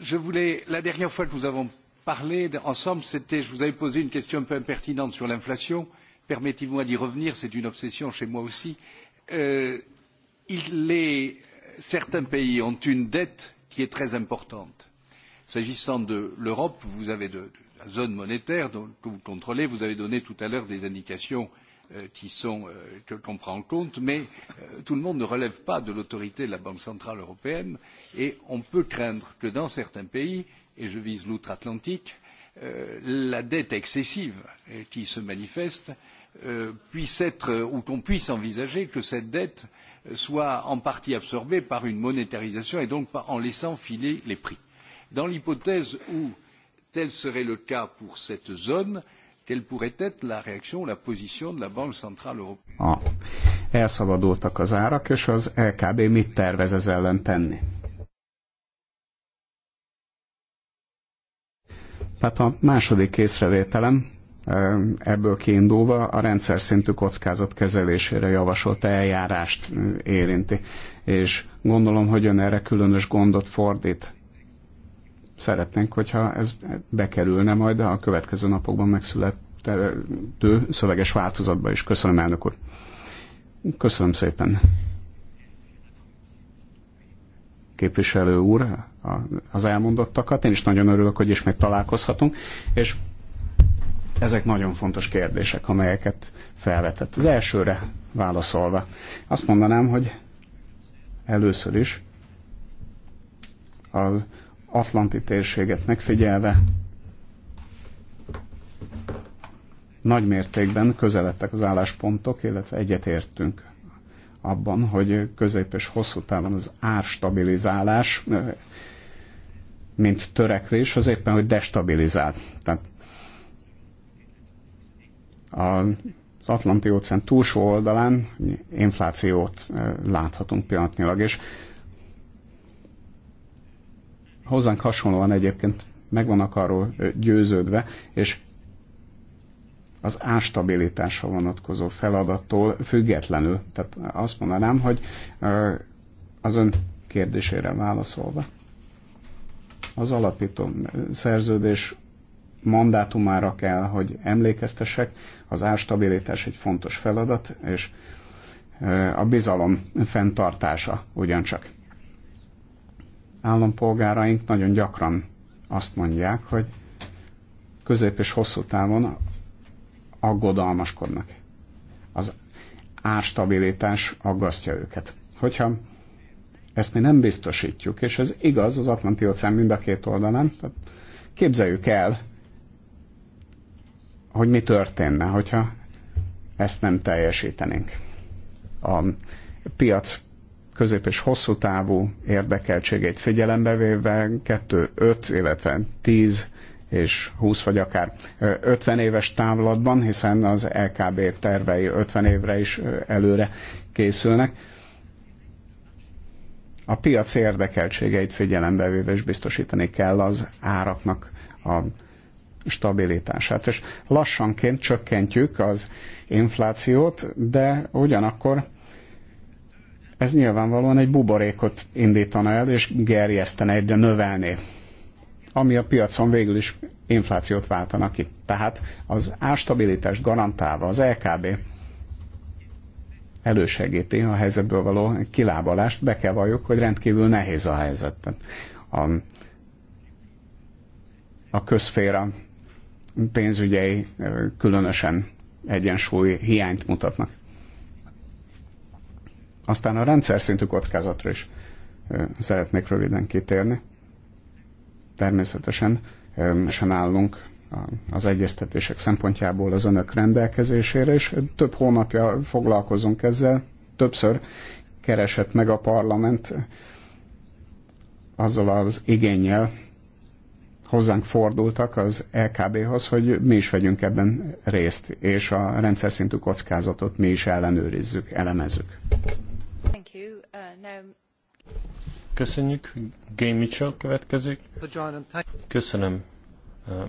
je voulais, la dernière fois que nous avons parlé ensemble, c'était, je vous avais posé une question un peu impertinente sur l'inflation. Permettez-moi d'y revenir, c'est une obsession chez moi aussi. Euh, il est, certains pays ont une dette qui est très importante. S'agissant de l'Europe, vous avez de, de la zone monétaire dont, que vous contrôlez, vous avez donné tout à l'heure des indications euh, qui sont euh, que qu'on prend en compte, mais euh, tout le monde ne relève pas de l'autorité de la Banque centrale européenne. Euh, et on peut craindre que dans certains pays, et je vise l'outre-Atlantique, euh, la dette excessive euh, qui se manifeste euh, puisse être, euh, ou qu'on puisse envisager que cette dette euh, soit en partie absorbée par une monétarisation et donc en laissant filer les prix. Dans l'hypothèse où tel serait le cas pour cette zone, quelle pourrait être la réaction, ou la position de la Banque Centrale Européenne? Ah, elszabadultak az árak, és az LKB mit tervez ez ellen tenni? Tehát a második észrevételem ebből kiindulva a rendszer szintű kockázat kezelésére javasolt eljárást érinti. És gondolom, hogy ön erre különös gondot fordít. Szeretnénk, hogyha ez bekerülne majd a következő napokban megszülető szöveges változatba is. Köszönöm, elnök úr. Köszönöm szépen. Képviselő úr, az elmondottakat. Én is nagyon örülök, hogy ismét találkozhatunk, és ezek nagyon fontos kérdések, amelyeket felvetett. Az elsőre válaszolva, azt mondanám, hogy először is az Atlanti térséget megfigyelve nagy mértékben közeledtek az álláspontok, illetve egyetértünk abban, hogy közép és hosszú távon az árstabilizálás mint törekvés, az éppen, hogy destabilizál. Tehát az Atlanti óceán túlsó oldalán inflációt láthatunk pillanatnyilag, és hozzánk hasonlóan egyébként meg vannak arról győződve, és az ástabilitásra vonatkozó feladattól függetlenül. Tehát azt mondanám, hogy az ön kérdésére válaszolva az alapító szerződés mandátumára kell, hogy emlékeztesek, az árstabilitás egy fontos feladat, és a bizalom fenntartása ugyancsak. Állampolgáraink nagyon gyakran azt mondják, hogy közép és hosszú távon aggodalmaskodnak. Az árstabilitás aggasztja őket. Hogyha ezt mi nem biztosítjuk, és ez igaz az Atlanti-óceán mind a két oldalán. Tehát képzeljük el, hogy mi történne, hogyha ezt nem teljesítenénk. A piac közép- és hosszú távú érdekeltségét figyelembe véve 2, 5, illetve 10 és 20 vagy akár 50 éves távlatban, hiszen az LKB tervei 50 évre is előre készülnek a piac érdekeltségeit figyelembe véve is biztosítani kell az áraknak a stabilitását. És lassanként csökkentjük az inflációt, de ugyanakkor ez nyilvánvalóan egy buborékot indítana el, és gerjesztene egyre növelni, ami a piacon végül is inflációt váltana ki. Tehát az ástabilitást garantálva az LKB elősegíti a helyzetből való kilábalást. Be kell valljuk, hogy rendkívül nehéz a helyzet. A, a közféra pénzügyei különösen egyensúly hiányt mutatnak. Aztán a rendszer szintű kockázatra is szeretnék röviden kitérni. Természetesen sem állunk az egyeztetések szempontjából az önök rendelkezésére, és több hónapja foglalkozunk ezzel, többször keresett meg a parlament azzal az igényel, hozzánk fordultak az LKB-hoz, hogy mi is vegyünk ebben részt, és a rendszer szintű kockázatot mi is ellenőrizzük, elemezzük. Uh, Köszönjük. Game Mitchell következik. Köszönöm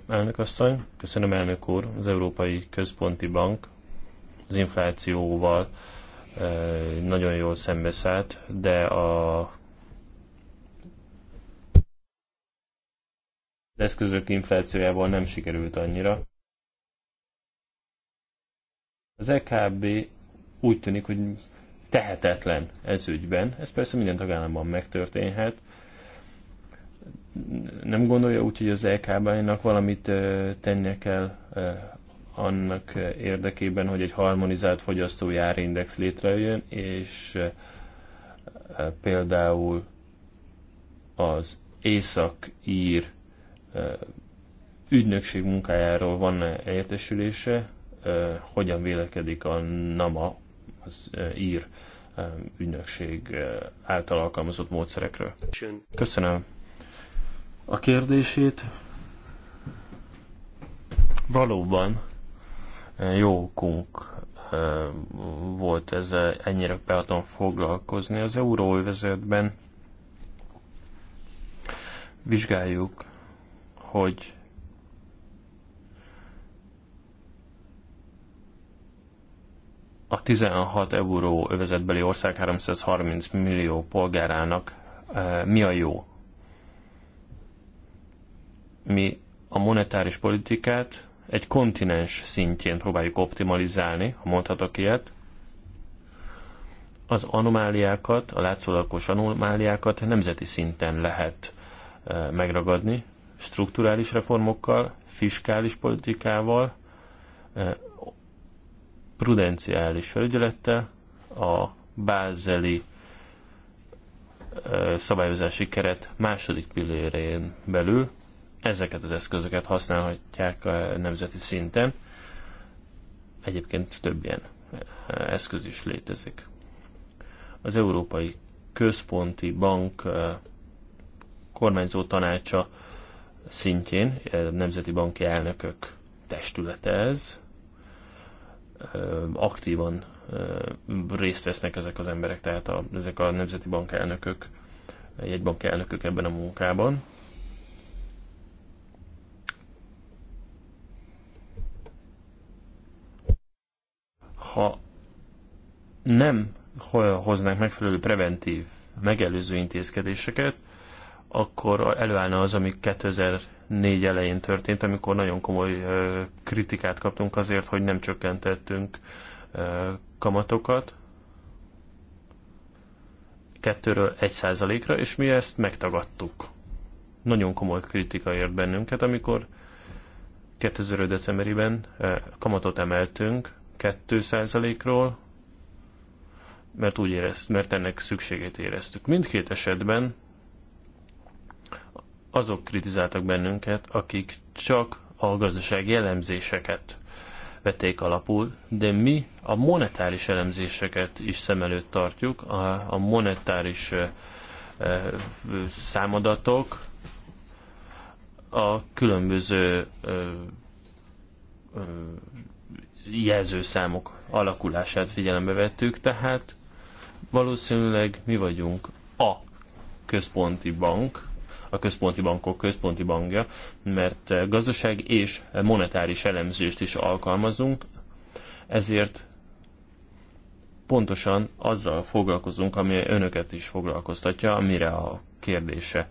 Elnök asszony, köszönöm elnök úr. Az Európai Központi Bank az inflációval nagyon jól szembeszállt, de a az eszközök inflációjával nem sikerült annyira. Az EKB úgy tűnik, hogy tehetetlen ez ügyben. Ez persze minden tagállamban megtörténhet, nem gondolja úgy, hogy az LKB-nak e valamit tennie kell annak érdekében, hogy egy harmonizált fogyasztói árindex létrejön, és például az észak-ír ügynökség munkájáról van -e értesülése, hogyan vélekedik a NAMA, az ír ügynökség által alkalmazott módszerekről. Köszönöm a kérdését. Valóban eh, jókunk eh, volt ez. Eh, ennyire beadom foglalkozni. Az euróvezetben vizsgáljuk, hogy a 16 euró övezetbeli ország 330 millió polgárának mi a jó mi a monetáris politikát egy kontinens szintjén próbáljuk optimalizálni, ha mondhatok ilyet, az anomáliákat, a látszólagos anomáliákat nemzeti szinten lehet e, megragadni, strukturális reformokkal, fiskális politikával, e, prudenciális felügyelettel, a bázeli e, szabályozási keret második pillérén belül ezeket az eszközöket használhatják a eh, nemzeti szinten. Egyébként több ilyen eh, eszköz is létezik. Az Európai Központi Bank eh, kormányzó tanácsa szintjén, nemzeti banki elnökök testülete ez, aktívan részt vesznek ezek az emberek, tehát a, ezek a nemzeti bankelnökök, elnökök ebben a munkában. ha nem hoznánk megfelelő preventív, megelőző intézkedéseket, akkor előállna az, ami 2004 elején történt, amikor nagyon komoly kritikát kaptunk azért, hogy nem csökkentettünk kamatokat, kettőről egy százalékra, ra és mi ezt megtagadtuk. Nagyon komoly kritika ért bennünket, amikor 2005. decemberében kamatot emeltünk, 2%-ról, mert, úgy érez, mert ennek szükségét éreztük. Mindkét esetben azok kritizáltak bennünket, akik csak a gazdaság jellemzéseket vették alapul, de mi a monetáris elemzéseket is szem előtt tartjuk, a, a monetáris e, e, számadatok a különböző e, jelzőszámok alakulását figyelembe vettük, tehát valószínűleg mi vagyunk a központi bank, a központi bankok központi bankja, mert gazdaság és monetáris elemzést is alkalmazunk, ezért pontosan azzal foglalkozunk, ami önöket is foglalkoztatja, amire a kérdése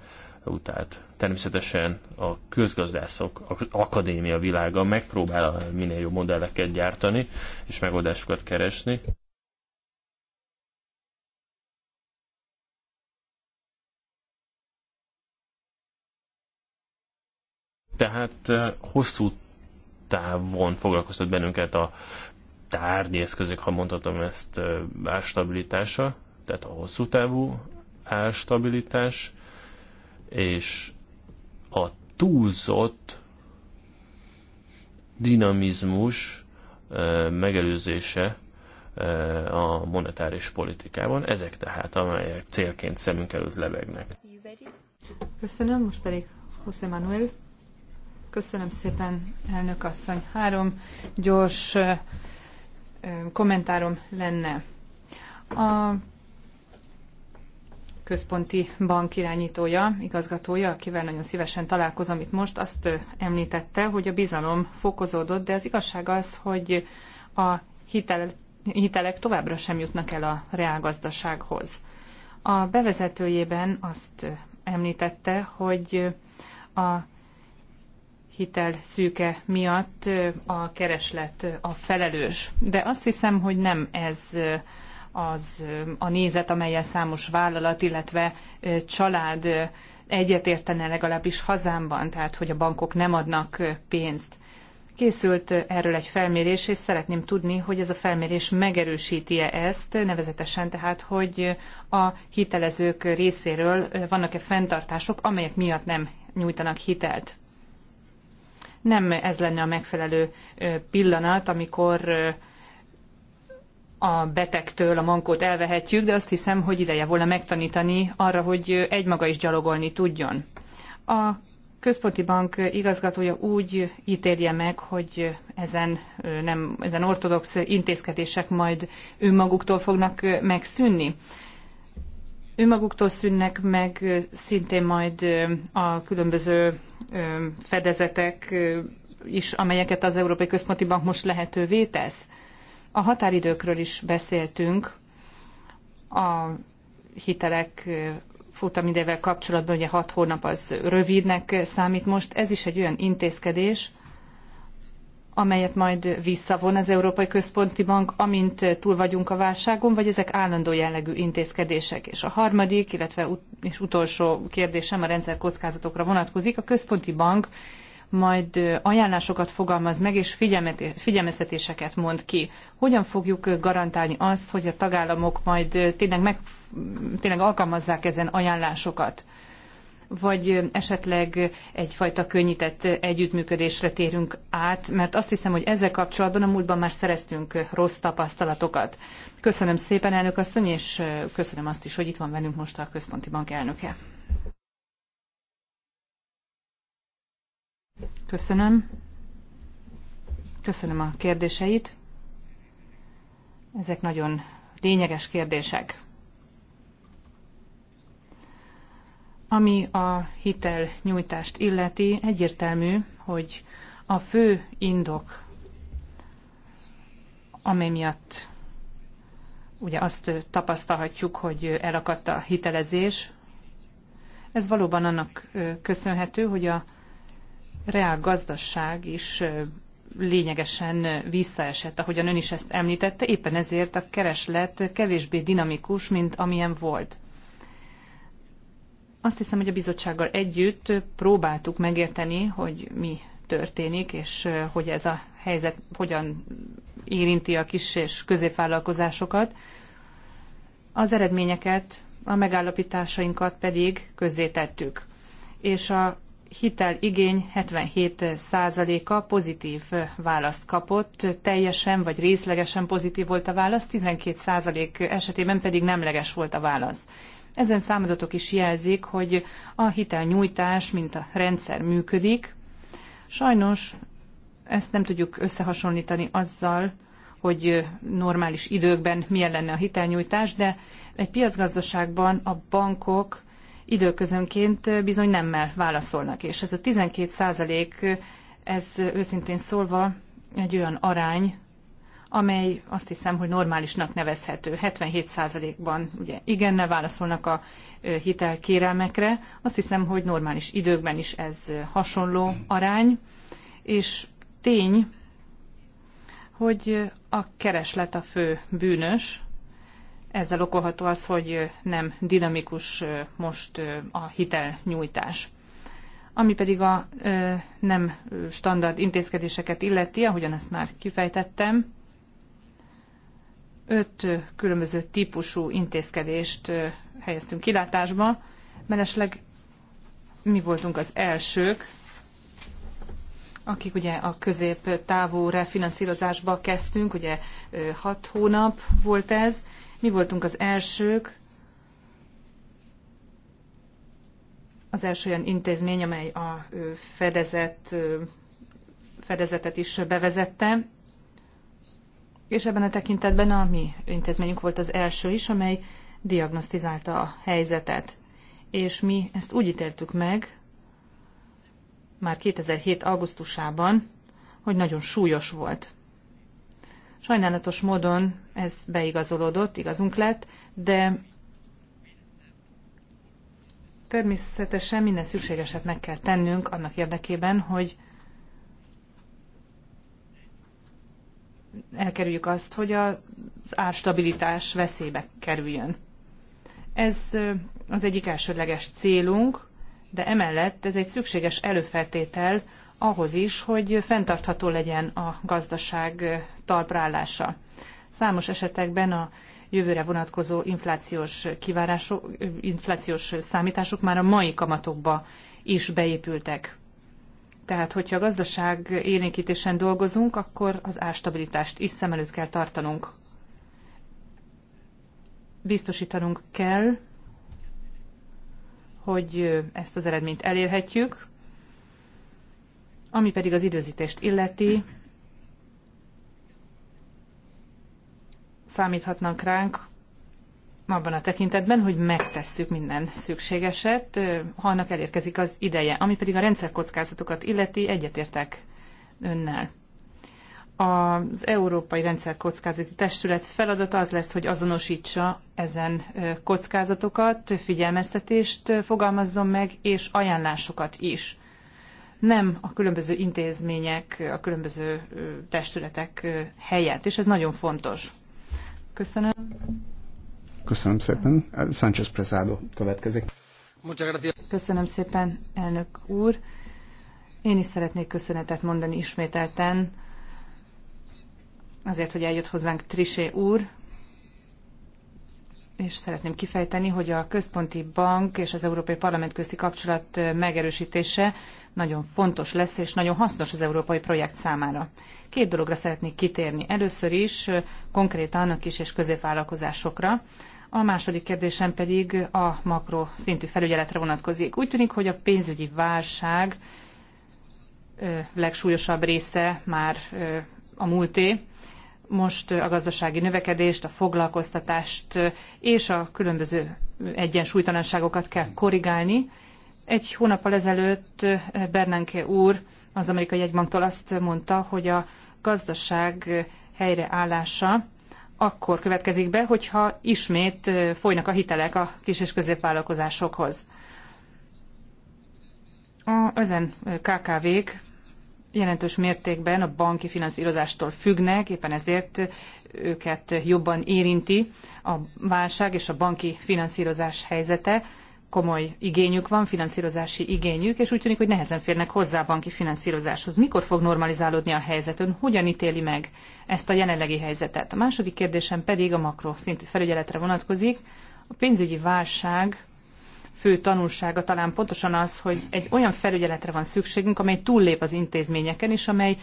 utált. Természetesen a közgazdászok, az akadémia világa megpróbál minél jobb modelleket gyártani és megoldásokat keresni. Tehát hosszú távon foglalkoztat bennünket a tárgyi eszközök, ha mondhatom ezt, árstabilitása, tehát a hosszú távú árstabilitás, és a túlzott dinamizmus megelőzése a monetáris politikában. Ezek tehát, amelyek célként szemünk előtt lebegnek. Köszönöm, most pedig José Manuel. Köszönöm szépen, elnök asszony. Három gyors kommentárom lenne. A központi bank irányítója, igazgatója, akivel nagyon szívesen találkozom itt most, azt említette, hogy a bizalom fokozódott, de az igazság az, hogy a hitel, hitelek továbbra sem jutnak el a reálgazdasághoz. A bevezetőjében azt említette, hogy a hitel szűke miatt a kereslet a felelős. De azt hiszem, hogy nem ez az a nézet, amelyel számos vállalat, illetve család egyetértene legalábbis hazámban, tehát hogy a bankok nem adnak pénzt. Készült erről egy felmérés, és szeretném tudni, hogy ez a felmérés megerősíti-e ezt, nevezetesen tehát, hogy a hitelezők részéről vannak-e fenntartások, amelyek miatt nem nyújtanak hitelt. Nem ez lenne a megfelelő pillanat, amikor a betegtől a mankót elvehetjük, de azt hiszem, hogy ideje volna megtanítani arra, hogy egymaga is gyalogolni tudjon. A központi bank igazgatója úgy ítélje meg, hogy ezen, nem, ezen ortodox intézkedések majd önmaguktól fognak megszűnni. Önmaguktól szűnnek meg szintén majd a különböző fedezetek is, amelyeket az Európai Központi Bank most lehetővé tesz. A határidőkről is beszéltünk a hitelek futamidével kapcsolatban, ugye hat hónap az rövidnek számít most. Ez is egy olyan intézkedés, amelyet majd visszavon az Európai Központi Bank, amint túl vagyunk a válságon, vagy ezek állandó jellegű intézkedések. És a harmadik, illetve ut- és utolsó kérdésem a rendszer kockázatokra vonatkozik. A Központi Bank majd ajánlásokat fogalmaz meg, és figyelmeztetéseket mond ki. Hogyan fogjuk garantálni azt, hogy a tagállamok majd tényleg, meg, tényleg alkalmazzák ezen ajánlásokat? vagy esetleg egyfajta könnyített együttműködésre térünk át, mert azt hiszem, hogy ezzel kapcsolatban a múltban már szereztünk rossz tapasztalatokat. Köszönöm szépen, elnök asszony, és köszönöm azt is, hogy itt van velünk most a központi bank elnöke. Köszönöm. Köszönöm a kérdéseit. Ezek nagyon lényeges kérdések. Ami a hitel nyújtást illeti, egyértelmű, hogy a fő indok, amely miatt ugye azt tapasztalhatjuk, hogy elakadt a hitelezés, ez valóban annak köszönhető, hogy a reál gazdaság is lényegesen visszaesett, ahogyan ön is ezt említette, éppen ezért a kereslet kevésbé dinamikus, mint amilyen volt. Azt hiszem, hogy a bizottsággal együtt próbáltuk megérteni, hogy mi történik, és hogy ez a helyzet hogyan érinti a kis és középvállalkozásokat. Az eredményeket, a megállapításainkat pedig közzétettük. És a hiteligény 77%-a pozitív választ kapott, teljesen vagy részlegesen pozitív volt a válasz, 12% esetében pedig nemleges volt a válasz. Ezen számadatok is jelzik, hogy a hitelnyújtás, mint a rendszer működik. Sajnos ezt nem tudjuk összehasonlítani azzal, hogy normális időkben milyen lenne a hitelnyújtás, de egy piacgazdaságban a bankok időközönként bizony nemmel válaszolnak. És ez a 12 százalék, ez őszintén szólva egy olyan arány, amely azt hiszem, hogy normálisnak nevezhető. 77%-ban ugye igennel válaszolnak a hitelkérelmekre. Azt hiszem, hogy normális időkben is ez hasonló arány. És tény, hogy a kereslet a fő bűnös, ezzel okolható az, hogy nem dinamikus most a hitelnyújtás. Ami pedig a nem standard intézkedéseket illeti, ahogyan ezt már kifejtettem, öt különböző típusú intézkedést helyeztünk kilátásba, mellesleg mi voltunk az elsők, akik ugye a középtávú refinanszírozásba kezdtünk, ugye hat hónap volt ez, mi voltunk az elsők, az első olyan intézmény, amely a fedezet, fedezetet is bevezette, és ebben a tekintetben a mi intézményünk volt az első is, amely diagnosztizálta a helyzetet. És mi ezt úgy ítéltük meg, már 2007. augusztusában, hogy nagyon súlyos volt. Sajnálatos módon ez beigazolódott, igazunk lett, de természetesen minden szükségeset meg kell tennünk annak érdekében, hogy elkerüljük azt, hogy az árstabilitás veszélybe kerüljön. Ez az egyik elsődleges célunk, de emellett ez egy szükséges előfeltétel ahhoz is, hogy fenntartható legyen a gazdaság talprálása. Számos esetekben a jövőre vonatkozó inflációs, kivárások, inflációs számítások már a mai kamatokba is beépültek. Tehát, hogyha a gazdaság élénkítésen dolgozunk, akkor az ástabilitást is szem előtt kell tartanunk. Biztosítanunk kell, hogy ezt az eredményt elérhetjük, ami pedig az időzítést illeti, számíthatnak ránk abban a tekintetben, hogy megtesszük minden szükségeset, ha annak elérkezik az ideje. Ami pedig a rendszerkockázatokat illeti, egyetértek önnel. Az Európai Rendszerkockázati Testület feladata az lesz, hogy azonosítsa ezen kockázatokat, figyelmeztetést fogalmazzon meg, és ajánlásokat is nem a különböző intézmények, a különböző testületek helyett, és ez nagyon fontos. Köszönöm. Köszönöm szépen. Sánchez Prezado következik. Köszönöm szépen, elnök úr. Én is szeretnék köszönetet mondani ismételten azért, hogy eljött hozzánk Trisé úr, és szeretném kifejteni, hogy a központi bank és az Európai Parlament közti kapcsolat megerősítése nagyon fontos lesz, és nagyon hasznos az európai projekt számára. Két dologra szeretnék kitérni. Először is konkrétan a kis és középvállalkozásokra, a második kérdésem pedig a makro szintű felügyeletre vonatkozik. Úgy tűnik, hogy a pénzügyi válság legsúlyosabb része már a múlté, most a gazdasági növekedést, a foglalkoztatást és a különböző egyensúlytalanságokat kell korrigálni. Egy hónappal ezelőtt Bernanke úr az amerikai jegybanktól azt mondta, hogy a gazdaság helyreállása akkor következik be, hogyha ismét folynak a hitelek a kis- és középvállalkozásokhoz. A, ezen KKV-k jelentős mértékben a banki finanszírozástól függnek, éppen ezért őket jobban érinti a válság és a banki finanszírozás helyzete. Komoly igényük van, finanszírozási igényük, és úgy tűnik, hogy nehezen férnek hozzá a banki finanszírozáshoz. Mikor fog normalizálódni a helyzet? Ön hogyan ítéli meg ezt a jelenlegi helyzetet? A második kérdésem pedig a makro szintű felügyeletre vonatkozik. A pénzügyi válság fő tanulsága talán pontosan az, hogy egy olyan felügyeletre van szükségünk, amely túllép az intézményeken, és amely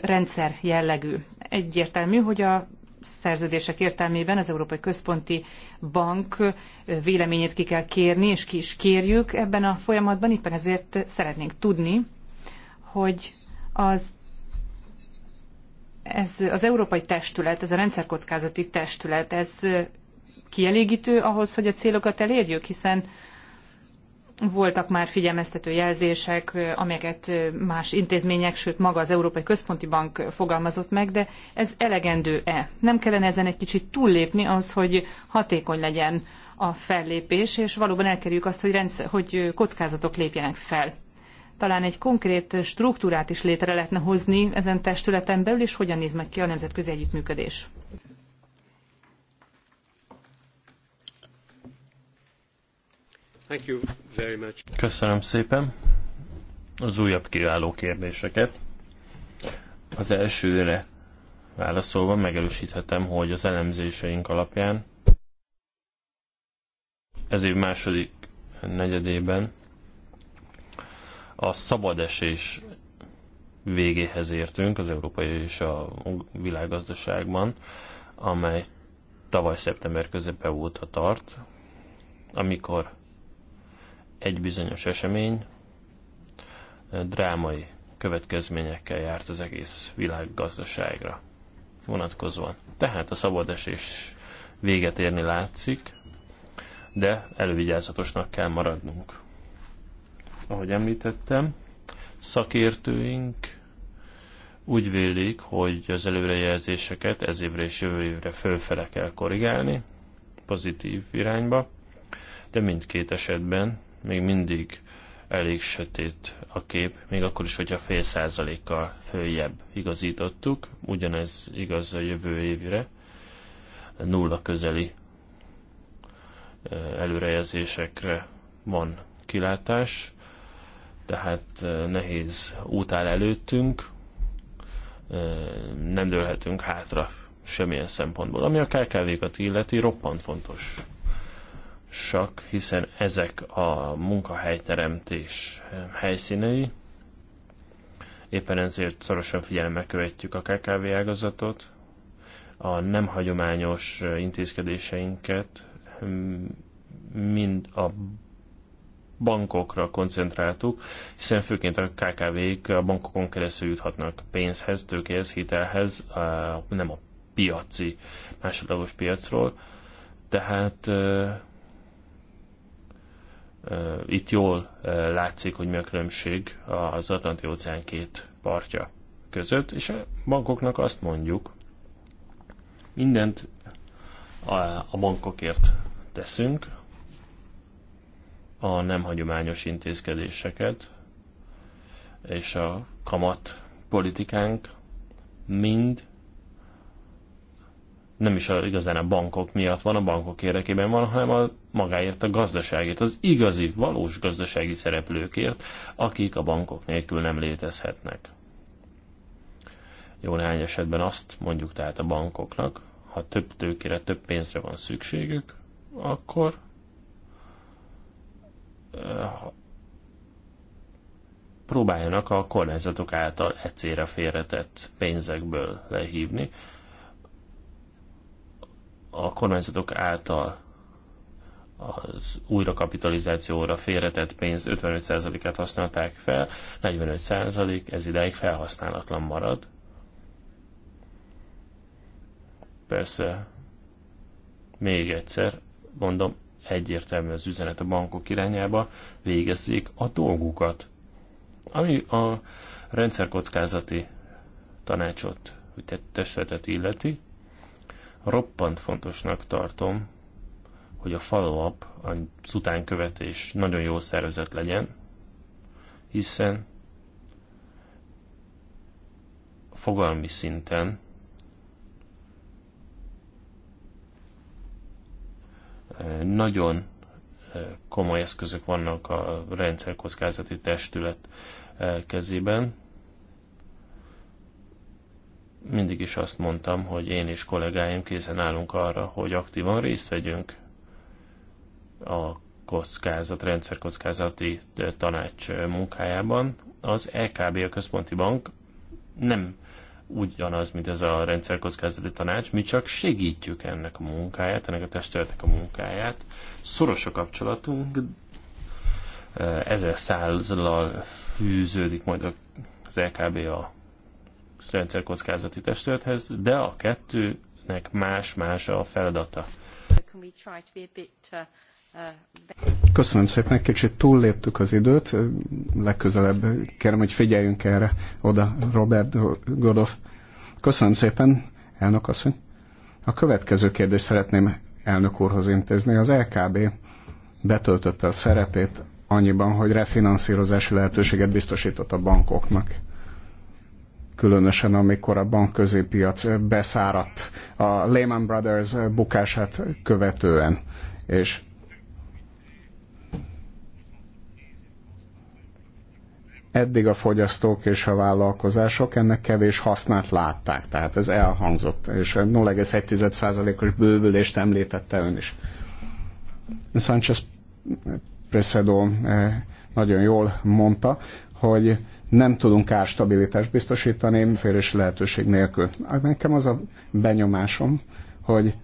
rendszer jellegű. Egyértelmű, hogy a szerződések értelmében az Európai Központi Bank véleményét ki kell kérni, és ki is kérjük ebben a folyamatban. Éppen ezért szeretnénk tudni, hogy az ez az európai testület, ez a rendszerkockázati testület, ez kielégítő ahhoz, hogy a célokat elérjük, hiszen voltak már figyelmeztető jelzések, amelyeket más intézmények, sőt maga az Európai Központi Bank fogalmazott meg, de ez elegendő-e? Nem kellene ezen egy kicsit túllépni az, hogy hatékony legyen a fellépés, és valóban elkerüljük azt, hogy, rendsz hogy kockázatok lépjenek fel. Talán egy konkrét struktúrát is létre lehetne hozni ezen testületen belül, és hogyan néz meg ki a nemzetközi együttműködés. Köszönöm szépen az újabb kiváló kérdéseket. Az elsőre válaszolva megerősíthetem, hogy az elemzéseink alapján ez év második negyedében a szabadesés végéhez értünk az európai és a világgazdaságban, amely tavaly szeptember közepe óta tart, amikor egy bizonyos esemény drámai következményekkel járt az egész világgazdaságra vonatkozóan. Tehát a szabadesés véget érni látszik, de elővigyázatosnak kell maradnunk. Ahogy említettem, szakértőink úgy vélik, hogy az előrejelzéseket ez évre és jövő évre fölfele kell korrigálni, pozitív irányba, de mindkét esetben még mindig elég sötét a kép, még akkor is, hogyha fél százalékkal följebb igazítottuk, ugyanez igaz a jövő évre, nulla közeli előrejelzésekre van kilátás, tehát nehéz út áll előttünk, nem dőlhetünk hátra semmilyen szempontból. Ami a KKV-kat illeti, roppant fontos sak, hiszen ezek a munkahelyteremtés helyszínei. Éppen ezért szorosan figyelemmel követjük a KKV ágazatot, a nem hagyományos intézkedéseinket mind a bankokra koncentráltuk, hiszen főként a KKV-k a bankokon keresztül juthatnak pénzhez, tőkéhez, hitelhez, nem a piaci, másodlagos piacról. Tehát itt jól látszik, hogy mi a különbség az Atlanti-óceán két partja között, és a bankoknak azt mondjuk, mindent a bankokért teszünk, a nem hagyományos intézkedéseket és a kamat politikánk mind nem is a, igazán a bankok miatt van, a bankok érdekében van, hanem a magáért, a gazdaságért, az igazi, valós gazdasági szereplőkért, akik a bankok nélkül nem létezhetnek. Jó néhány esetben azt mondjuk tehát a bankoknak, ha több tőkére, több pénzre van szükségük, akkor eh, próbáljanak a kormányzatok által egyszerre félretett pénzekből lehívni, a kormányzatok által az újrakapitalizációra félretett pénz 55%-át használták fel, 45% ez ideig felhasználatlan marad. Persze, még egyszer mondom, egyértelmű az üzenet a bankok irányába, végezzék a dolgukat. Ami a rendszerkockázati tanácsot, hogy testvetet illeti, Roppant fontosnak tartom, hogy a follow-up, a szutánkövetés nagyon jó szervezett legyen, hiszen fogalmi szinten nagyon eh, komoly eszközök vannak a rendszerkockázati testület eh, kezében, mindig is azt mondtam, hogy én és kollégáim készen állunk arra, hogy aktívan részt vegyünk a kockázat, rendszerkockázati tanács munkájában. Az EKB, a központi bank nem ugyanaz, mint ez a rendszerkockázati tanács, mi csak segítjük ennek a munkáját, ennek a testületnek a munkáját. Szoros a kapcsolatunk, ezer szállal fűződik majd az LKB e a rendszerkockázati testülethez, de a kettőnek más-más a feladata. Uh, uh, Köszönöm szépen, egy kicsit túlléptük az időt, legközelebb kérem, hogy figyeljünk erre oda, Robert Godoff. Köszönöm szépen, elnök asszony. A következő kérdést szeretném elnök úrhoz intézni. Az LKB betöltötte a szerepét annyiban, hogy refinanszírozási lehetőséget biztosított a bankoknak különösen amikor a bankközi piac beszáradt a Lehman Brothers bukását követően. És eddig a fogyasztók és a vállalkozások ennek kevés hasznát látták, tehát ez elhangzott, és 0,1%-os bővülést említette ön is. Sánchez Presedo eh, nagyon jól mondta, hogy nem tudunk árstabilitást biztosítani félés lehetőség nélkül. Hát nekem az a benyomásom, hogy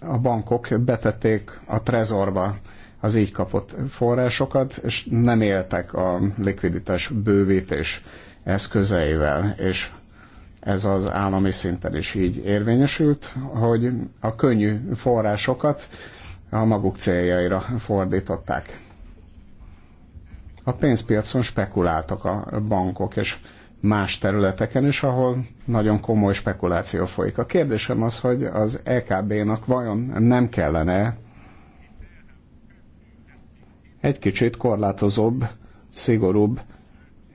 a bankok betették a trezorba az így kapott forrásokat, és nem éltek a likviditás bővítés eszközeivel, és ez az állami szinten is így érvényesült, hogy a könnyű forrásokat a maguk céljaira fordították a pénzpiacon spekuláltak a bankok, és más területeken is, ahol nagyon komoly spekuláció folyik. A kérdésem az, hogy az EKB-nak vajon nem kellene egy kicsit korlátozóbb, szigorúbb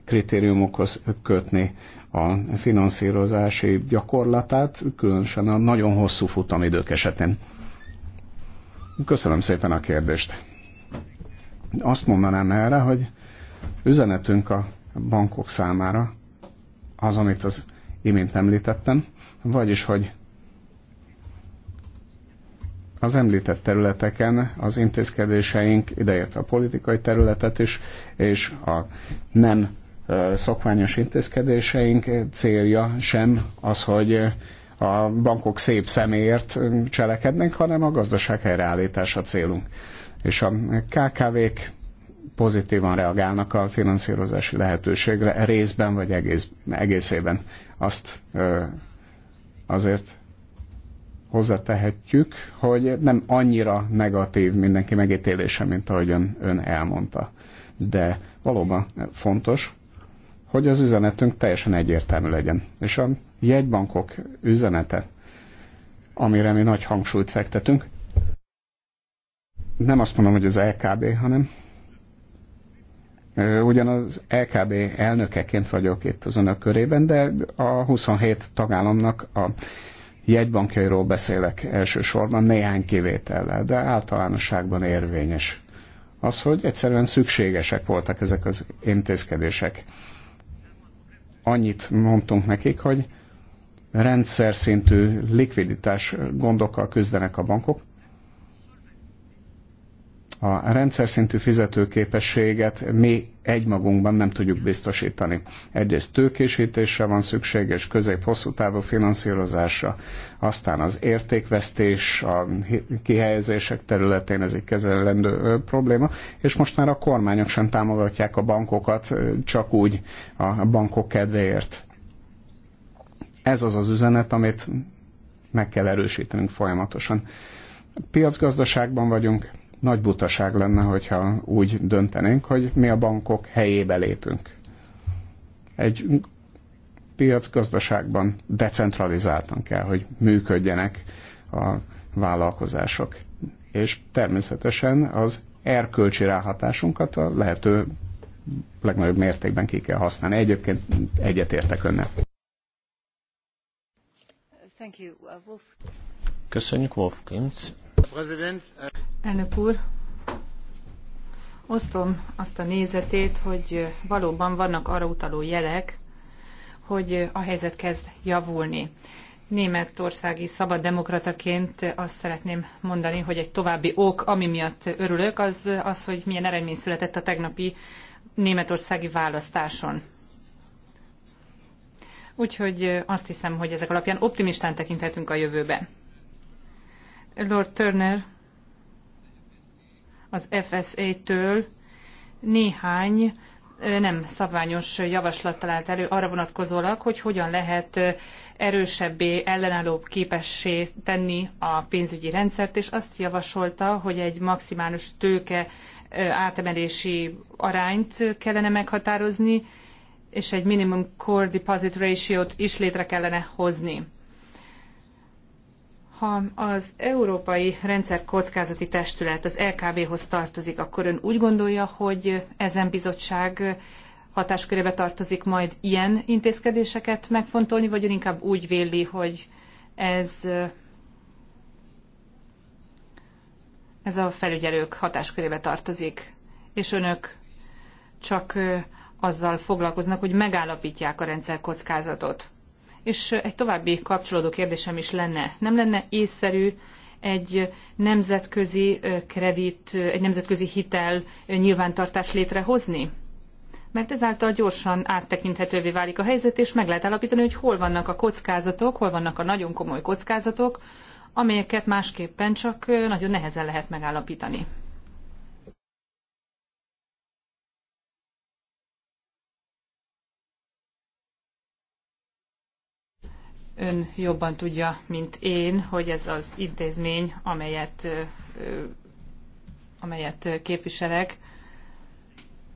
kritériumokhoz kötni a finanszírozási gyakorlatát, különösen a nagyon hosszú futamidők esetén. Köszönöm szépen a kérdést. Azt mondanám erre, hogy Üzenetünk a bankok számára az, amit az imént említettem, vagyis, hogy az említett területeken az intézkedéseink, ideértve a politikai területet is, és a nem szokványos intézkedéseink célja sem az, hogy a bankok szép szeméért cselekednek, hanem a gazdaság helyreállítása célunk. És a KKV-k pozitívan reagálnak a finanszírozási lehetőségre részben vagy egész, egészében. Azt azért hozzátehetjük, hogy nem annyira negatív mindenki megítélése, mint ahogy ön, ön elmondta. De valóban fontos, hogy az üzenetünk teljesen egyértelmű legyen. És a jegybankok üzenete, amire mi nagy hangsúlyt fektetünk, nem azt mondom, hogy az LKB, hanem Ugyanaz LKB elnökeként vagyok itt az önök körében, de a 27 tagállamnak a jegybankjairól beszélek elsősorban néhány kivétellel, de általánosságban érvényes. Az, hogy egyszerűen szükségesek voltak ezek az intézkedések. Annyit mondtunk nekik, hogy rendszer szintű likviditás gondokkal küzdenek a bankok, a rendszer szintű fizetőképességet mi egymagunkban nem tudjuk biztosítani. Egyrészt tőkésítésre van szükség, és közép-hosszú távú finanszírozásra, aztán az értékvesztés, a kihelyezések területén ez egy kezelendő probléma, és most már a kormányok sem támogatják a bankokat csak úgy a bankok kedvéért. Ez az az üzenet, amit meg kell erősítenünk folyamatosan. Piacgazdaságban vagyunk, nagy butaság lenne, hogyha úgy döntenénk, hogy mi a bankok helyébe lépünk. Egy piacgazdaságban decentralizáltan kell, hogy működjenek a vállalkozások. És természetesen az erkölcsi ráhatásunkat a lehető legnagyobb mértékben ki kell használni. Egyébként egyetértek önnel. Uh, Köszönjük, Wolf Kintz. Uh, Elnök úr, osztom azt a nézetét, hogy valóban vannak arra utaló jelek, hogy a helyzet kezd javulni. Németországi demokrataként azt szeretném mondani, hogy egy további ok, ami miatt örülök, az az, hogy milyen eredmény született a tegnapi németországi választáson. Úgyhogy azt hiszem, hogy ezek alapján optimistán tekinthetünk a jövőbe. Lord Turner az FSA-től néhány nem szabványos javaslat talált elő arra vonatkozólag, hogy hogyan lehet erősebbé, ellenállóbb képessé tenni a pénzügyi rendszert, és azt javasolta, hogy egy maximális tőke átemelési arányt kellene meghatározni, és egy minimum core deposit ratio-t is létre kellene hozni ha az Európai Rendszer Kockázati Testület az LKB-hoz tartozik, akkor ön úgy gondolja, hogy ezen bizottság hatáskörébe tartozik majd ilyen intézkedéseket megfontolni, vagy ön inkább úgy véli, hogy ez, ez a felügyelők hatáskörébe tartozik, és önök csak azzal foglalkoznak, hogy megállapítják a rendszer kockázatot. És egy további kapcsolódó kérdésem is lenne. Nem lenne észszerű egy nemzetközi kredit, egy nemzetközi hitel nyilvántartást létrehozni? Mert ezáltal gyorsan áttekinthetővé válik a helyzet, és meg lehet állapítani, hogy hol vannak a kockázatok, hol vannak a nagyon komoly kockázatok, amelyeket másképpen csak nagyon nehezen lehet megállapítani. Ön jobban tudja, mint én, hogy ez az intézmény, amelyet, amelyet képviselek,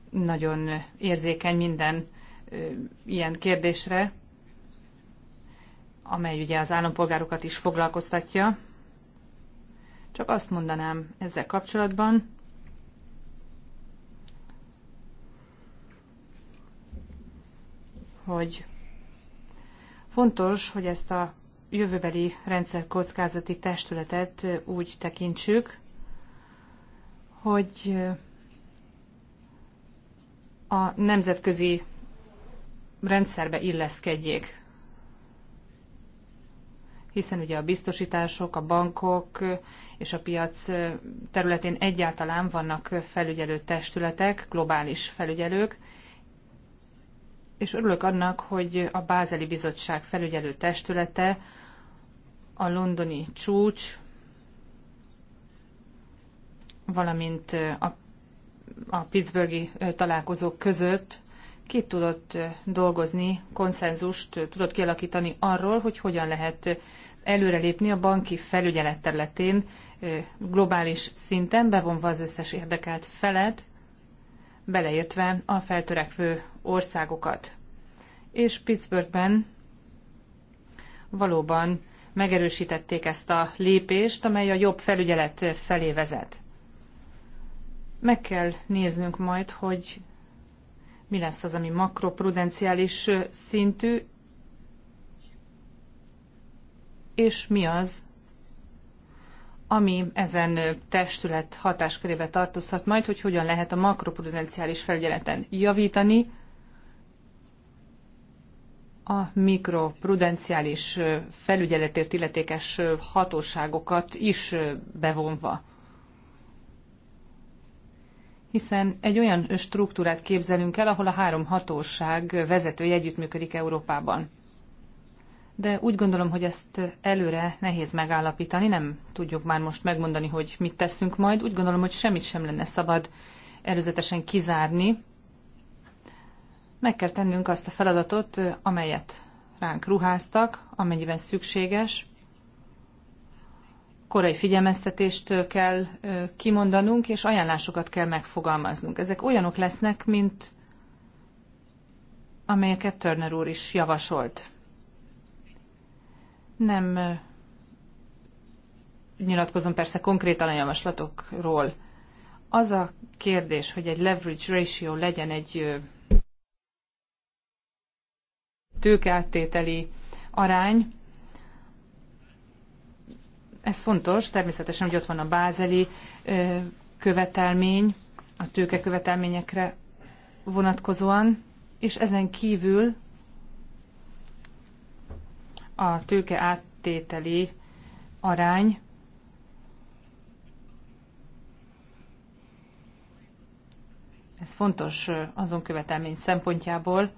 nagyon érzékeny minden ilyen kérdésre, amely ugye az állampolgárokat is foglalkoztatja. Csak azt mondanám ezzel kapcsolatban, hogy Fontos, hogy ezt a jövőbeli rendszer kockázati testületet úgy tekintsük, hogy a nemzetközi rendszerbe illeszkedjék. Hiszen ugye a biztosítások, a bankok és a piac területén egyáltalán vannak felügyelő testületek, globális felügyelők, és örülök annak, hogy a Bázeli Bizottság felügyelő testülete, a londoni csúcs, valamint a, a Pittsburghi találkozók között ki tudott dolgozni, konszenzust tudott kialakítani arról, hogy hogyan lehet előrelépni a banki felügyelet területén globális szinten, bevonva az összes érdekelt felet, beleértve a feltörekvő országokat. És Pittsburghben valóban megerősítették ezt a lépést, amely a jobb felügyelet felé vezet. Meg kell néznünk majd, hogy mi lesz az, ami makroprudenciális szintű, és mi az, ami ezen testület hatáskörébe tartozhat majd, hogy hogyan lehet a makroprudenciális felügyeleten javítani, a mikroprudenciális felügyeletért illetékes hatóságokat is bevonva. Hiszen egy olyan struktúrát képzelünk el, ahol a három hatóság vezetői együttműködik Európában. De úgy gondolom, hogy ezt előre nehéz megállapítani, nem tudjuk már most megmondani, hogy mit teszünk majd. Úgy gondolom, hogy semmit sem lenne szabad előzetesen kizárni, meg kell tennünk azt a feladatot, amelyet ránk ruháztak, amennyiben szükséges. Korai figyelmeztetést kell kimondanunk, és ajánlásokat kell megfogalmaznunk. Ezek olyanok lesznek, mint amelyeket Turner úr is javasolt. Nem nyilatkozom persze konkrétan a javaslatokról. Az a kérdés, hogy egy leverage ratio legyen egy tőkeáttételi arány. Ez fontos, természetesen, hogy ott van a bázeli követelmény, a tőke követelményekre vonatkozóan, és ezen kívül a tőke áttételi arány ez fontos azon követelmény szempontjából,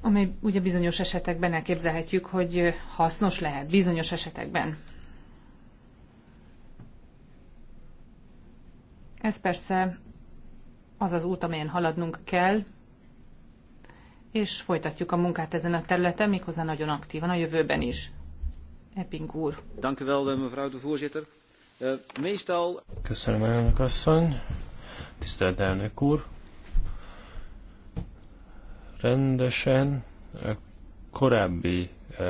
amely ugye bizonyos esetekben elképzelhetjük, hogy hasznos lehet, bizonyos esetekben. Ez persze az az út, amelyen haladnunk kell, és folytatjuk a munkát ezen a területen, méghozzá nagyon aktívan a jövőben is. Epping úr. Eh, eh, Köszönöm, elnök asszony. Tisztelt elnök úr rendesen, korábbi e,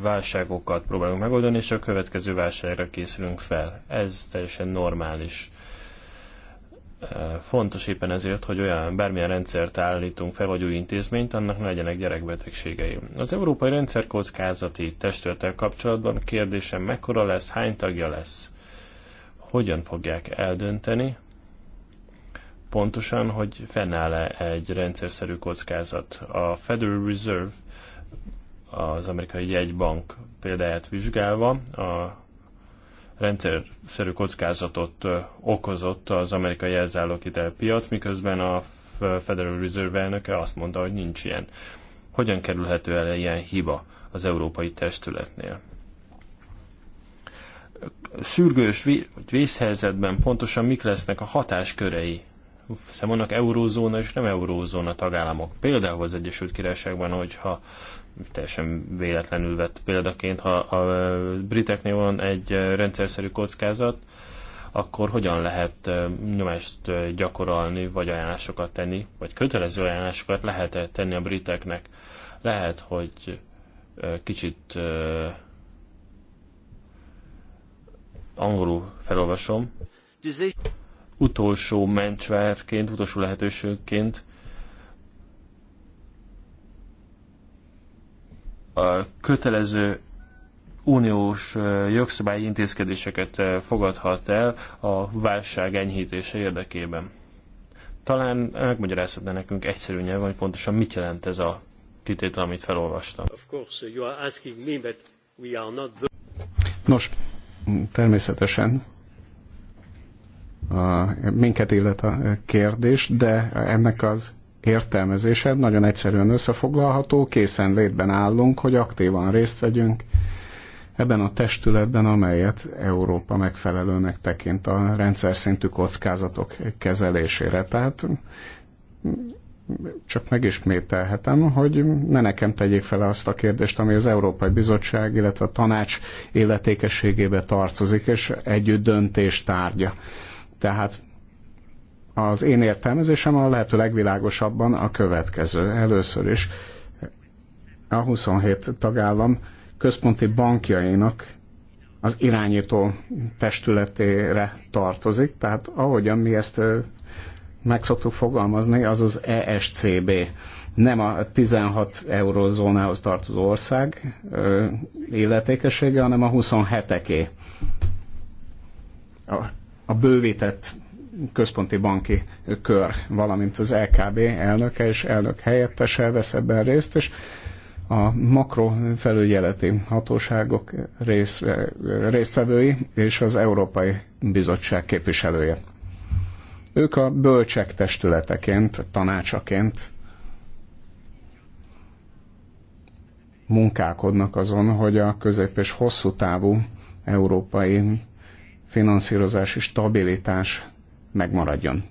válságokat próbálunk megoldani, és a következő válságra készülünk fel. Ez teljesen normális. E, fontos éppen ezért, hogy olyan bármilyen rendszert állítunk fel, vagy új intézményt, annak ne legyenek gyerekbetegségei. Az Európai Rendszer Kockázati Testülettel kapcsolatban kérdésem, mekkora lesz, hány tagja lesz, hogyan fogják eldönteni, pontosan, hogy fennáll-e egy rendszerszerű kockázat. A Federal Reserve, az amerikai jegybank példáját vizsgálva, a rendszerszerű kockázatot okozott az amerikai elzállókitel piac, miközben a Federal Reserve elnöke azt mondta, hogy nincs ilyen. Hogyan kerülhető el ilyen hiba az európai testületnél? Sürgős vészhelyzetben pontosan mik lesznek a hatáskörei hiszen vannak eurózóna és nem eurózóna tagállamok. Például az Egyesült Királyságban, hogyha teljesen véletlenül vett példaként, ha a briteknél van egy rendszerszerű kockázat, akkor hogyan lehet nyomást gyakorolni, vagy ajánlásokat tenni, vagy kötelező ajánlásokat lehet -e tenni a briteknek? Lehet, hogy kicsit angolul felolvasom utolsó mencsvárként, utolsó lehetőségként a kötelező uniós jogszabályi intézkedéseket fogadhat el a válság enyhítése érdekében. Talán megmagyarázhatna nekünk egyszerű nyelven, hogy pontosan mit jelent ez a kitétel, amit felolvastam. Nos, természetesen a, minket illet a kérdés, de ennek az értelmezése nagyon egyszerűen összefoglalható, készen létben állunk, hogy aktívan részt vegyünk ebben a testületben, amelyet Európa megfelelőnek tekint a rendszer szintű kockázatok kezelésére. Tehát csak megismételhetem, hogy ne nekem tegyék fel azt a kérdést, ami az Európai Bizottság, illetve a tanács életékességébe tartozik, és együtt döntés tárgya. Tehát az én értelmezésem a lehető legvilágosabban a következő. Először is a 27 tagállam központi bankjainak az irányító testületére tartozik, tehát ahogyan mi ezt meg szoktuk fogalmazni, az az ESCB, nem a 16 eurózónához tartozó ország illetékessége, hanem a 27-eké a bővített központi banki kör, valamint az LKB elnöke és elnök helyettese vesz ebben részt, és a makrofelügyeleti hatóságok rész, résztvevői és az Európai Bizottság képviselője. Ők a bölcsek testületeként, tanácsaként munkálkodnak azon, hogy a közép és hosszú távú európai finanszírozási stabilitás megmaradjon.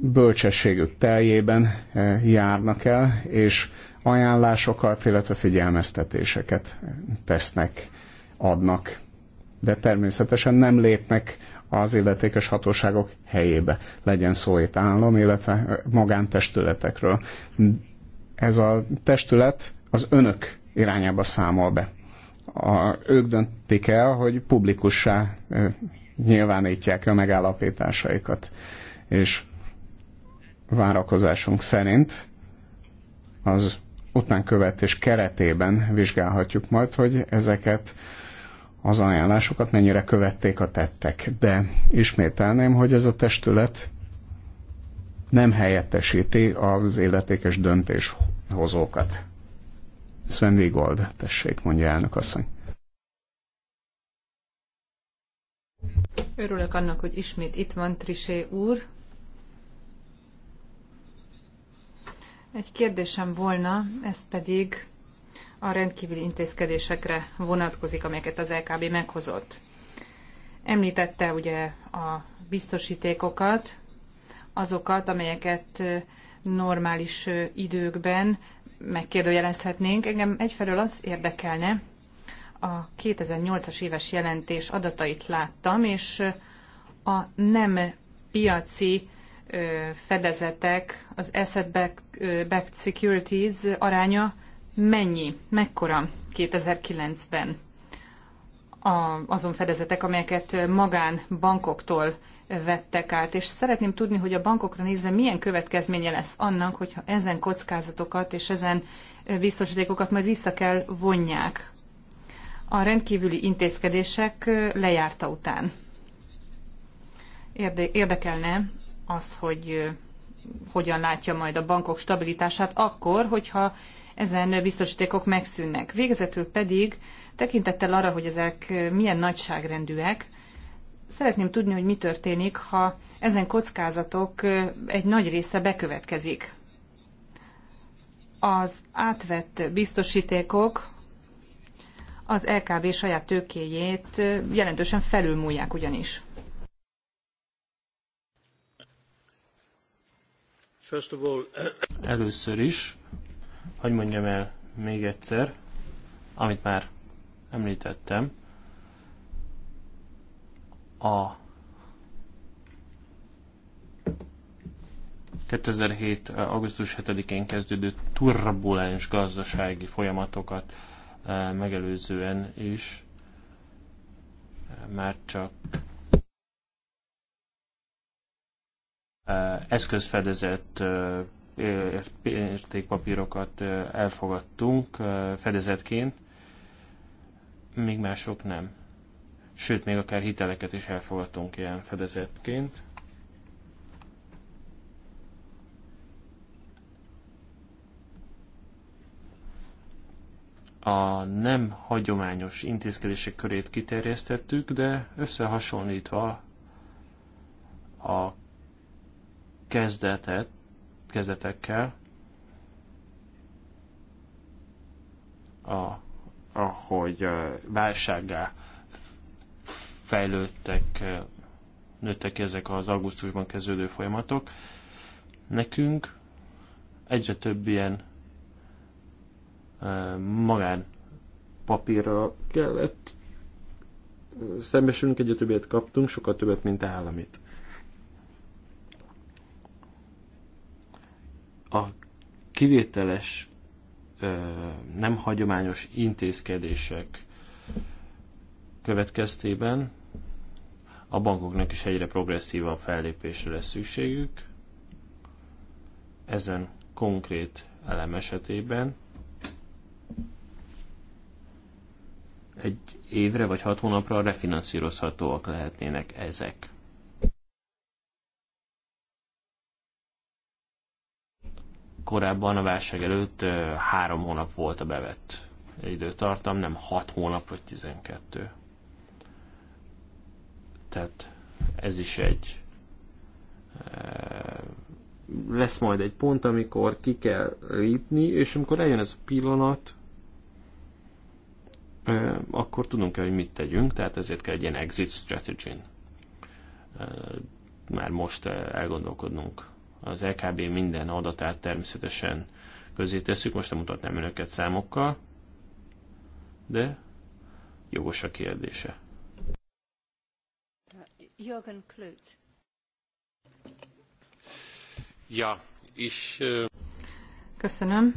Bölcsességük teljében eh, járnak el, és ajánlásokat, illetve figyelmeztetéseket tesznek, adnak, de természetesen nem lépnek az illetékes hatóságok helyébe, legyen szó itt állam, illetve eh, magántestületekről. Ez a testület az önök irányába számol be a, ők döntik el, hogy publikussá nyilvánítják a megállapításaikat. És várakozásunk szerint az utánkövetés keretében vizsgálhatjuk majd, hogy ezeket az ajánlásokat mennyire követték a tettek. De ismételném, hogy ez a testület nem helyettesíti az életékes döntéshozókat. Sven Wigold, tessék, mondja elnök asszony. Örülök annak, hogy ismét itt van Trisé úr. Egy kérdésem volna, ez pedig a rendkívüli intézkedésekre vonatkozik, amelyeket az LKB meghozott. Említette ugye a biztosítékokat, azokat, amelyeket normális időkben megkérdőjelezhetnénk. Engem egyfelől az érdekelne, a 2008-as éves jelentés adatait láttam, és a nem piaci fedezetek, az asset-backed securities aránya mennyi, mekkora 2009-ben a, azon fedezetek, amelyeket magán bankoktól vettek át, és szeretném tudni, hogy a bankokra nézve milyen következménye lesz annak, hogyha ezen kockázatokat és ezen biztosítékokat majd vissza kell vonják a rendkívüli intézkedések lejárta után. Érde érdekelne az, hogy hogyan látja majd a bankok stabilitását akkor, hogyha ezen biztosítékok megszűnnek. Végezetül pedig tekintettel arra, hogy ezek milyen nagyságrendűek, Szeretném tudni, hogy mi történik, ha ezen kockázatok egy nagy része bekövetkezik. Az átvett biztosítékok az LKB saját tőkéjét jelentősen felülmúlják ugyanis. [COUGHS] Először is, hogy mondjam el még egyszer, amit már említettem, a 2007. augusztus 7-én kezdődő turbulens gazdasági folyamatokat megelőzően is már csak eszközfedezett értékpapírokat elfogadtunk fedezetként, még mások nem sőt, még akár hiteleket is elfogadtunk ilyen fedezetként. a nem hagyományos intézkedések körét kiterjesztettük, de összehasonlítva a kezdetet, kezdetekkel a, ahogy válsággá fejlődtek, nőttek ki ezek az augusztusban kezdődő folyamatok. Nekünk egyre több ilyen magán papírra kellett szembesülünk, egyre többet kaptunk, sokkal többet, mint államit. A kivételes, nem hagyományos intézkedések következtében a bankoknak is egyre progresszívabb fellépésre lesz szükségük. Ezen konkrét elem esetében egy évre vagy hat hónapra refinanszírozhatóak lehetnének ezek. Korábban a válság előtt három hónap volt a bevett időtartam, nem hat hónap vagy tizenkettő. Tehát ez is egy eh, lesz majd egy pont, amikor ki kell lépni, és amikor eljön ez a pillanat, eh, akkor tudunk kell, hogy mit tegyünk, tehát ezért kell egy ilyen exit strategy -n. Eh, már most elgondolkodnunk. Az LKB minden adatát természetesen közé tesszük, most nem mutatnám önöket számokkal, de jogos a kérdése. Jürgen Ja, ich... Äh, Köszönöm.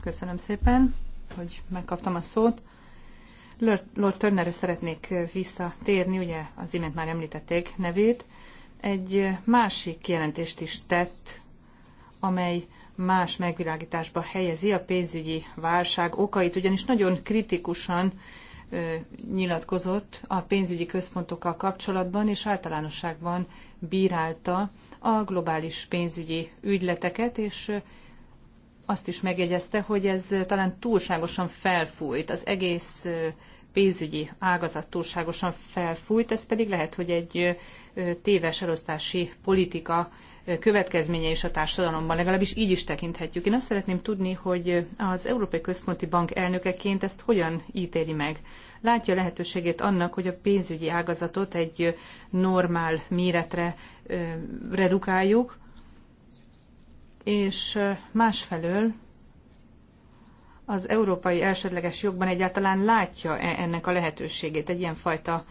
Köszönöm szépen, hogy megkaptam a szót. Lord Turnerre szeretnék visszatérni, ugye az imént már említették nevét. Egy másik jelentést is tett, amely más megvilágításba helyezi a pénzügyi válság okait, ugyanis nagyon kritikusan nyilatkozott a pénzügyi központokkal kapcsolatban, és általánosságban bírálta a globális pénzügyi ügyleteket, és azt is megjegyezte, hogy ez talán túlságosan felfújt, az egész pénzügyi ágazat túlságosan felfújt, ez pedig lehet, hogy egy téves elosztási politika következménye is a társadalomban, legalábbis így is tekinthetjük. Én azt szeretném tudni, hogy az Európai Központi Bank elnökeként ezt hogyan ítéli meg. Látja lehetőségét annak, hogy a pénzügyi ágazatot egy normál méretre redukáljuk, és másfelől az európai elsődleges jogban egyáltalán látja -e ennek a lehetőségét, egy ilyen fajta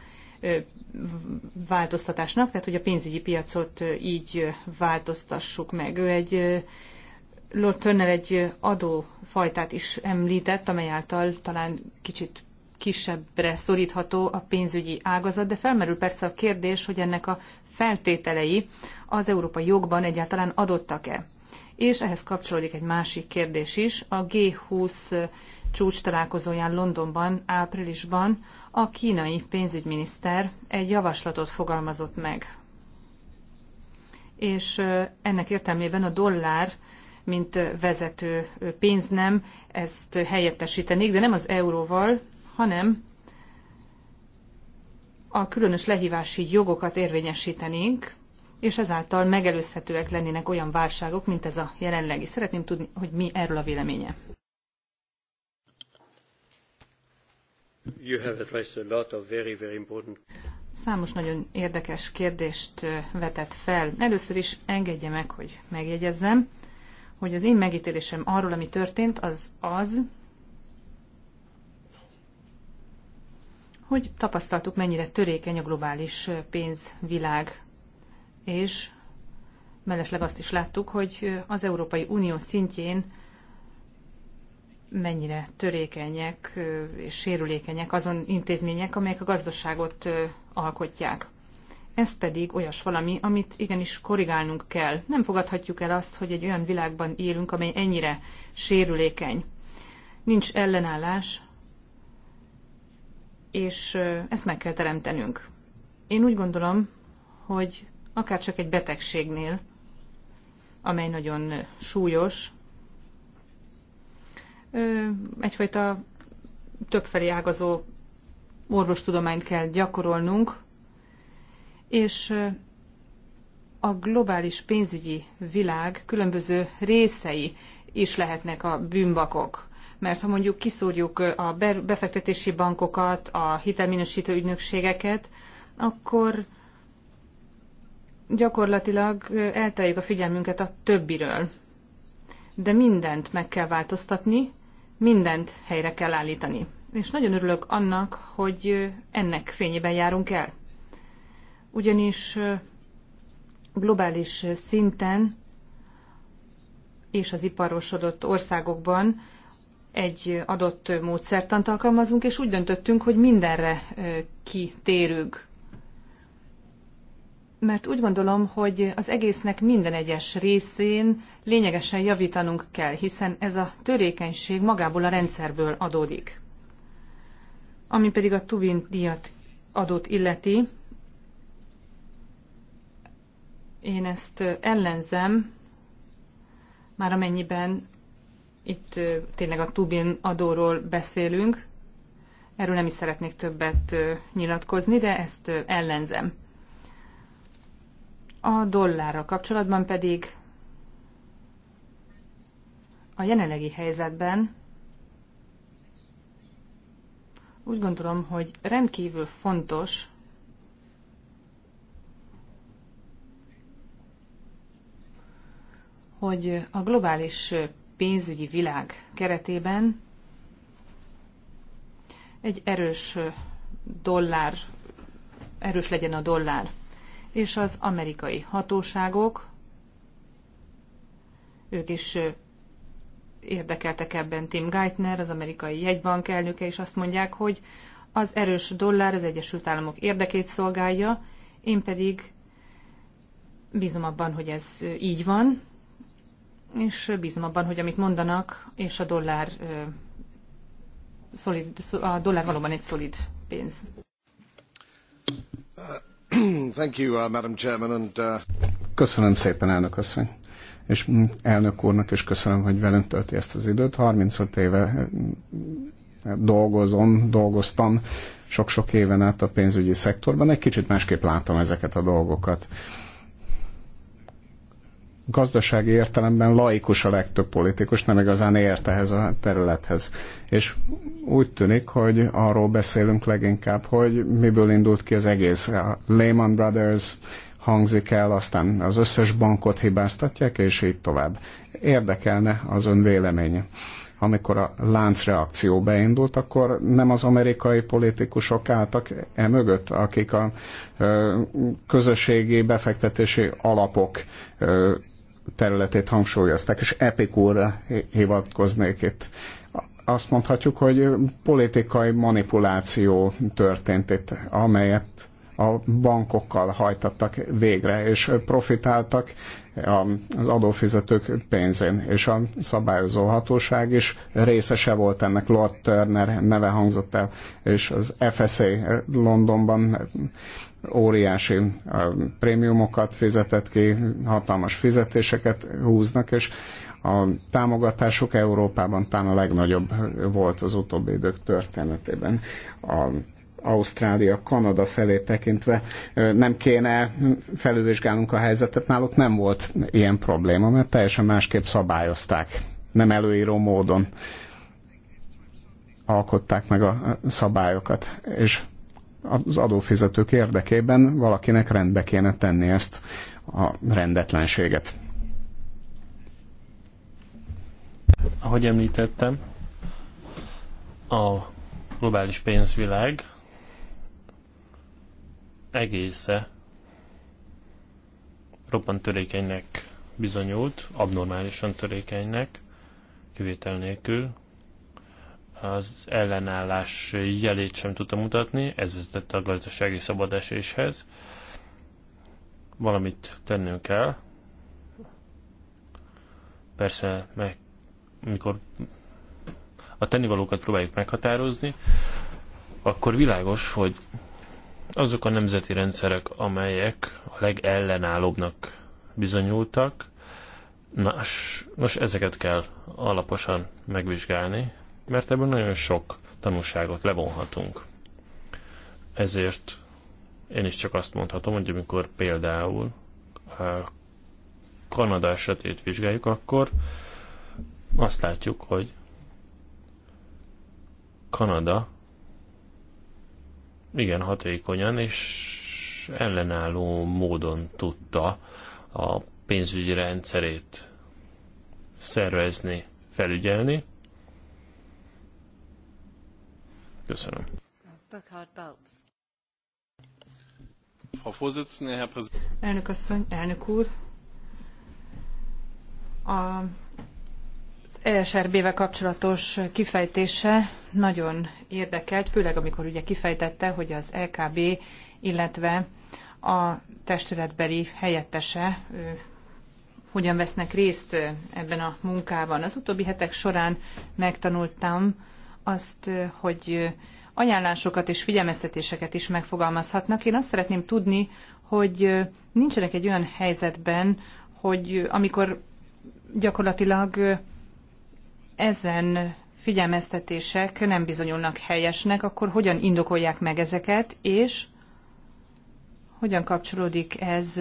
változtatásnak, tehát hogy a pénzügyi piacot így változtassuk meg. Ő egy Lord Turner egy adófajtát is említett, amely által talán kicsit kisebbre szorítható a pénzügyi ágazat, de felmerül persze a kérdés, hogy ennek a feltételei az európai jogban egyáltalán adottak-e. És ehhez kapcsolódik egy másik kérdés is. A G20 csúcs találkozóján Londonban áprilisban a kínai pénzügyminiszter egy javaslatot fogalmazott meg. És ennek értelmében a dollár, mint vezető pénz, nem ezt helyettesítenék, de nem az euróval, hanem a különös lehívási jogokat érvényesítenénk, és ezáltal megelőzhetőek lennének olyan válságok, mint ez a jelenlegi. Szeretném tudni, hogy mi erről a véleménye. You have addressed a lot of very, very important... Számos nagyon érdekes kérdést vetett fel. Először is engedje meg, hogy megjegyezzem, hogy az én megítélésem arról, ami történt, az az, hogy tapasztaltuk, mennyire törékeny a globális pénzvilág, és mellesleg azt is láttuk, hogy az Európai Unió szintjén mennyire törékenyek és sérülékenyek azon intézmények, amelyek a gazdaságot alkotják. Ez pedig olyas valami, amit igenis korrigálnunk kell. Nem fogadhatjuk el azt, hogy egy olyan világban élünk, amely ennyire sérülékeny. Nincs ellenállás, és ezt meg kell teremtenünk. Én úgy gondolom, hogy akár csak egy betegségnél, amely nagyon súlyos, egyfajta többfelé ágazó orvostudományt kell gyakorolnunk, és a globális pénzügyi világ különböző részei is lehetnek a bűnbakok. Mert ha mondjuk kiszúrjuk a befektetési bankokat, a hitelminősítő ügynökségeket, akkor gyakorlatilag elteljük a figyelmünket a többiről. De mindent meg kell változtatni, mindent helyre kell állítani. És nagyon örülök annak, hogy ennek fényében járunk el. Ugyanis globális szinten és az iparosodott országokban egy adott módszertant alkalmazunk, és úgy döntöttünk, hogy mindenre kitérünk mert úgy gondolom, hogy az egésznek minden egyes részén lényegesen javítanunk kell, hiszen ez a törékenység magából a rendszerből adódik. Ami pedig a Tuvin díjat adót illeti, én ezt ellenzem, már amennyiben itt tényleg a Tubin adóról beszélünk, erről nem is szeretnék többet nyilatkozni, de ezt ellenzem. A dollárra kapcsolatban pedig a jelenlegi helyzetben úgy gondolom, hogy rendkívül fontos, hogy a globális pénzügyi világ keretében egy erős dollár, erős legyen a dollár és az amerikai hatóságok, ők is érdekeltek ebben Tim Geithner, az amerikai jegybank elnöke, és azt mondják, hogy az erős dollár az Egyesült Államok érdekét szolgálja, én pedig bízom abban, hogy ez így van, és bízom abban, hogy amit mondanak, és a dollár, szolid, a dollár valóban egy szolid pénz. [CLEARS THROAT] Uh, uh, köszönöm szépen, elnök asszony. És mm, elnök úrnak is köszönöm, hogy velünk tölti ezt az időt. 35 éve mm, dolgozom, dolgoztam sok-sok éven át a pénzügyi szektorban. Egy kicsit másképp látom ezeket a dolgokat gazdasági értelemben laikus a legtöbb politikus, nem igazán ért ehhez a területhez. És úgy tűnik, hogy arról beszélünk leginkább, hogy miből indult ki az egész. A Lehman Brothers hangzik el, aztán az összes bankot hibáztatják, és így tovább. Érdekelne az ön véleménye amikor a láncreakció beindult, akkor nem az amerikai politikusok álltak e mögött, akik a közösségi befektetési alapok területét hangsúlyozták, és epikúra hivatkoznék itt. Azt mondhatjuk, hogy politikai manipuláció történt itt, amelyet a bankokkal hajtattak végre, és profitáltak az adófizetők pénzén, és a szabályozó hatóság is részese volt ennek, Lord Turner neve hangzott el, és az FSA Londonban óriási prémiumokat fizetett ki, hatalmas fizetéseket húznak, és a támogatások Európában talán a legnagyobb volt az utóbbi idők történetében. A Ausztrália, Kanada felé tekintve nem kéne felülvizsgálnunk a helyzetet, náluk nem volt ilyen probléma, mert teljesen másképp szabályozták, nem előíró módon alkották meg a szabályokat, és az adófizetők érdekében valakinek rendbe kéne tenni ezt a rendetlenséget. Ahogy említettem, a globális pénzvilág egésze roppant törékenynek bizonyult, abnormálisan törékenynek, kivétel nélkül, az ellenállás jelét sem tudta mutatni, ez vezetett a gazdasági szabadeséshez. Valamit tennünk kell. Persze, meg, mikor a tennivalókat próbáljuk meghatározni, akkor világos, hogy azok a nemzeti rendszerek, amelyek a legellenállóbbnak bizonyultak, Nos, nos, ezeket kell alaposan megvizsgálni, mert ebből nagyon sok tanulságot levonhatunk. Ezért én is csak azt mondhatom, hogy amikor például eh, Kanada esetét vizsgáljuk, akkor azt látjuk, hogy Kanada igen hatékonyan és ellenálló módon tudta a pénzügyi rendszerét szervezni, felügyelni, Köszönöm. Elnök asszony, elnök úr. A ESRB-vel kapcsolatos kifejtése nagyon érdekelt, főleg amikor ugye kifejtette, hogy az LKB, e illetve a testületbeli helyettese hogyan vesznek részt ebben a munkában. Az utóbbi hetek során megtanultam, azt, hogy ajánlásokat és figyelmeztetéseket is megfogalmazhatnak. Én azt szeretném tudni, hogy nincsenek egy olyan helyzetben, hogy amikor gyakorlatilag ezen figyelmeztetések nem bizonyulnak helyesnek, akkor hogyan indokolják meg ezeket, és hogyan kapcsolódik ez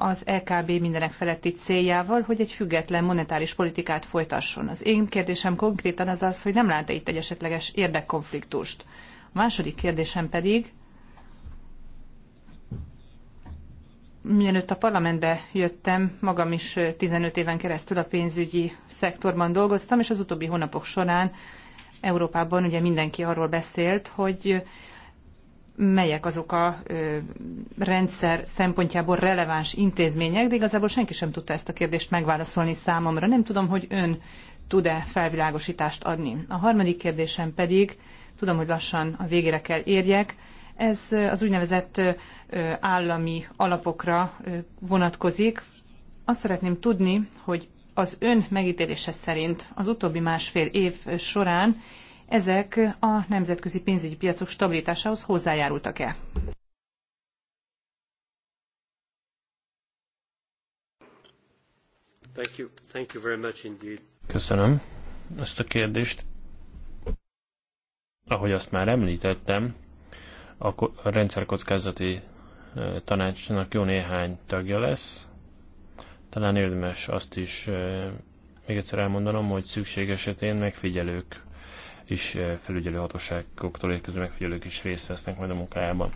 az EKB mindenek feletti céljával, hogy egy független monetáris politikát folytasson. Az én kérdésem konkrétan az az, hogy nem lát-e itt egy esetleges érdekkonfliktust. A második kérdésem pedig, mielőtt a parlamentbe jöttem, magam is 15 éven keresztül a pénzügyi szektorban dolgoztam, és az utóbbi hónapok során Európában ugye mindenki arról beszélt, hogy melyek azok a rendszer szempontjából releváns intézmények, de igazából senki sem tudta ezt a kérdést megválaszolni számomra. Nem tudom, hogy ön tud-e felvilágosítást adni. A harmadik kérdésem pedig, tudom, hogy lassan a végére kell érjek, ez az úgynevezett állami alapokra vonatkozik. Azt szeretném tudni, hogy az ön megítélése szerint az utóbbi másfél év során ezek a nemzetközi pénzügyi piacok stabilitásához hozzájárultak-e? Thank you. Thank you very much indeed. Köszönöm ezt a kérdést. Ahogy azt már említettem, a rendszerkockázati eh, tanácsnak jó néhány tagja lesz. Talán érdemes azt is eh, még egyszer elmondanom, hogy szükség esetén megfigyelők is eh, hatóságoktól érkező megfigyelők is részt vesznek majd a munkájában.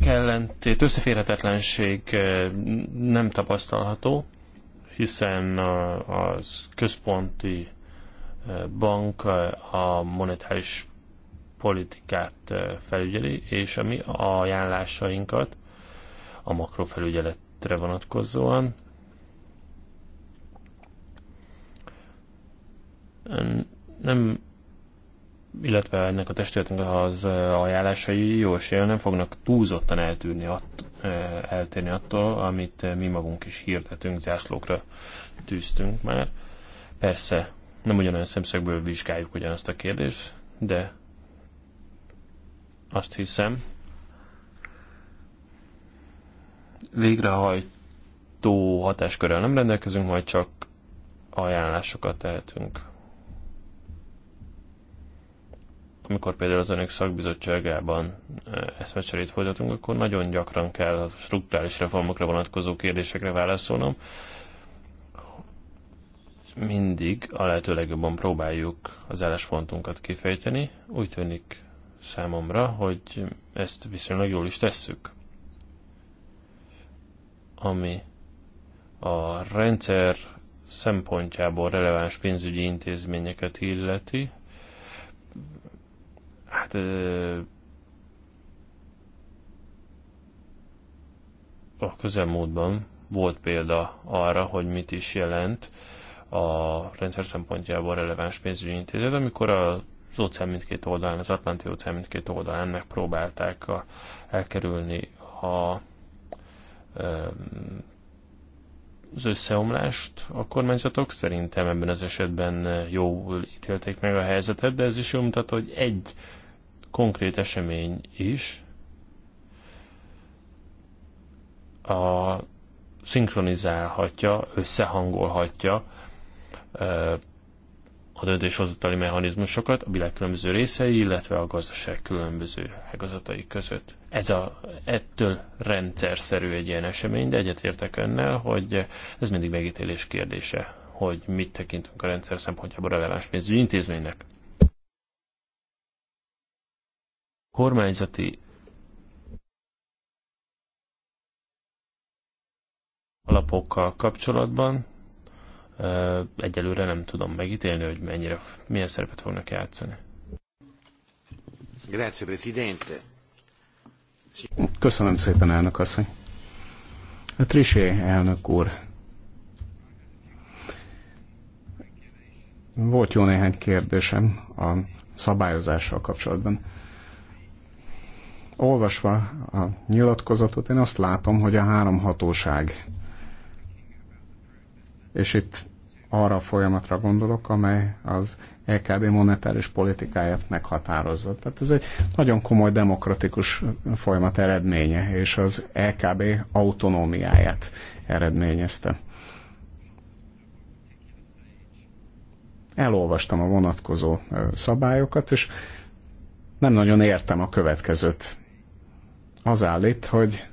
Kellentét, eh, összeférhetetlenség eh, nem tapasztalható, hiszen az központi bank a monetáris politikát felügyeli, és a ajánlásainkat a makrofelügyeletre vonatkozóan nem illetve ennek a testületnek az eh, ajánlásai jó esélyen nem fognak túlzottan eltűrni, att, eh, eltérni attól, amit eh, mi magunk is hirdetünk, zászlókra tűztünk már. Persze, nem ugyanolyan szemszögből vizsgáljuk ugyanazt a kérdést, de azt hiszem, végrehajtó hatáskörrel nem rendelkezünk, majd csak ajánlásokat tehetünk. amikor például az önök szakbizottságában eh, eszmecserét folytatunk, akkor nagyon gyakran kell a struktúrális reformokra vonatkozó kérdésekre válaszolnom. Mindig a lehető legjobban próbáljuk az álláspontunkat kifejteni. Úgy tűnik számomra, hogy ezt viszonylag jól is tesszük. Ami a rendszer szempontjából releváns pénzügyi intézményeket illeti, hát a közelmúltban volt példa arra, hogy mit is jelent a rendszer szempontjából releváns pénzügyi intézet, amikor a az óceán mindkét oldalán, az Atlanti óceán mindkét oldalán megpróbálták a, elkerülni a, az összeomlást a kormányzatok. Szerintem ebben az esetben jól ítélték meg a helyzetet, de ez is jól mutat, hogy egy konkrét esemény is a szinkronizálhatja, összehangolhatja a döntéshozatali mechanizmusokat a világ különböző részei, illetve a gazdaság különböző ágazatai között. Ez a, ettől rendszer szerű egy ilyen esemény, de egyetértek önnel, hogy ez mindig megítélés kérdése, hogy mit tekintünk a rendszer szempontjából releváns pénzügyi intézménynek. kormányzati alapokkal kapcsolatban egyelőre nem tudom megítélni, hogy mennyire, milyen szerepet fognak játszani. Grazie, Presidente. Köszönöm szépen, elnök asszony. A Trisé elnök úr. Volt jó néhány kérdésem a szabályozással kapcsolatban. Olvasva a nyilatkozatot, én azt látom, hogy a három hatóság, és itt arra a folyamatra gondolok, amely az LKB e monetáris politikáját meghatározza. Tehát ez egy nagyon komoly demokratikus folyamat eredménye, és az LKB e autonómiáját eredményezte. Elolvastam a vonatkozó szabályokat, és nem nagyon értem a következőt az állít, hogy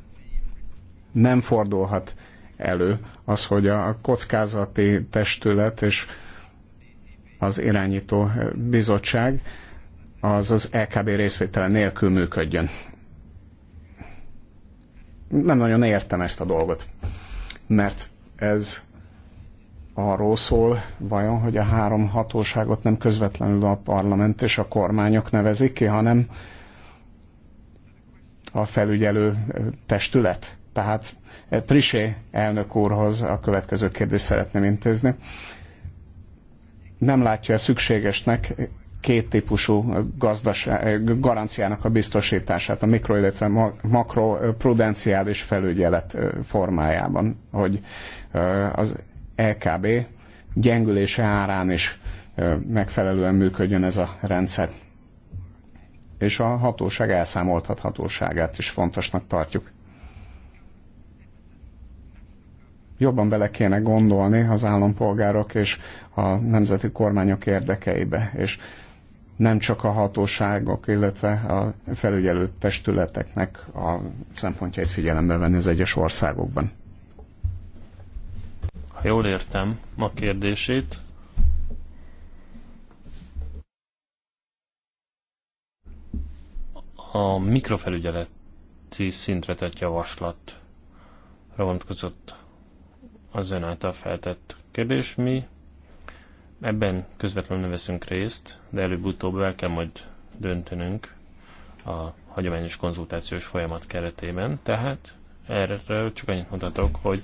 nem fordulhat elő az, hogy a kockázati testület és az irányító bizottság az az LKB részvétele nélkül működjön. Nem nagyon értem ezt a dolgot, mert ez arról szól, vajon, hogy a három hatóságot nem közvetlenül a parlament és a kormányok nevezik ki, hanem a felügyelő testület. Tehát Trisé elnök úrhoz a következő kérdést szeretném intézni. Nem látja-e szükségesnek két típusú gazdaság, garanciának a biztosítását, a mikro, illetve makroprudenciális felügyelet formájában, hogy az LKB e gyengülése árán is megfelelően működjön ez a rendszer és a hatóság elszámoltathatóságát is fontosnak tartjuk. Jobban bele kéne gondolni az állampolgárok és a nemzeti kormányok érdekeibe, és nem csak a hatóságok, illetve a felügyelő testületeknek a szempontjait figyelembe venni az egyes országokban. Ha jól értem a kérdését, a mikrofelügyeleti szintre tett javaslatra vonatkozott az ön által feltett kérdés. Mi ebben közvetlenül nem veszünk részt, de előbb-utóbb el kell majd döntenünk a hagyományos konzultációs folyamat keretében, tehát erre csak annyit mondhatok, hogy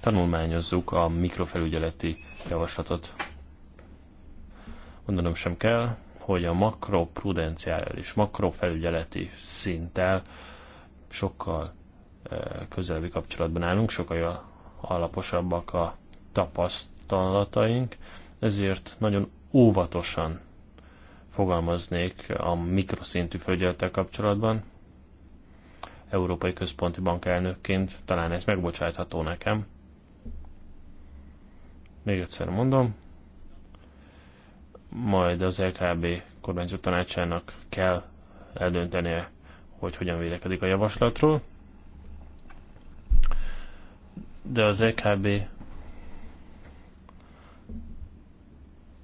tanulmányozzuk a mikrofelügyeleti javaslatot. Mondanom sem kell, hogy a makroprudenciális, makrofelügyeleti szinttel sokkal eh, közelebbi kapcsolatban állunk, sokkal alaposabbak a tapasztalataink, ezért nagyon óvatosan fogalmaznék a mikroszintű felügyelettel kapcsolatban. Európai Központi Bank elnökként talán ez megbocsátható nekem. Még egyszer mondom, majd az LKB kormányzó tanácsának kell eldöntenie, hogy hogyan vélekedik a javaslatról. De az LKB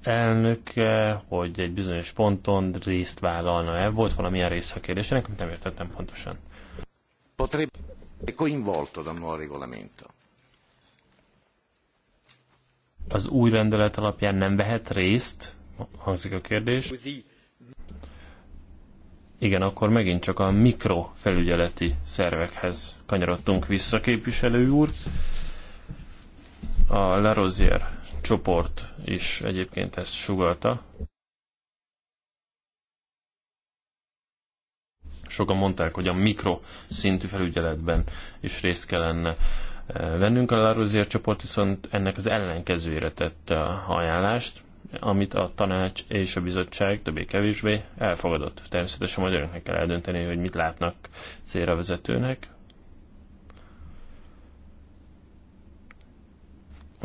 elnöke, hogy egy bizonyos ponton részt vállalna-e? Volt valamilyen része a kérdésének, amit nem értettem pontosan. Potrebbe coinvolto dal nuovo regolamento. Az új rendelet alapján nem vehet részt hangzik a kérdés. Igen, akkor megint csak a mikrofelügyeleti szervekhez kanyarodtunk vissza, képviselő úr. A Larosier csoport is egyébként ezt sugalta. Sokan mondták, hogy a mikro szintű felügyeletben is részt kellene eh, vennünk. A Larosier csoport viszont ennek az ellenkezőjére tette ajánlást amit a tanács és a bizottság többé-kevésbé elfogadott. Természetesen a magyaroknak kell eldönteni, hogy mit látnak célra vezetőnek,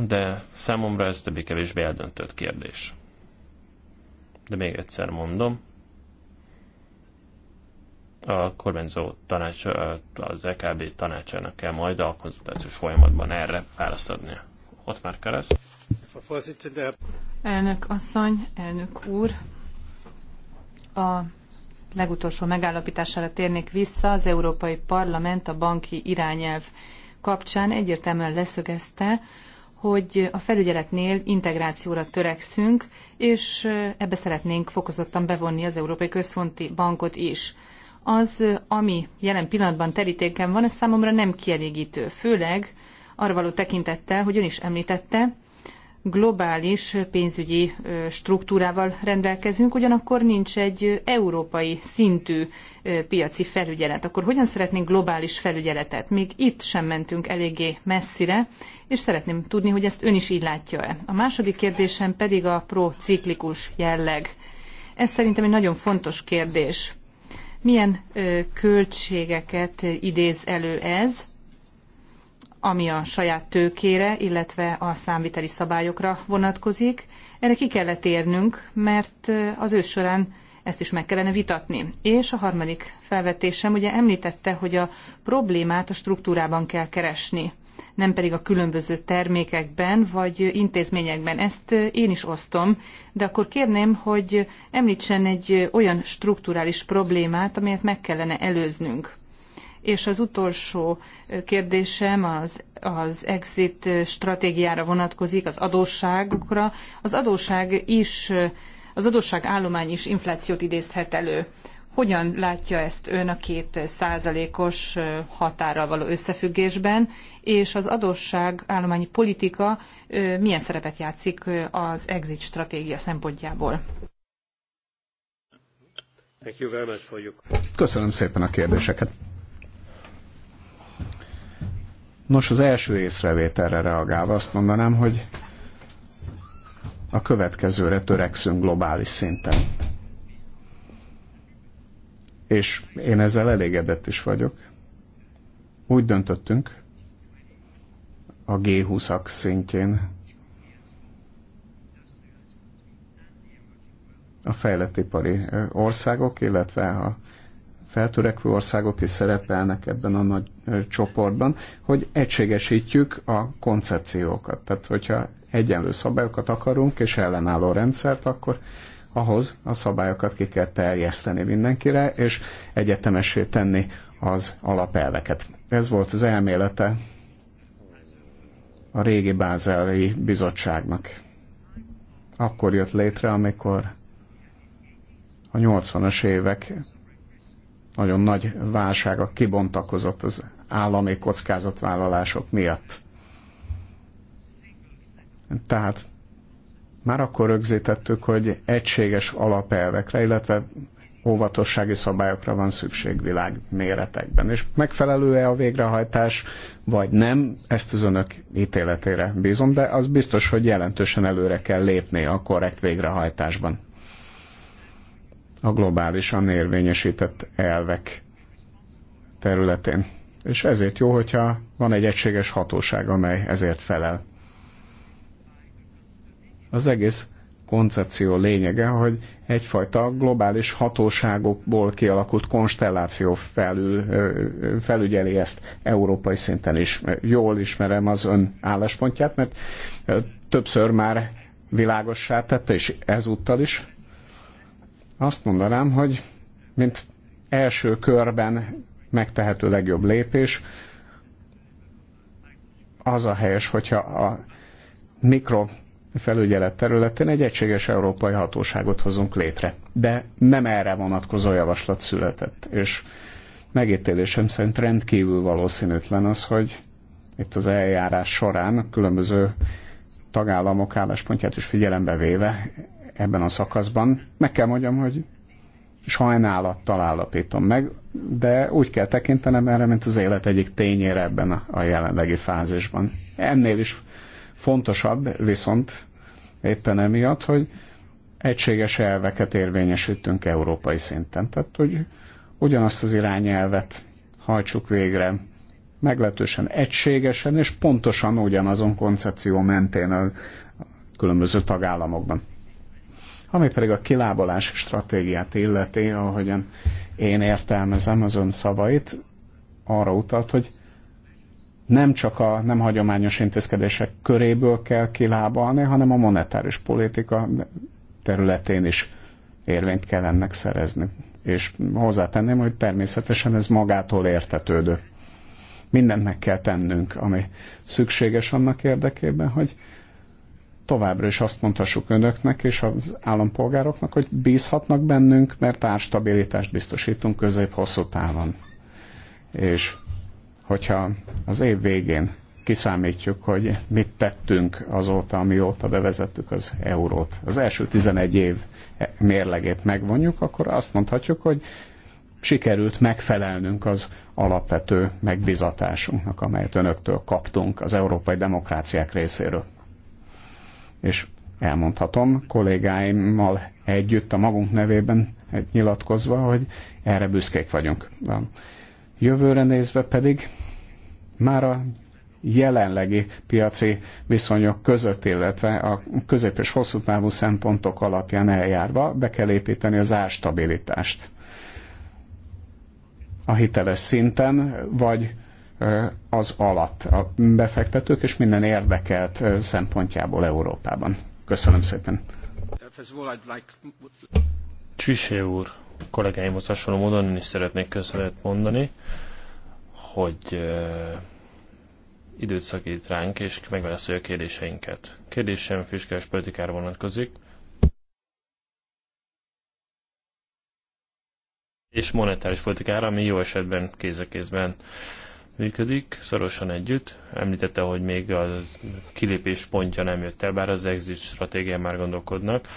de számomra ez többé-kevésbé eldöntött kérdés. De még egyszer mondom, a kormányzó tanács, az EKB tanácsának kell majd a konzultációs folyamatban erre választ adnia. Ott már Elnök asszony, elnök úr, a legutolsó megállapítására térnék vissza. Az Európai Parlament a banki irányelv kapcsán egyértelműen leszögezte, hogy a felügyeletnél integrációra törekszünk, és ebbe szeretnénk fokozottan bevonni az Európai Központi Bankot is. Az, ami jelen pillanatban terítéken van, ez számomra nem kielégítő, főleg arra való tekintettel, hogy ön is említette, globális pénzügyi struktúrával rendelkezünk, ugyanakkor nincs egy európai szintű piaci felügyelet. Akkor hogyan szeretnénk globális felügyeletet? Még itt sem mentünk eléggé messzire, és szeretném tudni, hogy ezt ön is így látja-e. A második kérdésem pedig a prociklikus jelleg. Ez szerintem egy nagyon fontos kérdés. Milyen költségeket idéz elő ez? ami a saját tőkére, illetve a számviteli szabályokra vonatkozik. Erre ki kellett érnünk, mert eh, az ő során ezt is meg kellene vitatni. És a harmadik felvetésem ugye említette, hogy a problémát a struktúrában kell keresni, nem pedig a különböző termékekben vagy intézményekben. Ezt eh, én is osztom, de akkor kérném, hogy említsen egy eh, olyan strukturális problémát, amelyet meg kellene előznünk és az utolsó kérdésem az, az exit stratégiára vonatkozik, az adósságokra. Az adósság is, az adósság állomány is inflációt idézhet elő. Hogyan látja ezt ön a két százalékos határral való összefüggésben, és az adósság állományi politika milyen szerepet játszik az exit stratégia szempontjából? Köszönöm szépen a kérdéseket. Nos, az első észrevételre reagálva azt mondanám, hogy a következőre törekszünk globális szinten. És én ezzel elégedett is vagyok. Úgy döntöttünk a G20-ak szintjén, a fejlett ipari országok, illetve a feltörekvő országok is szerepelnek ebben a nagy csoportban, hogy egységesítjük a koncepciókat. Tehát, hogyha egyenlő szabályokat akarunk, és ellenálló rendszert, akkor ahhoz a szabályokat ki kell terjeszteni mindenkire, és egyetemessé tenni az alapelveket. Ez volt az elmélete a régi bázeli bizottságnak. Akkor jött létre, amikor a 80-as évek nagyon nagy válsága kibontakozott az állami kockázatvállalások miatt. Tehát már akkor rögzítettük, hogy egységes alapelvekre, illetve óvatossági szabályokra van szükség világ méretekben. És megfelelő-e a végrehajtás, vagy nem, ezt az önök ítéletére bízom, de az biztos, hogy jelentősen előre kell lépni a korrekt végrehajtásban a globálisan érvényesített elvek területén. És ezért jó, hogyha van egy egységes hatóság, amely ezért felel. Az egész koncepció lényege, hogy egyfajta globális hatóságokból kialakult konstelláció felül, felügyeli ezt európai szinten is. Jól ismerem az ön álláspontját, mert többször már világossá tette, és ezúttal is, azt mondanám, hogy mint első körben megtehető legjobb lépés az a helyes, hogyha a mikro felügyelet területén egy egységes európai hatóságot hozunk létre. De nem erre vonatkozó javaslat született, és megítélésem szerint rendkívül valószínűtlen az, hogy itt az eljárás során a különböző tagállamok álláspontját is figyelembe véve ebben a szakaszban. Meg kell mondjam, hogy sajnálattal állapítom meg, de úgy kell tekintenem erre, mint az élet egyik tényére ebben a jelenlegi fázisban. Ennél is fontosabb viszont éppen emiatt, hogy egységes elveket érvényesítünk európai szinten. Tehát, hogy ugyanazt az irányelvet hajtsuk végre, meglehetősen egységesen és pontosan ugyanazon koncepció mentén a különböző tagállamokban. Ami pedig a kilábalás stratégiát illeti, ahogyan én értelmezem az ön szavait, arra utalt, hogy nem csak a nem hagyományos intézkedések köréből kell kilábalni, hanem a monetáris politika területén is érvényt kell ennek szerezni. És hozzátenném, hogy természetesen ez magától értetődő. Mindent meg kell tennünk, ami szükséges annak érdekében, hogy továbbra is azt mondhassuk önöknek és az állampolgároknak, hogy bízhatnak bennünk, mert árstabilitást biztosítunk közép-hosszú távon. És hogyha az év végén kiszámítjuk, hogy mit tettünk azóta, amióta bevezettük az eurót, az első 11 év mérlegét megvonjuk, akkor azt mondhatjuk, hogy sikerült megfelelnünk az alapvető megbizatásunknak, amelyet önöktől kaptunk az európai demokráciák részéről és elmondhatom kollégáimmal együtt a magunk nevében nyilatkozva, hogy erre büszkék vagyunk. A jövőre nézve pedig már a jelenlegi piaci viszonyok között, illetve a közép- és hosszú távú szempontok alapján eljárva be kell építeni az árstabilitást. A hiteles szinten, vagy az alatt a befektetők és minden érdekelt szempontjából Európában. Köszönöm szépen. Csüsé úr, kollégáimhoz hasonló módon én is szeretnék köszönet mondani, hogy uh, időt szakít ránk, és megválaszolja a kérdéseinket. Kérdésem fiskális politikára vonatkozik, és monetáris politikára, ami jó esetben kéz a kézben működik, szorosan együtt. Említette, hogy még a kilépés pontja nem jött el, bár az exit stratégián már gondolkodnak.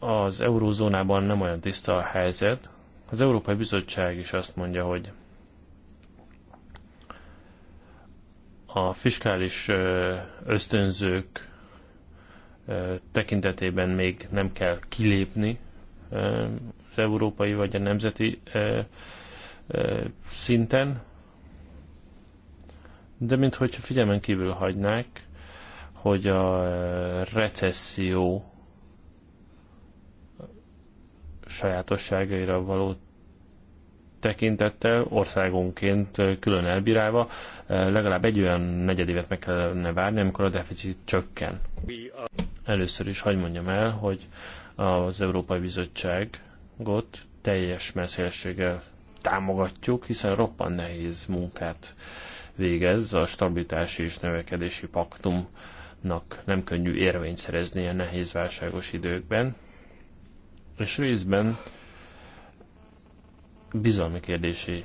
Az eurózónában nem olyan tiszta a helyzet. Az Európai Bizottság is azt mondja, hogy a fiskális ösztönzők tekintetében még nem kell kilépni az európai vagy a nemzeti szinten, de mintha figyelmen kívül hagynák, hogy a recesszió sajátosságaira való tekintettel, országonként külön elbírálva, legalább egy olyan negyedévet meg kellene várni, amikor a deficit csökken. Először is hagyd mondjam el, hogy az Európai Bizottságot teljes messzélséggel támogatjuk, hiszen roppan nehéz munkát végez a stabilitási és növekedési paktumnak nem könnyű érvényt szerezni a nehéz válságos időkben, és részben bizalmi kérdési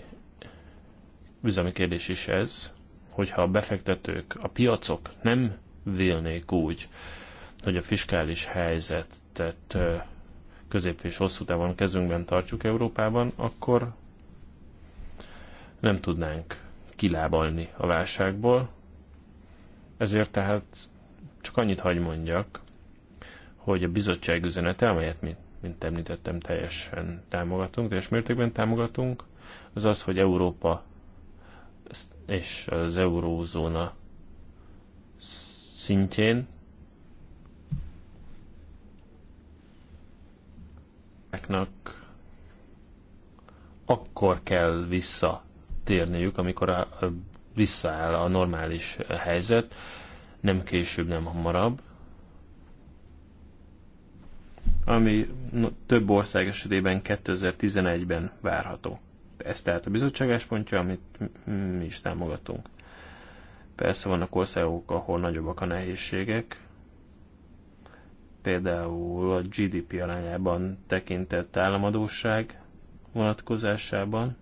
bizalmi kérdés is ez, hogyha a befektetők, a piacok nem vélnék úgy, hogy a fiskális helyzetet közép és hosszú távon kezünkben tartjuk Európában, akkor nem tudnánk kilábalni a válságból. Ezért tehát csak annyit hagy mondjak, hogy a bizottság üzenete, amelyet mi, mint említettem, teljesen támogatunk, teljes mértékben támogatunk, az az, hogy Európa és az eurózóna szintjén akkor kell vissza térniük, amikor a, a, visszaáll a normális helyzet, nem később, nem hamarabb. Ami több ország esetében 2011-ben várható. Ez tehát a bizottságás pontja, amit mi is támogatunk. Persze vannak országok, ahol nagyobbak a nehézségek, például a GDP arányában tekintett államadóság vonatkozásában,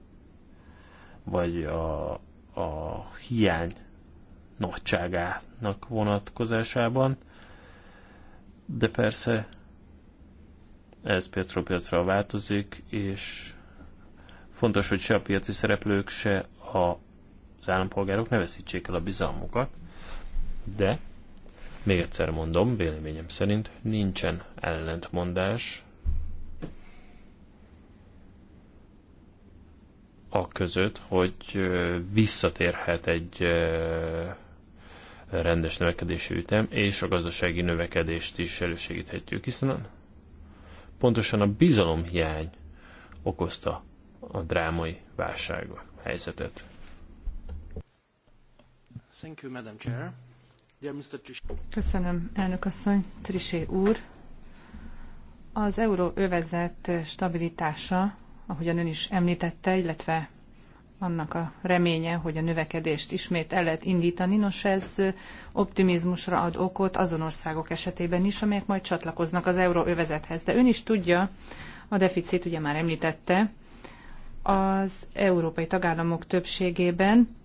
vagy a, a hiány nagyságának vonatkozásában, de persze ez piacról piacra változik, és fontos, hogy se a piaci szereplők, se a, az állampolgárok ne veszítsék el a bizalmukat, de még egyszer mondom, véleményem szerint nincsen ellentmondás a között, hogy visszatérhet egy rendes növekedési ütem, és a gazdasági növekedést is elősegíthetjük, hiszen pontosan a bizalomhiány okozta a drámai válság helyzetet. Thank you, Madam Chair. Köszönöm, elnök asszony, Trisé úr. Az euróövezet stabilitása ahogyan ön is említette, illetve annak a reménye, hogy a növekedést ismét el lehet indítani. Nos, ez optimizmusra ad okot azon országok esetében is, amelyek majd csatlakoznak az euróövezethez. De ön is tudja, a deficit ugye már említette, az európai tagállamok többségében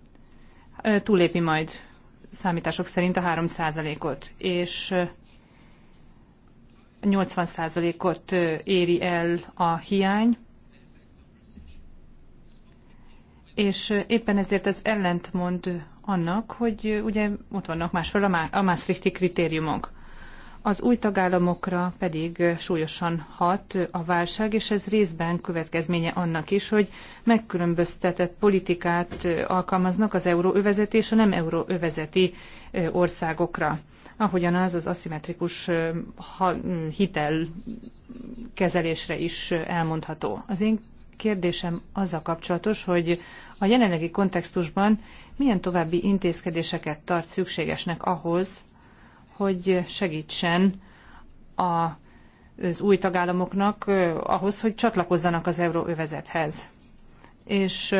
túlépi majd számítások szerint a 3%-ot, és 80%-ot éri el a hiány, és éppen ezért ez ellentmond annak, hogy ugye ott vannak másfél a Maastrichti kritériumok. Az új tagállamokra pedig súlyosan hat a válság, és ez részben következménye annak is, hogy megkülönböztetett politikát alkalmaznak az euróövezet és a nem euróövezeti országokra ahogyan az az aszimetrikus hitel kezelésre is elmondható. Az én kérdésem az a kapcsolatos, hogy a jelenlegi kontextusban milyen további intézkedéseket tart szükségesnek ahhoz, hogy segítsen a, az új tagállamoknak ahhoz, hogy csatlakozzanak az euróövezethez? És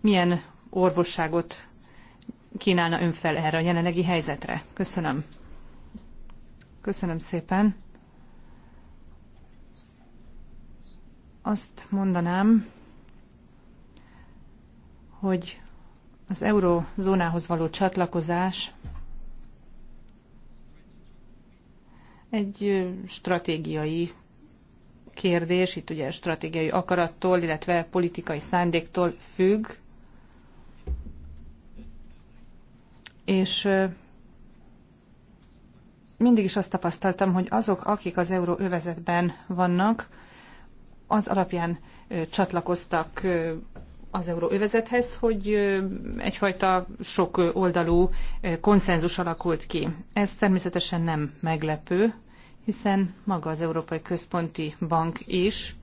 milyen orvosságot kínálna ön fel erre a jelenlegi helyzetre? Köszönöm. Köszönöm szépen. Azt mondanám, hogy az eurózónához való csatlakozás egy stratégiai kérdés, itt ugye stratégiai akarattól, illetve politikai szándéktól függ, és mindig is azt tapasztaltam, hogy azok, akik az euróövezetben vannak, az alapján csatlakoztak az euróövezethez, hogy egyfajta sok oldalú konszenzus alakult ki. Ez természetesen nem meglepő, hiszen maga az Európai Központi Bank is,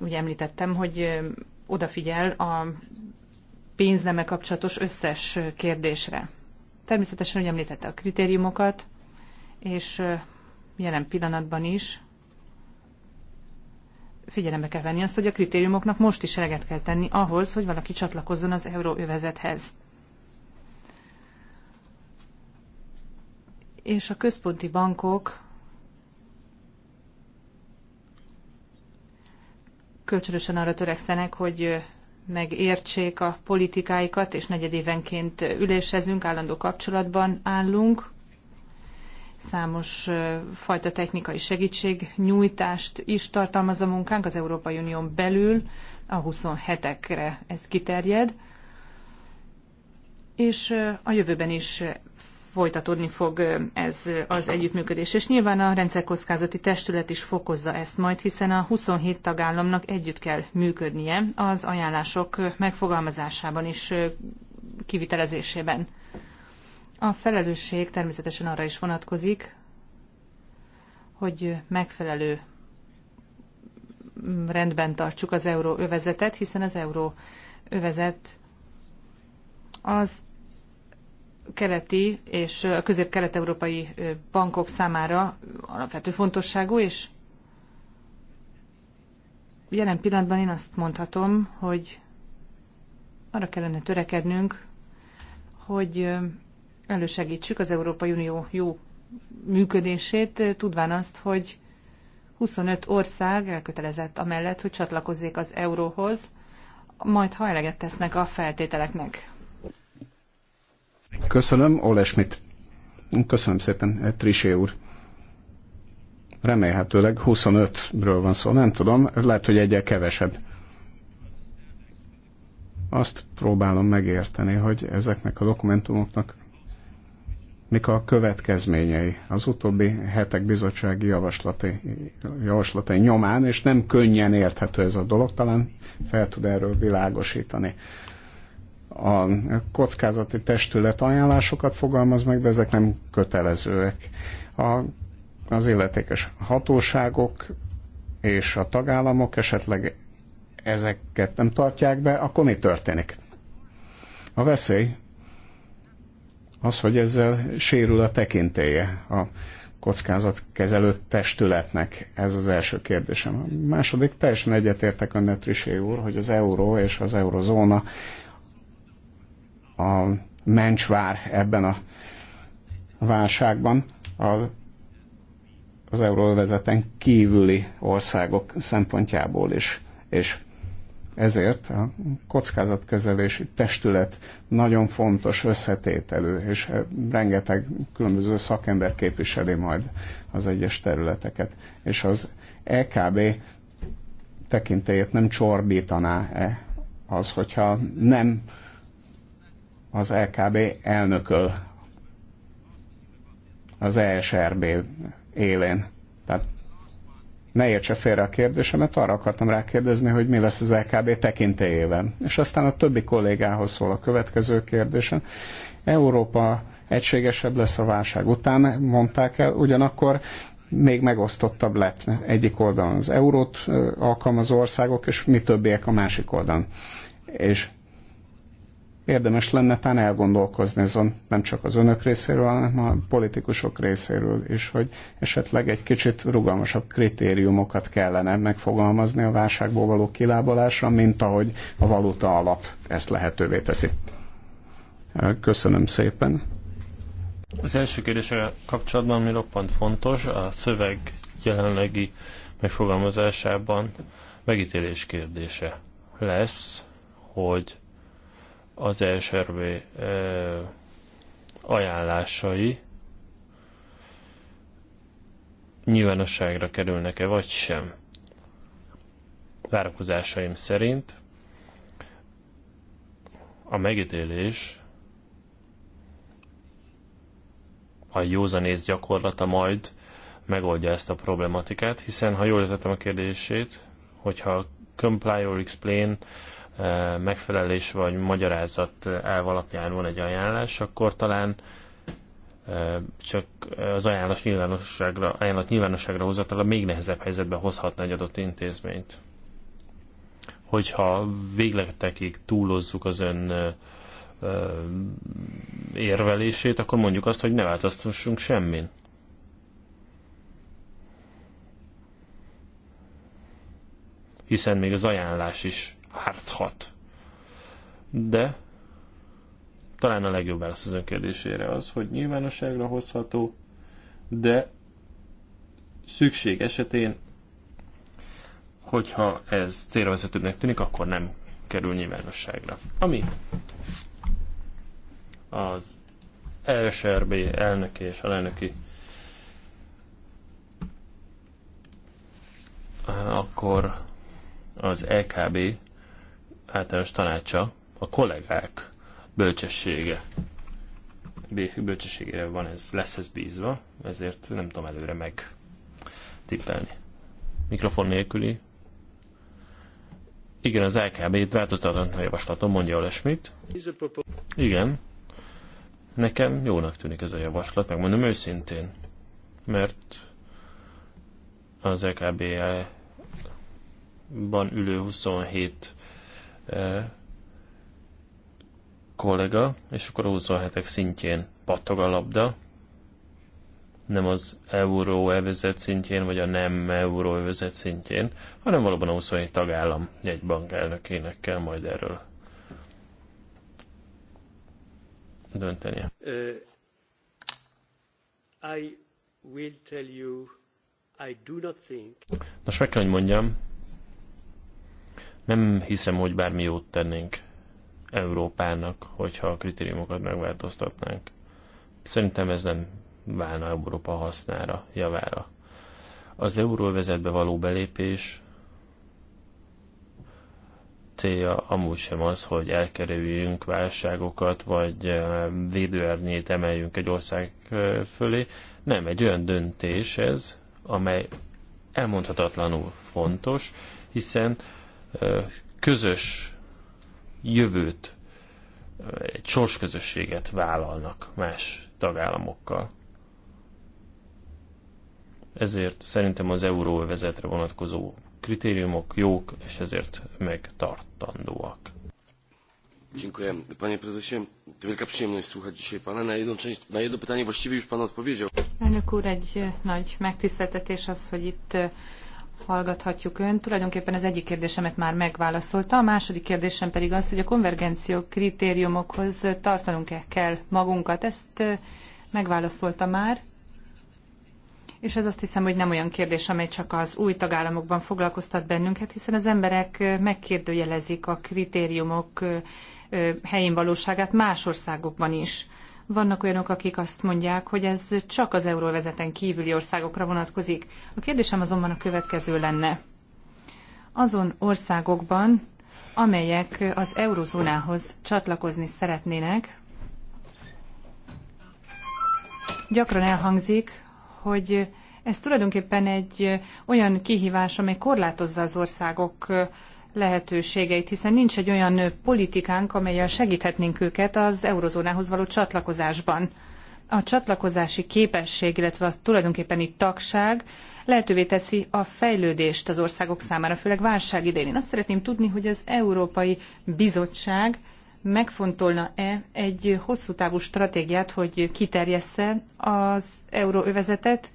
ugye említettem, hogy odafigyel a pénzneme kapcsolatos összes kérdésre. Természetesen, hogy említette a kritériumokat, és jelen pillanatban is figyelembe kell venni azt, hogy a kritériumoknak most is eleget kell tenni ahhoz, hogy valaki csatlakozzon az euróövezethez. És a központi bankok kölcsönösen arra törekszenek, hogy megértsék a politikáikat, és negyedévenként ülésezünk, állandó kapcsolatban állunk számos fajta technikai nyújtást is tartalmaz a munkánk az Európai Unión belül, a 27-ekre ez kiterjed, és a jövőben is folytatódni fog ez az együttműködés. És nyilván a rendszerkockázati testület is fokozza ezt majd, hiszen a 27 tagállamnak együtt kell működnie az ajánlások megfogalmazásában és kivitelezésében. A felelősség természetesen arra is vonatkozik, hogy megfelelő rendben tartsuk az euróövezetet, hiszen az euróövezet az keleti és a közép-kelet-európai bankok számára alapvető fontosságú, és jelen pillanatban én azt mondhatom, hogy arra kellene törekednünk, hogy elősegítsük az Európai Unió jó működését, tudván azt, hogy 25 ország elkötelezett amellett, hogy csatlakozzék az euróhoz, majd ha eleget tesznek a feltételeknek. Köszönöm, Ole Schmidt. Köszönöm szépen, Trisé úr. Remélhetőleg 25-ről van szó, nem tudom, lehet, hogy egyel kevesebb. Azt próbálom megérteni, hogy ezeknek a dokumentumoknak mik a következményei az utóbbi hetek bizottsági javaslatai, javaslatai nyomán, és nem könnyen érthető ez a dolog, talán fel tud erről világosítani. A kockázati testület ajánlásokat fogalmaz meg, de ezek nem kötelezőek. A, az illetékes hatóságok és a tagállamok esetleg ezeket nem tartják be, akkor mi történik? A veszély az, hogy ezzel sérül a tekintélye a kockázatkezelő testületnek. Ez az első kérdésem. A második, teljesen egyetértek a Netrisé úr, hogy az euró és az eurozóna a mencsvár ebben a válságban. Az az euróvezeten kívüli országok szempontjából is. És ezért a kockázatkezelési testület nagyon fontos összetételű, és eh, rengeteg különböző szakember képviseli majd az egyes területeket. És az EKB tekintélyét nem csorbítaná-e az, hogyha nem az LKB e elnököl az ESRB élén ne értse félre a kérdésemet, arra akartam rákérdezni, hogy mi lesz az LKB tekintélyével. És aztán a többi kollégához szól a következő kérdésem. Európa egységesebb lesz a válság után, mondták el, ugyanakkor még megosztottabb lett egyik oldalon az eurót alkalmazó országok, és mi többiek a másik oldalon. És érdemes lenne tán elgondolkozni azon, nem csak az önök részéről, hanem a politikusok részéről is, hogy esetleg egy kicsit rugalmasabb kritériumokat kellene megfogalmazni a válságból való kilábalásra, mint ahogy a valuta alap ezt lehetővé teszi. Köszönöm szépen. Az első kérdéssel kapcsolatban, mi roppant fontos, a szöveg jelenlegi megfogalmazásában megítélés kérdése lesz, hogy az ESRB ajánlásai nyilvánosságra kerülnek-e, vagy sem. Várakozásaim szerint a megítélés a józanész gyakorlata majd megoldja ezt a problematikát, hiszen ha jól értettem a kérdését, hogyha comply or explain megfelelés vagy magyarázat elv alapján van egy ajánlás, akkor talán csak az ajánlás nyilvánosságra, ajánlat nyilvánosságra hozatala még nehezebb helyzetbe hozhatna egy adott intézményt. Hogyha végletekig túlozzuk az ön érvelését, akkor mondjuk azt, hogy ne változtassunk semmin. Hiszen még az ajánlás is árthat. De talán a legjobb válasz az önkérdésére az, hogy nyilvánosságra hozható, de szükség esetén, hogyha ez célvezetőbbnek tűnik, akkor nem kerül nyilvánosságra. Ami az ESRB elnöki és alelnöki akkor az LKB e általános tanácsa, a kollégák bölcsessége bölcsességére van ez, lesz ez bízva, ezért nem tudom előre meg tippelni. Mikrofon nélküli. Igen, az LKB-t változtatott a javaslatom, mondja Ole Schmidt. Igen. Nekem jónak tűnik ez a javaslat, megmondom őszintén. Mert az LKB ban ülő 27 kollega, és akkor a 27 szintjén pattog a labda, nem az euró övezet szintjén, vagy a nem euró övezet szintjén, hanem valóban a 27 tagállam egy bank elnökének kell majd erről döntenie. Uh, I will tell you, I do not think... Nos, meg kell, hogy mondjam, nem hiszem, hogy bármi jót tennénk Európának, hogyha a kritériumokat megváltoztatnánk. Szerintem ez nem válna Európa hasznára, javára. Az euróvezetbe való belépés célja amúgy sem az, hogy elkerüljünk válságokat, vagy eh, védőernyét emeljünk egy ország eh, fölé. Nem, egy olyan döntés ez, amely elmondhatatlanul fontos, hiszen közös jövőt, egy sorsközösséget vállalnak más tagállamokkal. Ezért szerintem az euróvezetre vonatkozó kritériumok jók, és ezért megtartandóak. Dziękuję. Panie prezesie, to wielka przyjemność słuchać dzisiaj pana. Na jedno, część, na jedno pytanie właściwie już pan odpowiedział. Elnök úr, egy nagy megtiszteltetés az, hogy itt hallgathatjuk ön. Tulajdonképpen az egyik kérdésemet már megválaszolta, a második kérdésem pedig az, hogy a konvergenció kritériumokhoz tartanunk-e kell magunkat. Ezt megválaszolta már, és ez azt hiszem, hogy nem olyan kérdés, amely csak az új tagállamokban foglalkoztat bennünket, hiszen az emberek megkérdőjelezik a kritériumok helyén valóságát más országokban is. Vannak olyanok, akik azt mondják, hogy ez csak az euróvezeten kívüli országokra vonatkozik. A kérdésem azonban a következő lenne. Azon országokban, amelyek az eurozónához csatlakozni szeretnének, gyakran elhangzik, hogy ez tulajdonképpen egy olyan kihívás, amely korlátozza az országok lehetőségeit, hiszen nincs egy olyan politikánk, amelyel segíthetnénk őket az eurozónához való csatlakozásban. A csatlakozási képesség, illetve a tulajdonképpeni tagság lehetővé teszi a fejlődést az országok számára, főleg válság idején. Én azt szeretném tudni, hogy az Európai Bizottság megfontolna-e egy hosszú távú stratégiát, hogy kiterjessze az euróövezetet,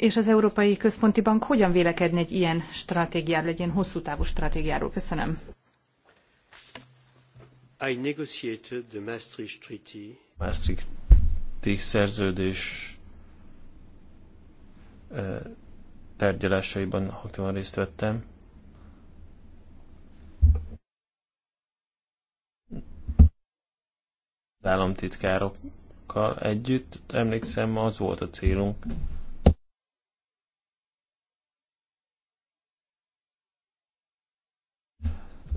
és az Európai Központi Bank hogyan vélekedne egy ilyen stratégiáról, egy ilyen hosszú távú stratégiáról? Köszönöm. I negotiated the Maastricht Treaty. Maastrichti szerződés tárgyalásaiban aktívan részt vettem. Az államtitkárokkal együtt, emlékszem, az volt a célunk,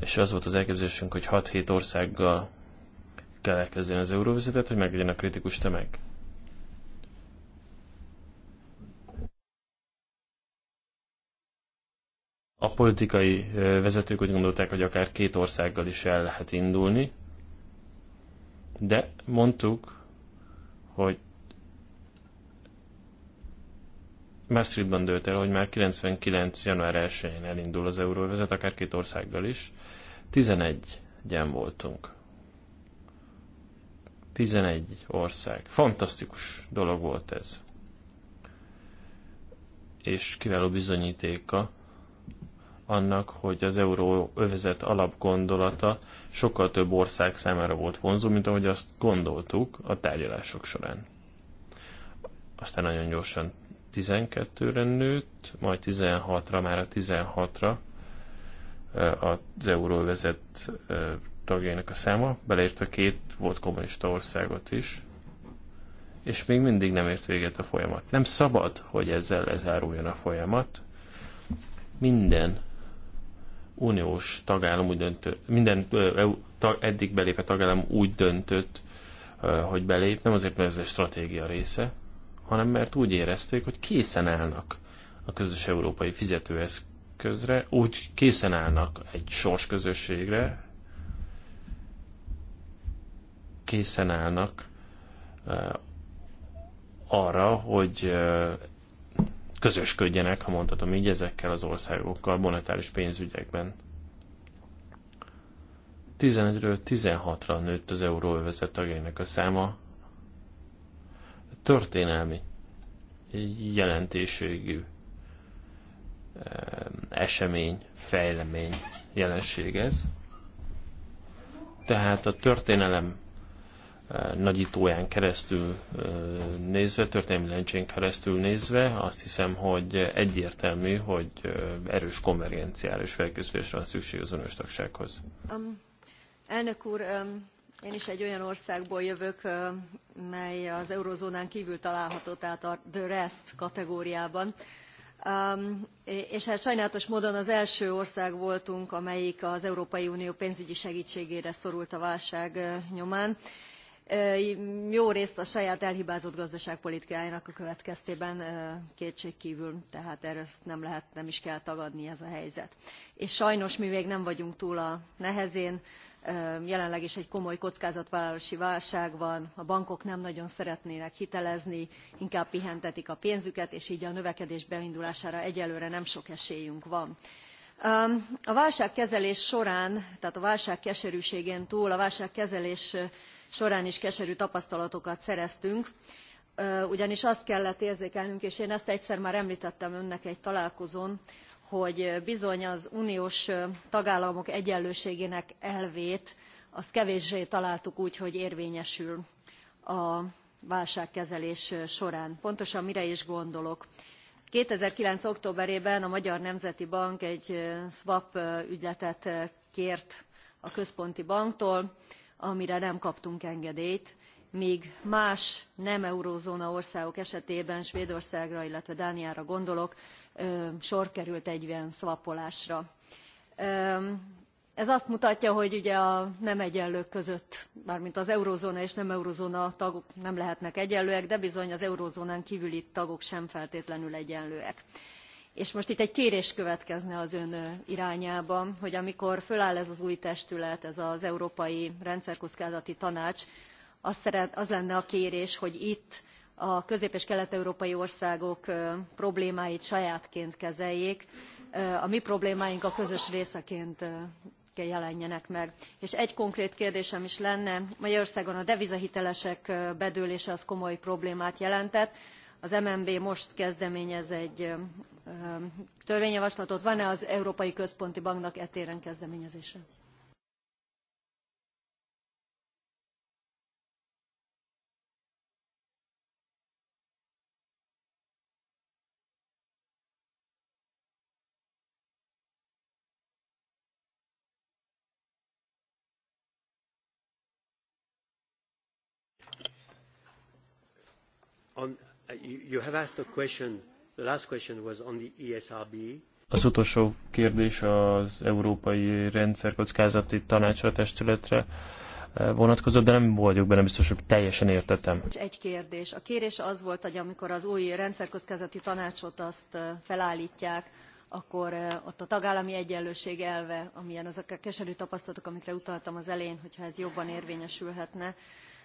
és az volt az elképzelésünk, hogy 6-7 országgal kell elkezdeni az euróvezetet, hogy meglegyen a kritikus tömeg. A politikai vezetők úgy gondolták, hogy akár két országgal is el lehet indulni, de mondtuk, hogy Maastrichtban dőlt el, hogy már 99. január 1-én elindul az euróvezet, akár két országgal is. 11 gyen voltunk. 11 ország. Fantasztikus dolog volt ez. És kiváló bizonyítéka annak, hogy az euró övezet alapgondolata sokkal több ország számára volt vonzó, mint ahogy azt gondoltuk a tárgyalások során. Aztán nagyon gyorsan 12-re nőtt, majd 16-ra, már a 16-ra az euróvezet tagjainak a száma, beleértve két volt kommunista országot is, és még mindig nem ért véget a folyamat. Nem szabad, hogy ezzel lezáruljon a folyamat. Minden uniós tagállam úgy döntött, minden EU, eddig belépve tagállam úgy döntött, hogy belép, nem azért, mert ez egy stratégia része, hanem mert úgy érezték, hogy készen állnak a közös európai fizetőeszköz közre, úgy készen állnak egy közösségre, készen állnak eh, arra, hogy eh, közösködjenek, ha mondhatom így, ezekkel az országokkal monetáris pénzügyekben. 11-ről 16-ra nőtt az euróövezet tagjainak a száma. Történelmi jelentőségű esemény, fejlemény jelenség ez. Tehát a történelem nagyítóján keresztül nézve, történelmi lencsén keresztül nézve, azt hiszem, hogy egyértelmű, hogy erős konvergenciára és felkészülésre van szükség az önös tagsághoz. Um, elnök úr, um, én is egy olyan országból jövök, um, mely az eurozónán kívül található, tehát a the rest kategóriában és hát sajnálatos módon az első ország voltunk, amelyik az Európai Unió pénzügyi segítségére szorult a válság nyomán jórészt a saját elhibázott gazdaságpolitikájának a következtében kétségkívül, tehát erről ezt nem lehet, nem is kell tagadni ez a helyzet. És sajnos mi még nem vagyunk túl a nehezén, jelenleg is egy komoly kockázatvállalási válság van a bankok nem nagyon szeretnének hitelezni inkább pihentetik a pénzüket és gy a növekedés beindulására egyelőre nem sok esélyünk van. a válságkezelés során tehát a válság keserűségén túl a válságkezelés során is keserű tapasztalatokat szereztünk ugyanis azt kellett érzékelnünk és én ezt egyszer már emltettem önnek egy találkozón hogy bizony az uniós tagállamok egyenlőségének elvét azt kevéssé találtuk úgy hogy érvényesül a válságkezelés során. pontosan mire is gondolok? two thousand and nine októberében a magyar nemzeti bank egy swap ügyletet kért a központi banktól amire nem kaptunk engedélyt mg más nem eurózóna országok esetében svédországra illetve dániára gondolok sor került egy ilyen szvapolásra. Ez azt mutatja, hogy ugye a nem egyenlők között, mármint az eurozóna és nem eurozóna tagok nem lehetnek egyenlőek, de bizony az eurozónán kívüli tagok sem feltétlenül egyenlőek. És most itt egy kérés következne az ön irányába, hogy amikor föláll ez az új testület, ez az Európai Rendszerkockázati Tanács, az, szeret, az lenne a kérés, hogy itt a közép és kelet európai országok problémáit sajátként kezeljék a mi problémáink a közös részeként jelenjenek meg. és egy konkrét kérdésem is lenne magyarországon a devizahitelesek bedőlése az komoly problémát jelentett az mnb most kezdeményez egy törvényjavaslatot van e az európai központi banknak e téren kezdeményezése? On, uh, you, have asked a question, the last question was on the ESRB. Az utolsó kérdés az Európai Rendszerkockázati Tanácsra Testületre uh, vonatkozott, de nem vagyok benne biztos, hogy teljesen értettem. Egy kérdés. A kérés az volt, hogy amikor az új rendszerkockázati tanácsot azt uh, felállítják, akkor ott a tagállami egyenlőség elve, amilyen azok a keserű tapasztalatok, amikre utaltam az elején, hogyha ez jobban érvényesülhetne,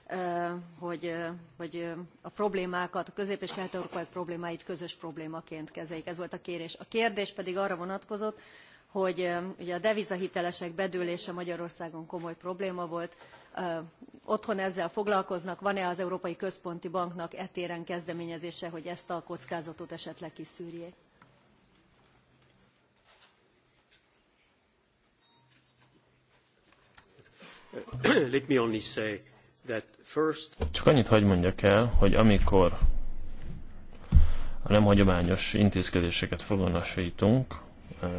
Eh, hogy, eh, eh, a problémákat, a közép- és kelet-európai problémáit közös problémaként kezeljük Ez volt a kérés. A kérdés pedig arra vonatkozott, hogy ugye a devizahitelesek bedőlése Magyarországon komoly probléma volt. Otthon ezzel foglalkoznak, van-e az Európai Központi Banknak etéren kezdeményezése, hogy ezt a kockázatot esetleg kiszűrjék? Let me only say that csak annyit hagy mondjak el, hogy amikor a nem hagyományos intézkedéseket foganasítunk eh,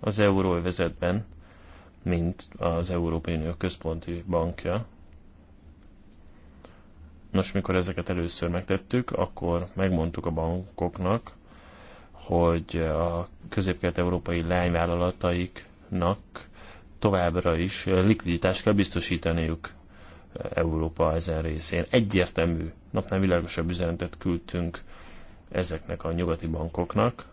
az euróvezetben, mint az Európai Unió Központi Bankja, Nos, mikor ezeket először megtettük, akkor megmondtuk a bankoknak, hogy a közép-kelet-európai lányvállalataiknak továbbra is likviditást kell biztosítaniuk. Európa ezen részén. Egyértelmű, napnál világosabb üzenetet küldtünk ezeknek a nyugati bankoknak.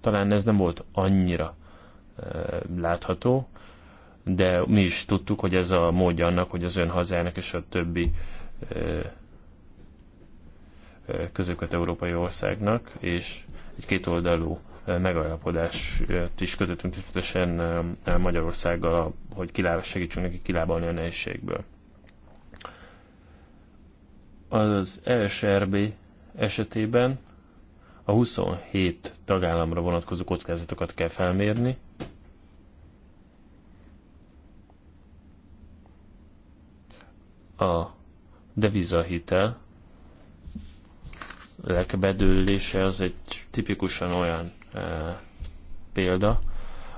Talán ez nem volt annyira e, látható, de mi is tudtuk, hogy ez a módja annak, hogy az ön hazának és a többi e, e, közöket európai országnak, és egy kétoldalú megalapodást is kötöttünk természetesen eh, Magyarországgal, hogy kilába, segítsünk neki kilábalni a nehézségből. Az ESRB esetében a 27 tagállamra vonatkozó kockázatokat kell felmérni, a devizahitel lekbedőlése az egy tipikusan olyan példa,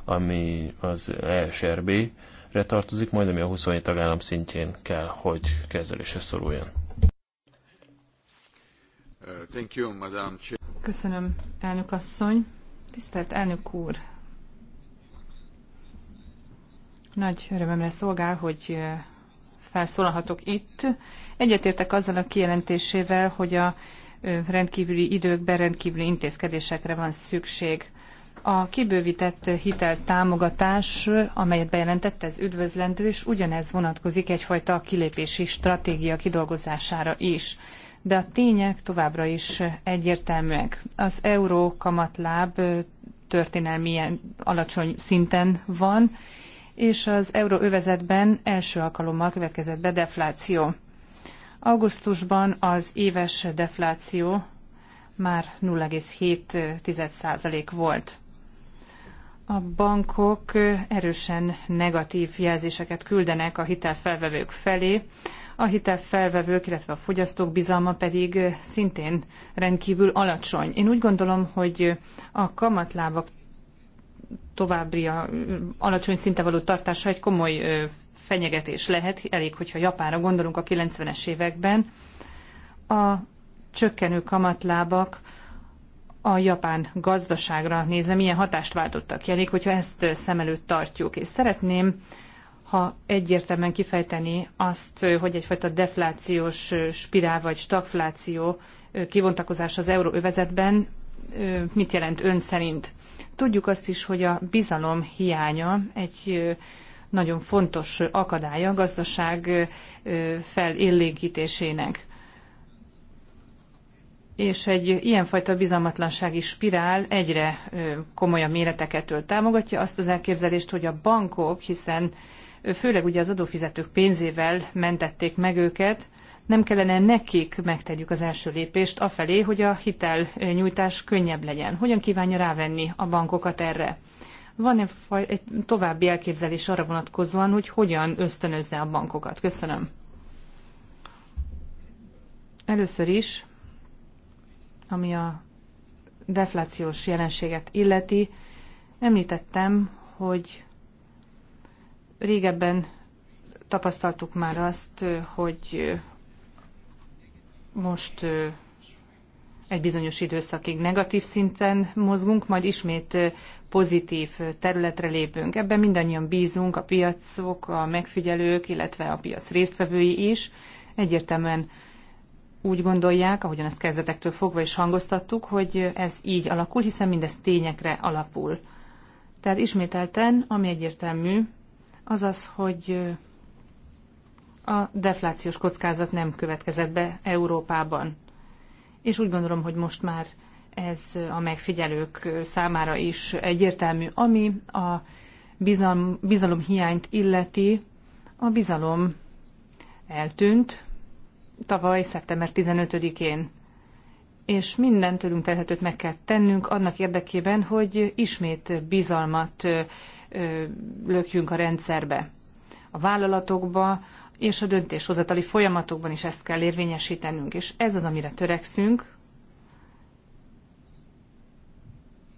ami az ESRB-re tartozik, majd ami a 27 tagállam szintjén kell, hogy kezelésre szoruljon. Thank you, Madam Köszönöm, elnök asszony. Tisztelt elnök úr! Nagy örömömre szolgál, hogy felszólalhatok itt. Egyetértek azzal a kijelentésével, hogy a rendkívüli időkben rendkívüli intézkedésekre van szükség. A kibővített hiteltámogatás, amelyet bejelentett, ez üdvözlendő, és ugyanez vonatkozik egyfajta kilépési stratégia kidolgozására is. De a tények továbbra is egyértelműek. Az euró kamatláb történelmi alacsony szinten van, és az euróövezetben első alkalommal következett be defláció. Augusztusban az éves defláció már 0,7% volt. A bankok erősen negatív jelzéseket küldenek a hitelfelvevők felé, a hitelfelvevők, illetve a fogyasztók bizalma pedig szintén rendkívül alacsony. Én úgy gondolom, hogy a kamatlábak további a alacsony szinte való tartása egy komoly fenyegetés lehet, elég, hogyha Japánra gondolunk a 90-es években. A csökkenő kamatlábak a japán gazdaságra nézve milyen hatást váltottak ki, elég, hogyha ezt szem előtt tartjuk. És szeretném, ha egyértelműen kifejteni azt, hogy egyfajta deflációs spirál vagy stagfláció kivontakozás az euróövezetben mit jelent ön szerint. Tudjuk azt is, hogy a bizalom hiánya egy nagyon fontos akadálya a gazdaság felélénkítésének. És egy ilyenfajta bizalmatlansági spirál egyre komolyabb méreteket Támogatja azt az elképzelést, hogy a bankok, hiszen főleg ugye az adófizetők pénzével mentették meg őket, nem kellene nekik megtegyük az első lépést afelé, hogy a hitelnyújtás könnyebb legyen. Hogyan kívánja rávenni a bankokat erre? Van-e egy további elképzelés arra vonatkozóan, hogy hogyan ösztönözze a bankokat? Köszönöm. Először is, ami a deflációs jelenséget illeti, említettem, hogy régebben tapasztaltuk már azt, hogy most egy bizonyos időszakig negatív szinten mozgunk, majd ismét pozitív területre lépünk. Ebben mindannyian bízunk, a piacok, a megfigyelők, illetve a piac résztvevői is. Egyértelműen úgy gondolják, ahogyan ezt kezdetektől fogva is hangoztattuk, hogy ez így alakul, hiszen mindez tényekre alapul. Tehát ismételten, ami egyértelmű, az az, hogy a deflációs kockázat nem következett be Európában és úgy gondolom, hogy most már ez a megfigyelők számára is egyértelmű. Ami a bizalom, bizalom hiányt illeti, a bizalom eltűnt tavaly szeptember 15-én, és minden tőlünk telhetőt meg kell tennünk annak érdekében, hogy ismét bizalmat lökjünk a rendszerbe, a vállalatokba, és a döntéshozatali folyamatokban is ezt kell érvényesítenünk, és ez az, amire törekszünk.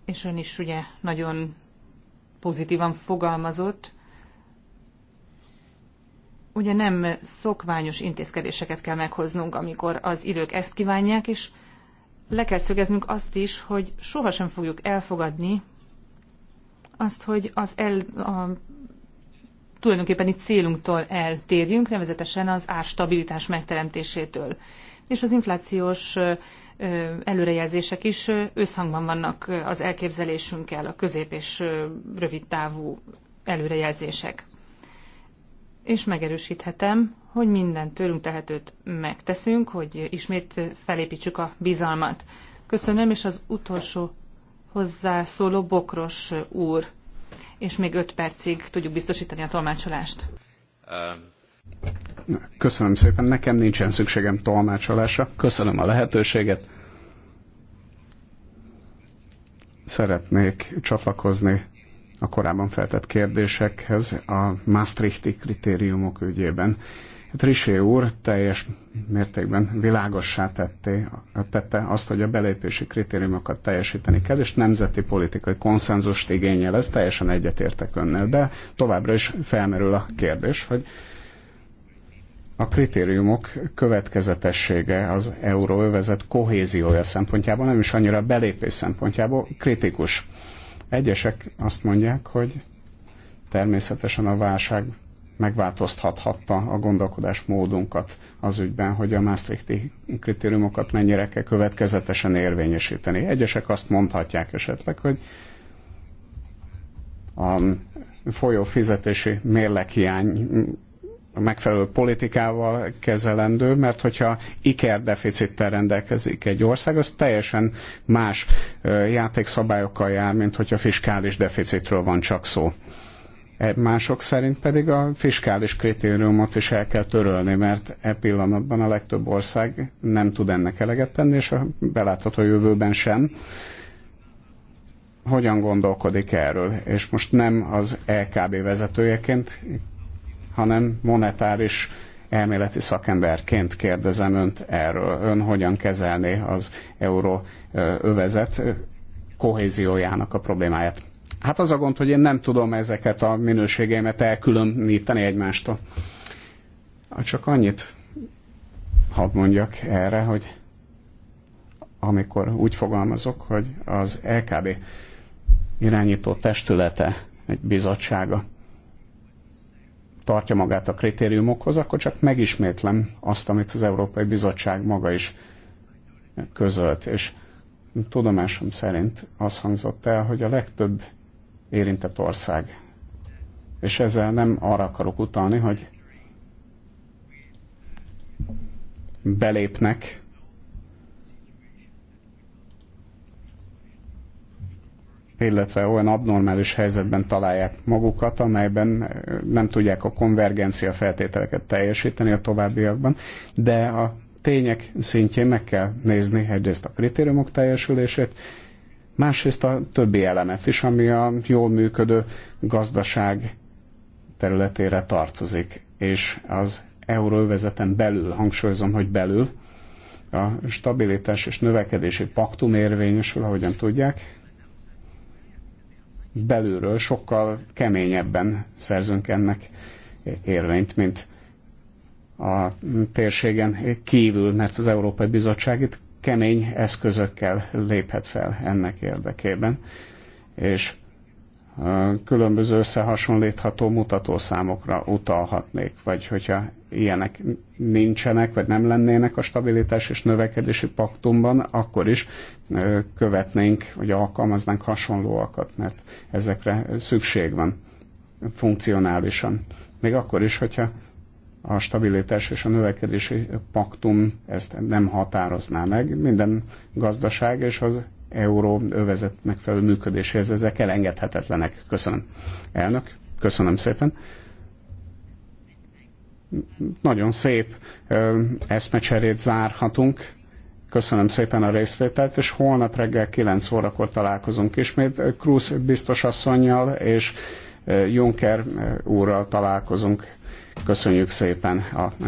És ön is ugye nagyon pozitívan fogalmazott, ugye nem szokványos intézkedéseket kell meghoznunk, amikor az idők ezt kívánják, és le kell szögeznünk azt is, hogy sohasem fogjuk elfogadni azt, hogy az el, a tulajdonképpeni célunktól eltérjünk, nevezetesen az árstabilitás megteremtésétől. És az inflációs előrejelzések is összhangban vannak az elképzelésünkkel, a közép és rövid távú előrejelzések. És megerősíthetem, hogy minden tőlünk tehetőt megteszünk, hogy ismét felépítsük a bizalmat. Köszönöm, és az utolsó hozzászóló Bokros úr és még 5 percig tudjuk biztosítani a tolmácsolást. Köszönöm szépen, nekem nincsen szükségem tolmácsolásra. Köszönöm a lehetőséget. Szeretnék csatlakozni a korábban feltett kérdésekhez a Maastrichti kritériumok ügyében. Trisé úr teljes mértékben világossá tette, tette azt, hogy a belépési kritériumokat teljesíteni kell, és nemzeti politikai konszenzust igényel, ez teljesen egyetértek önnel, de továbbra is felmerül a kérdés, hogy a kritériumok következetessége az euróövezet kohéziója szempontjából, nem is annyira a belépés szempontjából kritikus. Egyesek azt mondják, hogy természetesen a válság megváltoztathatta a gondolkodásmódunkat az ügyben, hogy a Maastrichti kritériumokat mennyire kell következetesen érvényesíteni. Egyesek azt mondhatják esetleg, hogy a folyó fizetési mérlekhiány a megfelelő politikával kezelendő, mert hogyha ikerdeficittel rendelkezik egy ország, az teljesen más játékszabályokkal jár, mint hogyha fiskális deficitről van csak szó. E, mások szerint pedig a fiskális kritériumot is el kell törölni, mert e pillanatban a legtöbb ország nem tud ennek eleget tenni, és a belátható jövőben sem. Hogyan gondolkodik erről? És most nem az LKB e vezetőjeként, hanem monetáris elméleti szakemberként kérdezem önt erről. Ön hogyan kezelné az euró övezet kohéziójának a problémáját? Hát az a gond, hogy én nem tudom ezeket a minőségeimet elkülöníteni egymástól. Csak annyit hadd mondjak erre, hogy amikor úgy fogalmazok, hogy az LKB irányító testülete, egy bizottsága tartja magát a kritériumokhoz, akkor csak megismétlem azt, amit az Európai Bizottság maga is közölt, és tudomásom szerint az hangzott el, hogy a legtöbb érintett ország. És ezzel nem arra akarok utalni, hogy belépnek illetve olyan abnormális helyzetben találják magukat, amelyben eh, nem tudják a konvergencia feltételeket teljesíteni a továbbiakban, de a tények szintjén meg kell nézni egyrészt a kritériumok teljesülését, Másrészt a többi elemet is, ami a jól működő gazdaság területére tartozik, és az euróvezeten belül, hangsúlyozom, hogy belül, a stabilitás és növekedési paktum érvényesül, ahogyan tudják, belülről sokkal keményebben szerzünk ennek érvényt, mint a térségen kívül, mert az Európai Bizottság itt kemény eszközökkel léphet fel ennek érdekében, és különböző összehasonlítható mutatószámokra utalhatnék, vagy hogyha ilyenek nincsenek, vagy nem lennének a stabilitás és növekedési paktumban, akkor is követnénk, vagy alkalmaznánk hasonlóakat, mert ezekre szükség van funkcionálisan. Még akkor is, hogyha a stabilitás és a növekedési paktum ezt nem határozná meg. Minden gazdaság és az euró övezet megfelelő működéséhez ezek elengedhetetlenek. Köszönöm. Elnök, köszönöm szépen. Nagyon szép eszmecserét zárhatunk. Köszönöm szépen a részvételt, és holnap reggel 9 órakor találkozunk ismét. biztos biztosasszonynal és Juncker úrral találkozunk. Köszönjük szépen a